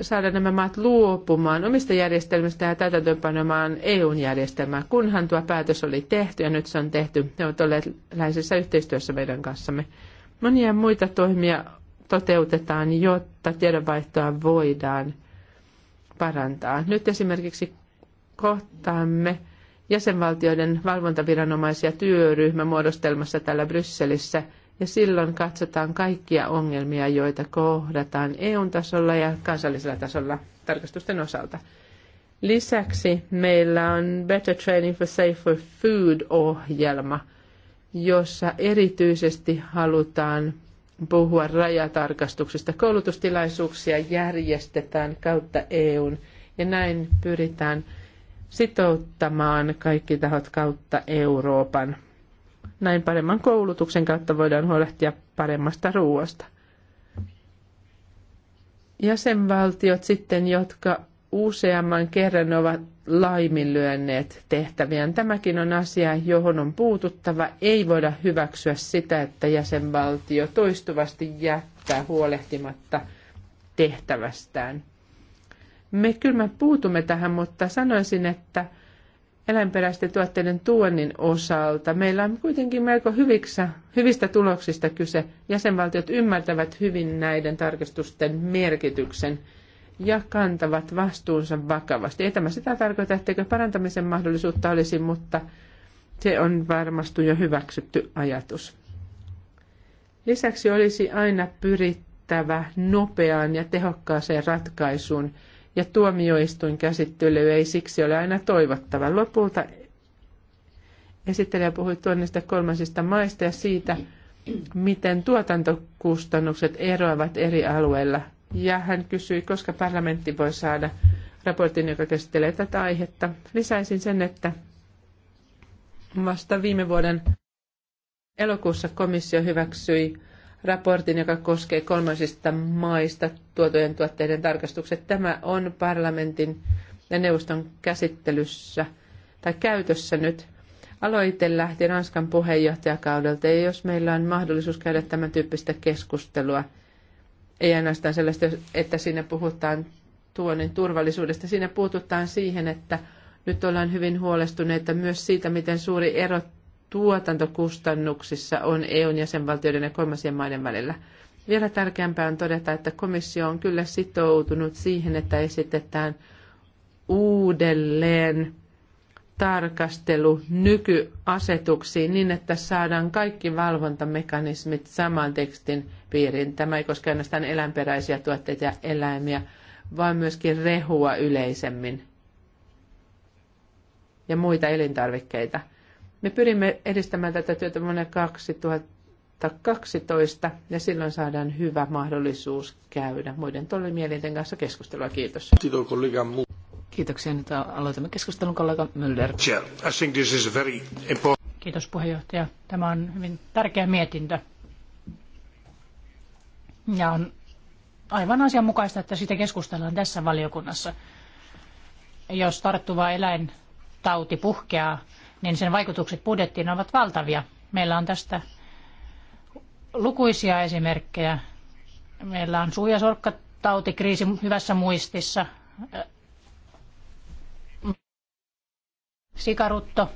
saada nämä maat luopumaan omista järjestelmistä ja täytäntöönpanomaan EUn järjestelmää, kunhan tuo päätös oli tehty ja nyt se on tehty. Ne ovat olleet läheisessä yhteistyössä meidän kanssamme. Monia muita toimia toteutetaan, jotta tiedonvaihtoa voidaan parantaa. Nyt esimerkiksi kohtaamme jäsenvaltioiden valvontaviranomaisia työryhmä muodostelmassa täällä Brysselissä, ja silloin katsotaan kaikkia ongelmia, joita kohdataan EU-tasolla ja kansallisella tasolla tarkastusten osalta. Lisäksi meillä on Better Training for Safer Food-ohjelma, jossa erityisesti halutaan puhua rajatarkastuksista. Koulutustilaisuuksia järjestetään kautta EUn ja näin pyritään sitouttamaan kaikki tahot kautta Euroopan. Näin paremman koulutuksen kautta voidaan huolehtia paremmasta ruoasta. Jäsenvaltiot sitten, jotka useamman kerran ovat laiminlyönneet tehtäviään. Tämäkin on asia, johon on puututtava. Ei voida hyväksyä sitä, että jäsenvaltio toistuvasti jättää huolehtimatta tehtävästään. Me kyllä puutumme tähän, mutta sanoisin, että eläinperäisten tuotteiden tuonnin osalta meillä on kuitenkin melko hyviksä, hyvistä tuloksista kyse. Jäsenvaltiot ymmärtävät hyvin näiden tarkistusten merkityksen – ja kantavat vastuunsa vakavasti. Ei tämä sitä tarkoita, etteikö parantamisen mahdollisuutta olisi, mutta se on varmasti jo hyväksytty ajatus. Lisäksi olisi aina pyrittävä nopeaan ja tehokkaaseen ratkaisuun, ja tuomioistuin käsittely ei siksi ole aina toivottava. Lopulta esittelijä puhui tuonnista kolmansista maista ja siitä, miten tuotantokustannukset eroavat eri alueilla ja hän kysyi, koska parlamentti voi saada raportin, joka käsittelee tätä aihetta. Lisäisin sen, että vasta viime vuoden elokuussa komissio hyväksyi raportin, joka koskee kolmansista maista tuotojen tuotteiden tarkastukset. Tämä on parlamentin ja neuvoston käsittelyssä tai käytössä nyt. Aloite lähti Ranskan puheenjohtajakaudelta ja jos meillä on mahdollisuus käydä tämän tyyppistä keskustelua – ei ainoastaan sellaista, että siinä puhutaan tuonin turvallisuudesta. Siinä puututaan siihen, että nyt ollaan hyvin huolestuneita myös siitä, miten suuri ero tuotantokustannuksissa on EUn jäsenvaltioiden ja kolmansien maiden välillä. Vielä tärkeämpää on todeta, että komissio on kyllä sitoutunut siihen, että esitetään uudelleen tarkastelu nykyasetuksiin niin, että saadaan kaikki valvontamekanismit saman tekstin piiriin. Tämä ei koske ainoastaan eläinperäisiä tuotteita ja eläimiä, vaan myöskin rehua yleisemmin ja muita elintarvikkeita. Me pyrimme edistämään tätä työtä vuonna 2012 ja silloin saadaan hyvä mahdollisuus käydä muiden toimielinten kanssa keskustelua. Kiitos. Kiitoksia. Nyt aloitamme keskustelun kollega Müller. Kiitos puheenjohtaja. Tämä on hyvin tärkeä mietintö. Ja on aivan asianmukaista, että sitä keskustellaan tässä valiokunnassa. Jos tarttuva eläintauti puhkeaa, niin sen vaikutukset budjettiin ovat valtavia. Meillä on tästä lukuisia esimerkkejä. Meillä on suu- hyvässä muistissa. Sikarutto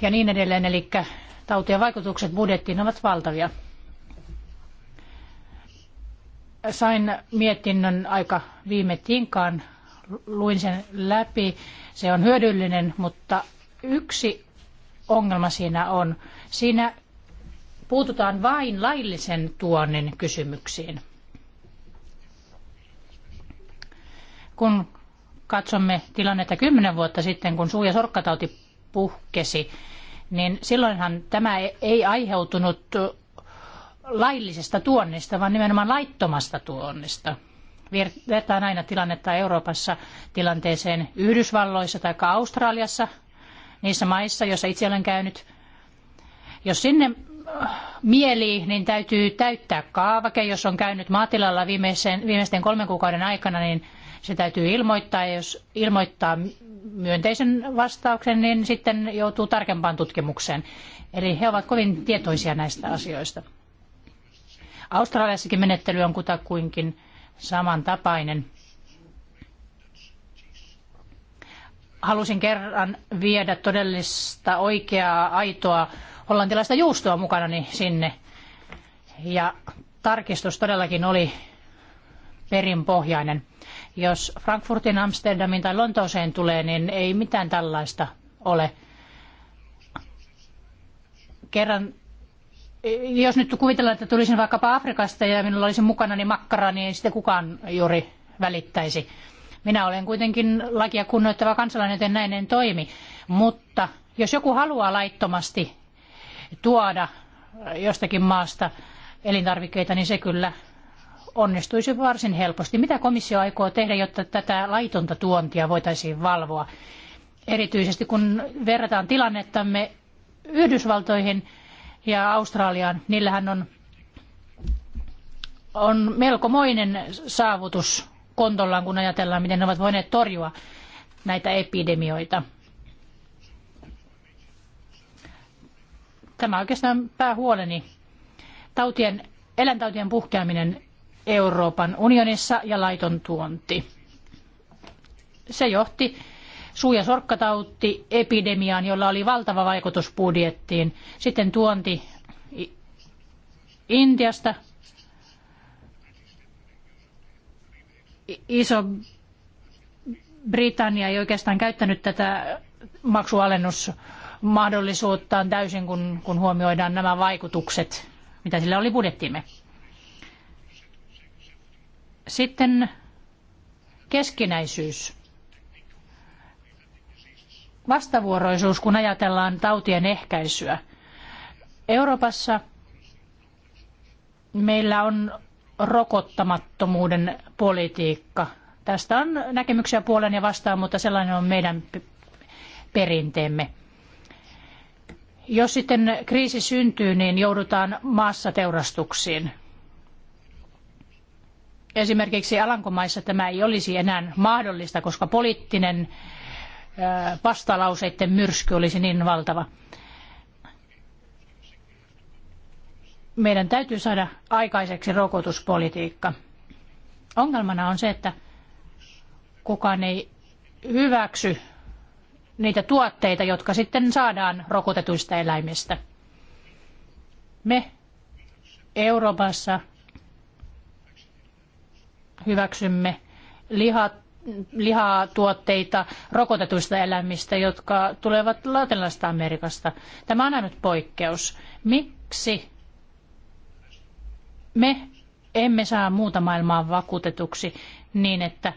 ja niin edelleen. Eli tautien vaikutukset budjettiin ovat valtavia. Sain mietinnön aika viime tinkaan, luin sen läpi. Se on hyödyllinen, mutta yksi ongelma siinä on. Siinä puututaan vain laillisen tuonnin kysymyksiin. Kun katsomme tilannetta kymmenen vuotta sitten, kun suu- ja sorkkatauti puhkesi, niin silloinhan tämä ei aiheutunut laillisesta tuonnista, vaan nimenomaan laittomasta tuonnista. Vertaan aina tilannetta Euroopassa tilanteeseen Yhdysvalloissa tai Australiassa, niissä maissa, joissa itse olen käynyt. Jos sinne äh, mieli, niin täytyy täyttää kaavake. Jos on käynyt maatilalla viimeisen, viimeisten kolmen kuukauden aikana, niin se täytyy ilmoittaa. Ja jos ilmoittaa myönteisen vastauksen, niin sitten joutuu tarkempaan tutkimukseen. Eli he ovat kovin tietoisia näistä asioista. Australiassakin menettely on kutakuinkin samantapainen. Halusin kerran viedä todellista oikeaa, aitoa hollantilaista juustoa mukanani sinne. Ja tarkistus todellakin oli perinpohjainen. Jos Frankfurtin, Amsterdamin tai Lontooseen tulee, niin ei mitään tällaista ole. Kerran jos nyt kuvitellaan, että tulisin vaikkapa Afrikasta ja minulla olisi mukana niin makkara, niin ei sitä kukaan juuri välittäisi. Minä olen kuitenkin lakia kunnioittava kansalainen, joten näin en toimi. Mutta jos joku haluaa laittomasti tuoda jostakin maasta elintarvikkeita, niin se kyllä onnistuisi varsin helposti. Mitä komissio aikoo tehdä, jotta tätä laitonta tuontia voitaisiin valvoa? Erityisesti kun verrataan tilannettamme Yhdysvaltoihin, ja Australiaan. Niillähän on, on melkomoinen saavutus kontollaan, kun ajatellaan, miten ne ovat voineet torjua näitä epidemioita. Tämä on oikeastaan päähuoleni. Tautien, eläintautien puhkeaminen Euroopan unionissa ja laiton tuonti. Se johti suu- ja sorkkatautti epidemiaan, jolla oli valtava vaikutus budjettiin. Sitten tuonti Intiasta. Iso Britannia ei oikeastaan käyttänyt tätä maksualennusmahdollisuuttaan täysin, kun, kun huomioidaan nämä vaikutukset, mitä sillä oli budjettimme. Sitten keskinäisyys vastavuoroisuus, kun ajatellaan tautien ehkäisyä. Euroopassa meillä on rokottamattomuuden politiikka. Tästä on näkemyksiä puolen ja vastaan, mutta sellainen on meidän perinteemme. Jos sitten kriisi syntyy, niin joudutaan maassa teurastuksiin. Esimerkiksi Alankomaissa tämä ei olisi enää mahdollista, koska poliittinen vastalauseiden myrsky olisi niin valtava. Meidän täytyy saada aikaiseksi rokotuspolitiikka. Ongelmana on se, että kukaan ei hyväksy niitä tuotteita, jotka sitten saadaan rokotetuista eläimistä. Me Euroopassa hyväksymme lihat lihatuotteita rokotetuista eläimistä, jotka tulevat Latinalaisesta Amerikasta. Tämä on ainut poikkeus. Miksi me emme saa muuta maailmaa vakuutetuksi niin, että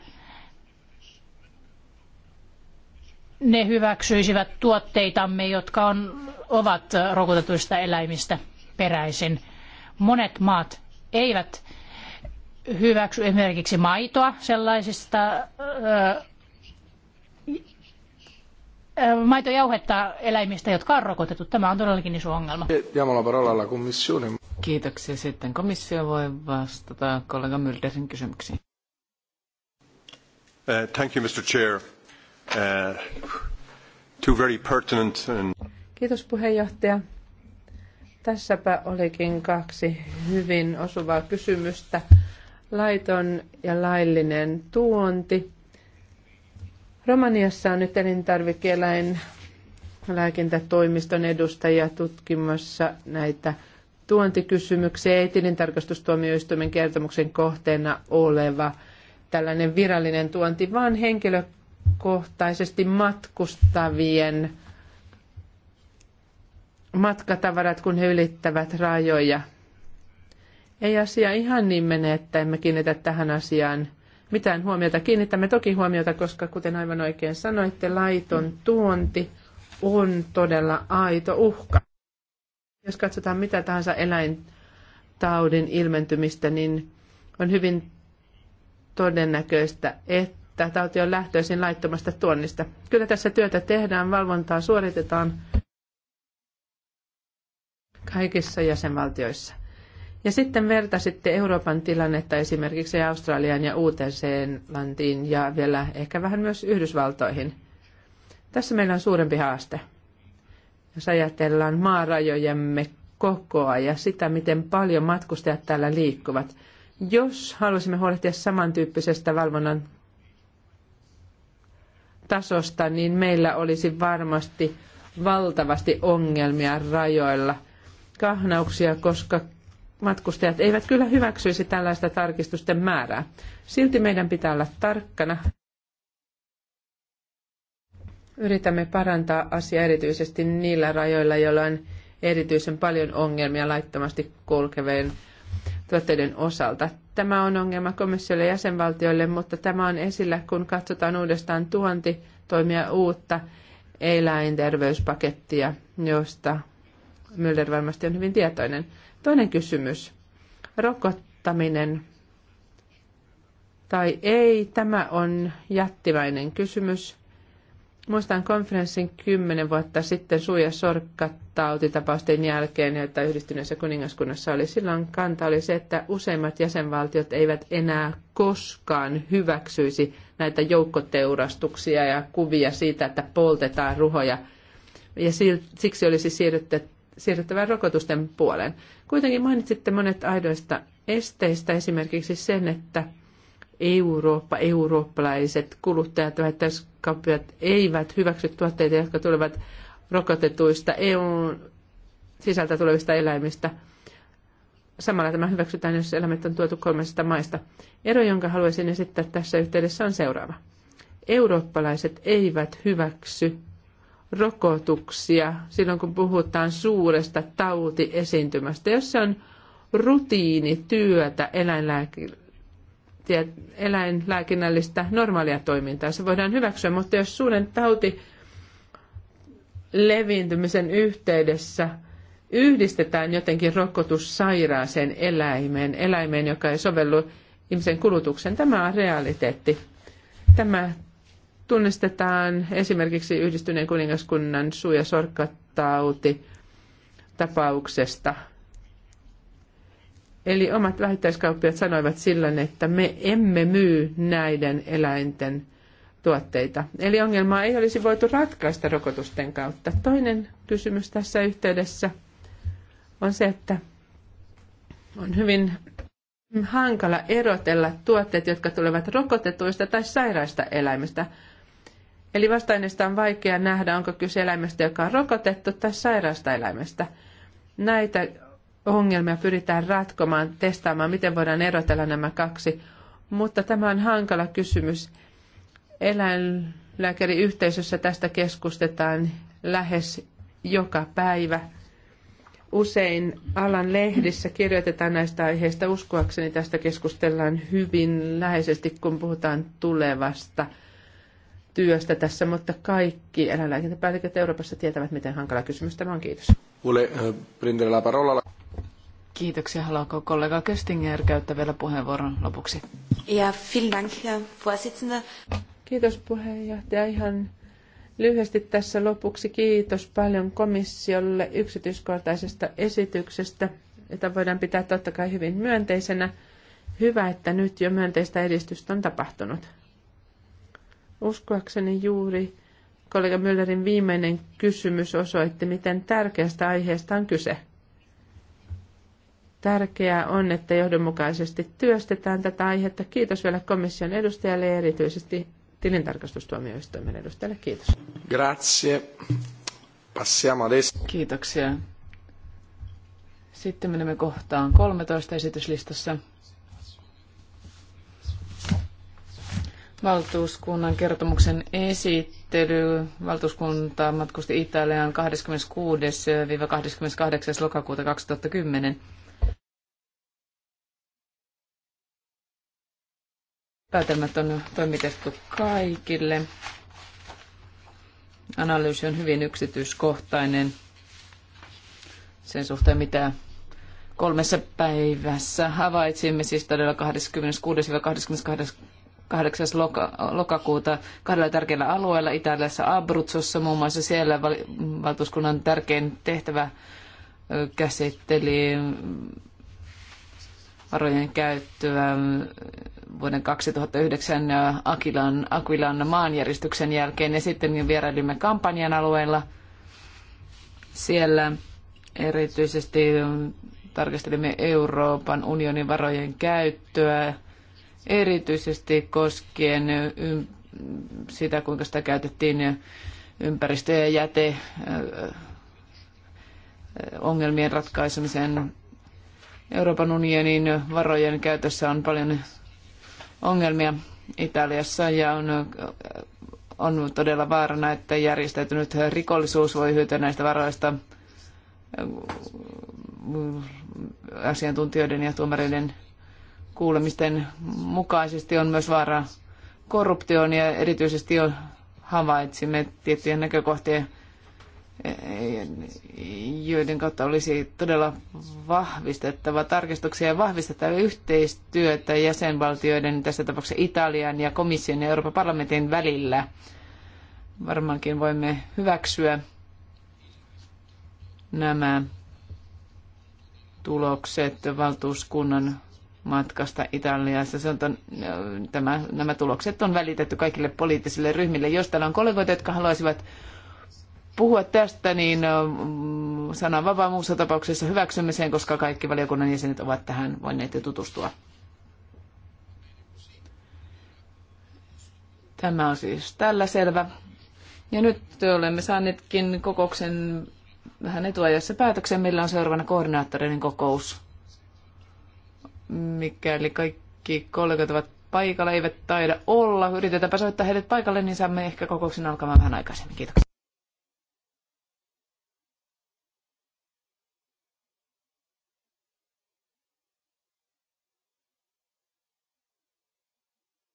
ne hyväksyisivät tuotteitamme, jotka on, ovat rokotetuista eläimistä peräisin. Monet maat eivät hyväksy esimerkiksi maitoa sellaisista maitojauhetta eläimistä, jotka on rokotettu. Tämä on todellakin iso ongelma. Kiitoksia. Sitten komissio voi vastata kollega Mylderin kysymyksiin. Uh, thank you, Mr. Chair. Uh, two very pertinent and... Kiitos puheenjohtaja. Tässäpä olikin kaksi hyvin osuvaa kysymystä laiton ja laillinen tuonti. Romaniassa on nyt elintarvikeläin lääkintätoimiston edustajia tutkimassa näitä tuontikysymyksiä. Ei tilintarkastustuomioistuimen kertomuksen kohteena oleva tällainen virallinen tuonti, vaan henkilökohtaisesti matkustavien matkatavarat, kun he ylittävät rajoja – ei asia ihan niin mene, että emme kiinnitä tähän asiaan mitään huomiota. Kiinnitämme toki huomiota, koska kuten aivan oikein sanoitte, laiton tuonti on todella aito uhka. Jos katsotaan mitä tahansa eläintaudin ilmentymistä, niin on hyvin todennäköistä, että tauti on lähtöisin laittomasta tuonnista. Kyllä tässä työtä tehdään, valvontaa suoritetaan kaikissa jäsenvaltioissa. Ja sitten vertasitte Euroopan tilannetta esimerkiksi Australian ja Uuteen-Seelantiin ja vielä ehkä vähän myös Yhdysvaltoihin. Tässä meillä on suurempi haaste. Jos ajatellaan maarajojemme kokoa ja sitä, miten paljon matkustajat täällä liikkuvat, jos haluaisimme huolehtia samantyyppisestä valvonnan tasosta, niin meillä olisi varmasti valtavasti ongelmia rajoilla, kahnauksia, koska matkustajat eivät kyllä hyväksyisi tällaista tarkistusten määrää. Silti meidän pitää olla tarkkana. Yritämme parantaa asiaa erityisesti niillä rajoilla, joilla on erityisen paljon ongelmia laittomasti kulkevien tuotteiden osalta. Tämä on ongelma komissiolle ja jäsenvaltioille, mutta tämä on esillä, kun katsotaan uudestaan toimia uutta eläinterveyspakettia, josta Müller varmasti on hyvin tietoinen. Toinen kysymys. Rokottaminen tai ei, tämä on jättimäinen kysymys. Muistan konferenssin kymmenen vuotta sitten suja sorkkatautitapausten jälkeen, joita yhdistyneessä kuningaskunnassa oli. Silloin kanta oli se, että useimmat jäsenvaltiot eivät enää koskaan hyväksyisi näitä joukkoteurastuksia ja kuvia siitä, että poltetaan ruhoja. Ja siksi olisi siirryttä, siirryttävä rokotusten puoleen. Kuitenkin mainitsitte monet aidoista esteistä, esimerkiksi sen, että Eurooppa, eurooppalaiset kuluttajat tai eivät hyväksy tuotteita, jotka tulevat rokotetuista EUn sisältä tulevista eläimistä. Samalla tämä hyväksytään, jos eläimet on tuotu kolmesta maista. Ero, jonka haluaisin esittää tässä yhteydessä, on seuraava. Eurooppalaiset eivät hyväksy rokotuksia silloin, kun puhutaan suuresta tautiesiintymästä. Jos se on rutiinityötä eläinlääkinnällistä normaalia toimintaa, se voidaan hyväksyä, mutta jos suuren tauti leviintymisen yhteydessä yhdistetään jotenkin rokotus sairaaseen eläimeen, eläimeen, joka ei sovellu ihmisen kulutuksen, tämä on realiteetti. Tämä tunnistetaan esimerkiksi yhdistyneen kuningaskunnan suu- ja sorkkatauti tapauksesta. Eli omat vähittäiskauppiat sanoivat silloin, että me emme myy näiden eläinten tuotteita. Eli ongelmaa ei olisi voitu ratkaista rokotusten kautta. Toinen kysymys tässä yhteydessä on se, että on hyvin hankala erotella tuotteet, jotka tulevat rokotetuista tai sairaista eläimistä. Eli vastaaineesta on vaikea nähdä, onko kyse eläimestä, joka on rokotettu tai sairaasta eläimestä. Näitä ongelmia pyritään ratkomaan, testaamaan, miten voidaan erotella nämä kaksi. Mutta tämä on hankala kysymys. Eläinlääkäriyhteisössä tästä keskustetaan lähes joka päivä. Usein alan lehdissä kirjoitetaan näistä aiheista. Uskoakseni tästä keskustellaan hyvin läheisesti, kun puhutaan tulevasta – työstä tässä, mutta kaikki eläinlääkintäpäälliköt Euroopassa tietävät, miten hankala kysymys tämä on. Kiitos. Eh, Kiitoksia. Haluaako kollega Köstinger käyttää vielä puheenvuoron lopuksi? Ja, vielen dank, Herr Vorsitzender. Kiitos puheenjohtaja. Ihan lyhyesti tässä lopuksi kiitos paljon komissiolle yksityiskohtaisesta esityksestä, jota voidaan pitää totta kai hyvin myönteisenä. Hyvä, että nyt jo myönteistä edistystä on tapahtunut. Uskoakseni juuri kollega Müllerin viimeinen kysymys osoitti, miten tärkeästä aiheesta on kyse. Tärkeää on, että johdonmukaisesti työstetään tätä aihetta. Kiitos vielä komission edustajalle ja erityisesti tilintarkastustuomioistuimen edustajalle. Kiitos. Grazie. Passiamo adesso. Kiitoksia. Sitten menemme kohtaan 13 esityslistassa. valtuuskunnan kertomuksen esittely. Valtuuskunta matkusti Italiaan 26-28. lokakuuta 2010. Päätelmät on toimitettu kaikille. Analyysi on hyvin yksityiskohtainen sen suhteen, mitä kolmessa päivässä havaitsimme, siis todella 26-28. 8. lokakuuta kahdella tärkeällä alueella Italiassa Abruzzossa muun muassa siellä valtuuskunnan tärkein tehtävä käsitteli varojen käyttöä vuoden 2009 Akilan, Akilan maanjäristyksen jälkeen ja sitten vierailimme kampanjan alueella. Siellä erityisesti tarkastelimme Euroopan unionin varojen käyttöä erityisesti koskien sitä, kuinka sitä käytettiin ympäristö- ja jäteongelmien ratkaisemiseen. Euroopan unionin varojen käytössä on paljon ongelmia Italiassa ja on, on todella vaarana, että järjestäytynyt rikollisuus voi hyötyä näistä varoista asiantuntijoiden ja tuomareiden kuulemisten mukaisesti on myös vaara korruptioon ja erityisesti jo havaitsimme tiettyjä näkökohtia, joiden kautta olisi todella vahvistettava tarkistuksia ja vahvistettava yhteistyötä jäsenvaltioiden, tässä tapauksessa Italian ja komission ja Euroopan parlamentin välillä. Varmaankin voimme hyväksyä nämä tulokset valtuuskunnan matkasta Italiassa. Se on ton, tämä, nämä tulokset on välitetty kaikille poliittisille ryhmille. Jos täällä on kollegoita, jotka haluaisivat puhua tästä, niin mm, sanan vapaa muussa tapauksessa hyväksymiseen, koska kaikki valiokunnan jäsenet ovat tähän voineet jo tutustua. Tämä on siis tällä selvä. Ja nyt olemme saaneetkin kokouksen vähän etuajassa päätöksen. millä on seuraavana koordinaattorinen kokous mikäli kaikki kollegat ovat paikalla, eivät taida olla. Yritetäänpä soittaa heidät paikalle, niin saamme ehkä kokouksen alkamaan vähän aikaisemmin. Kiitoksia.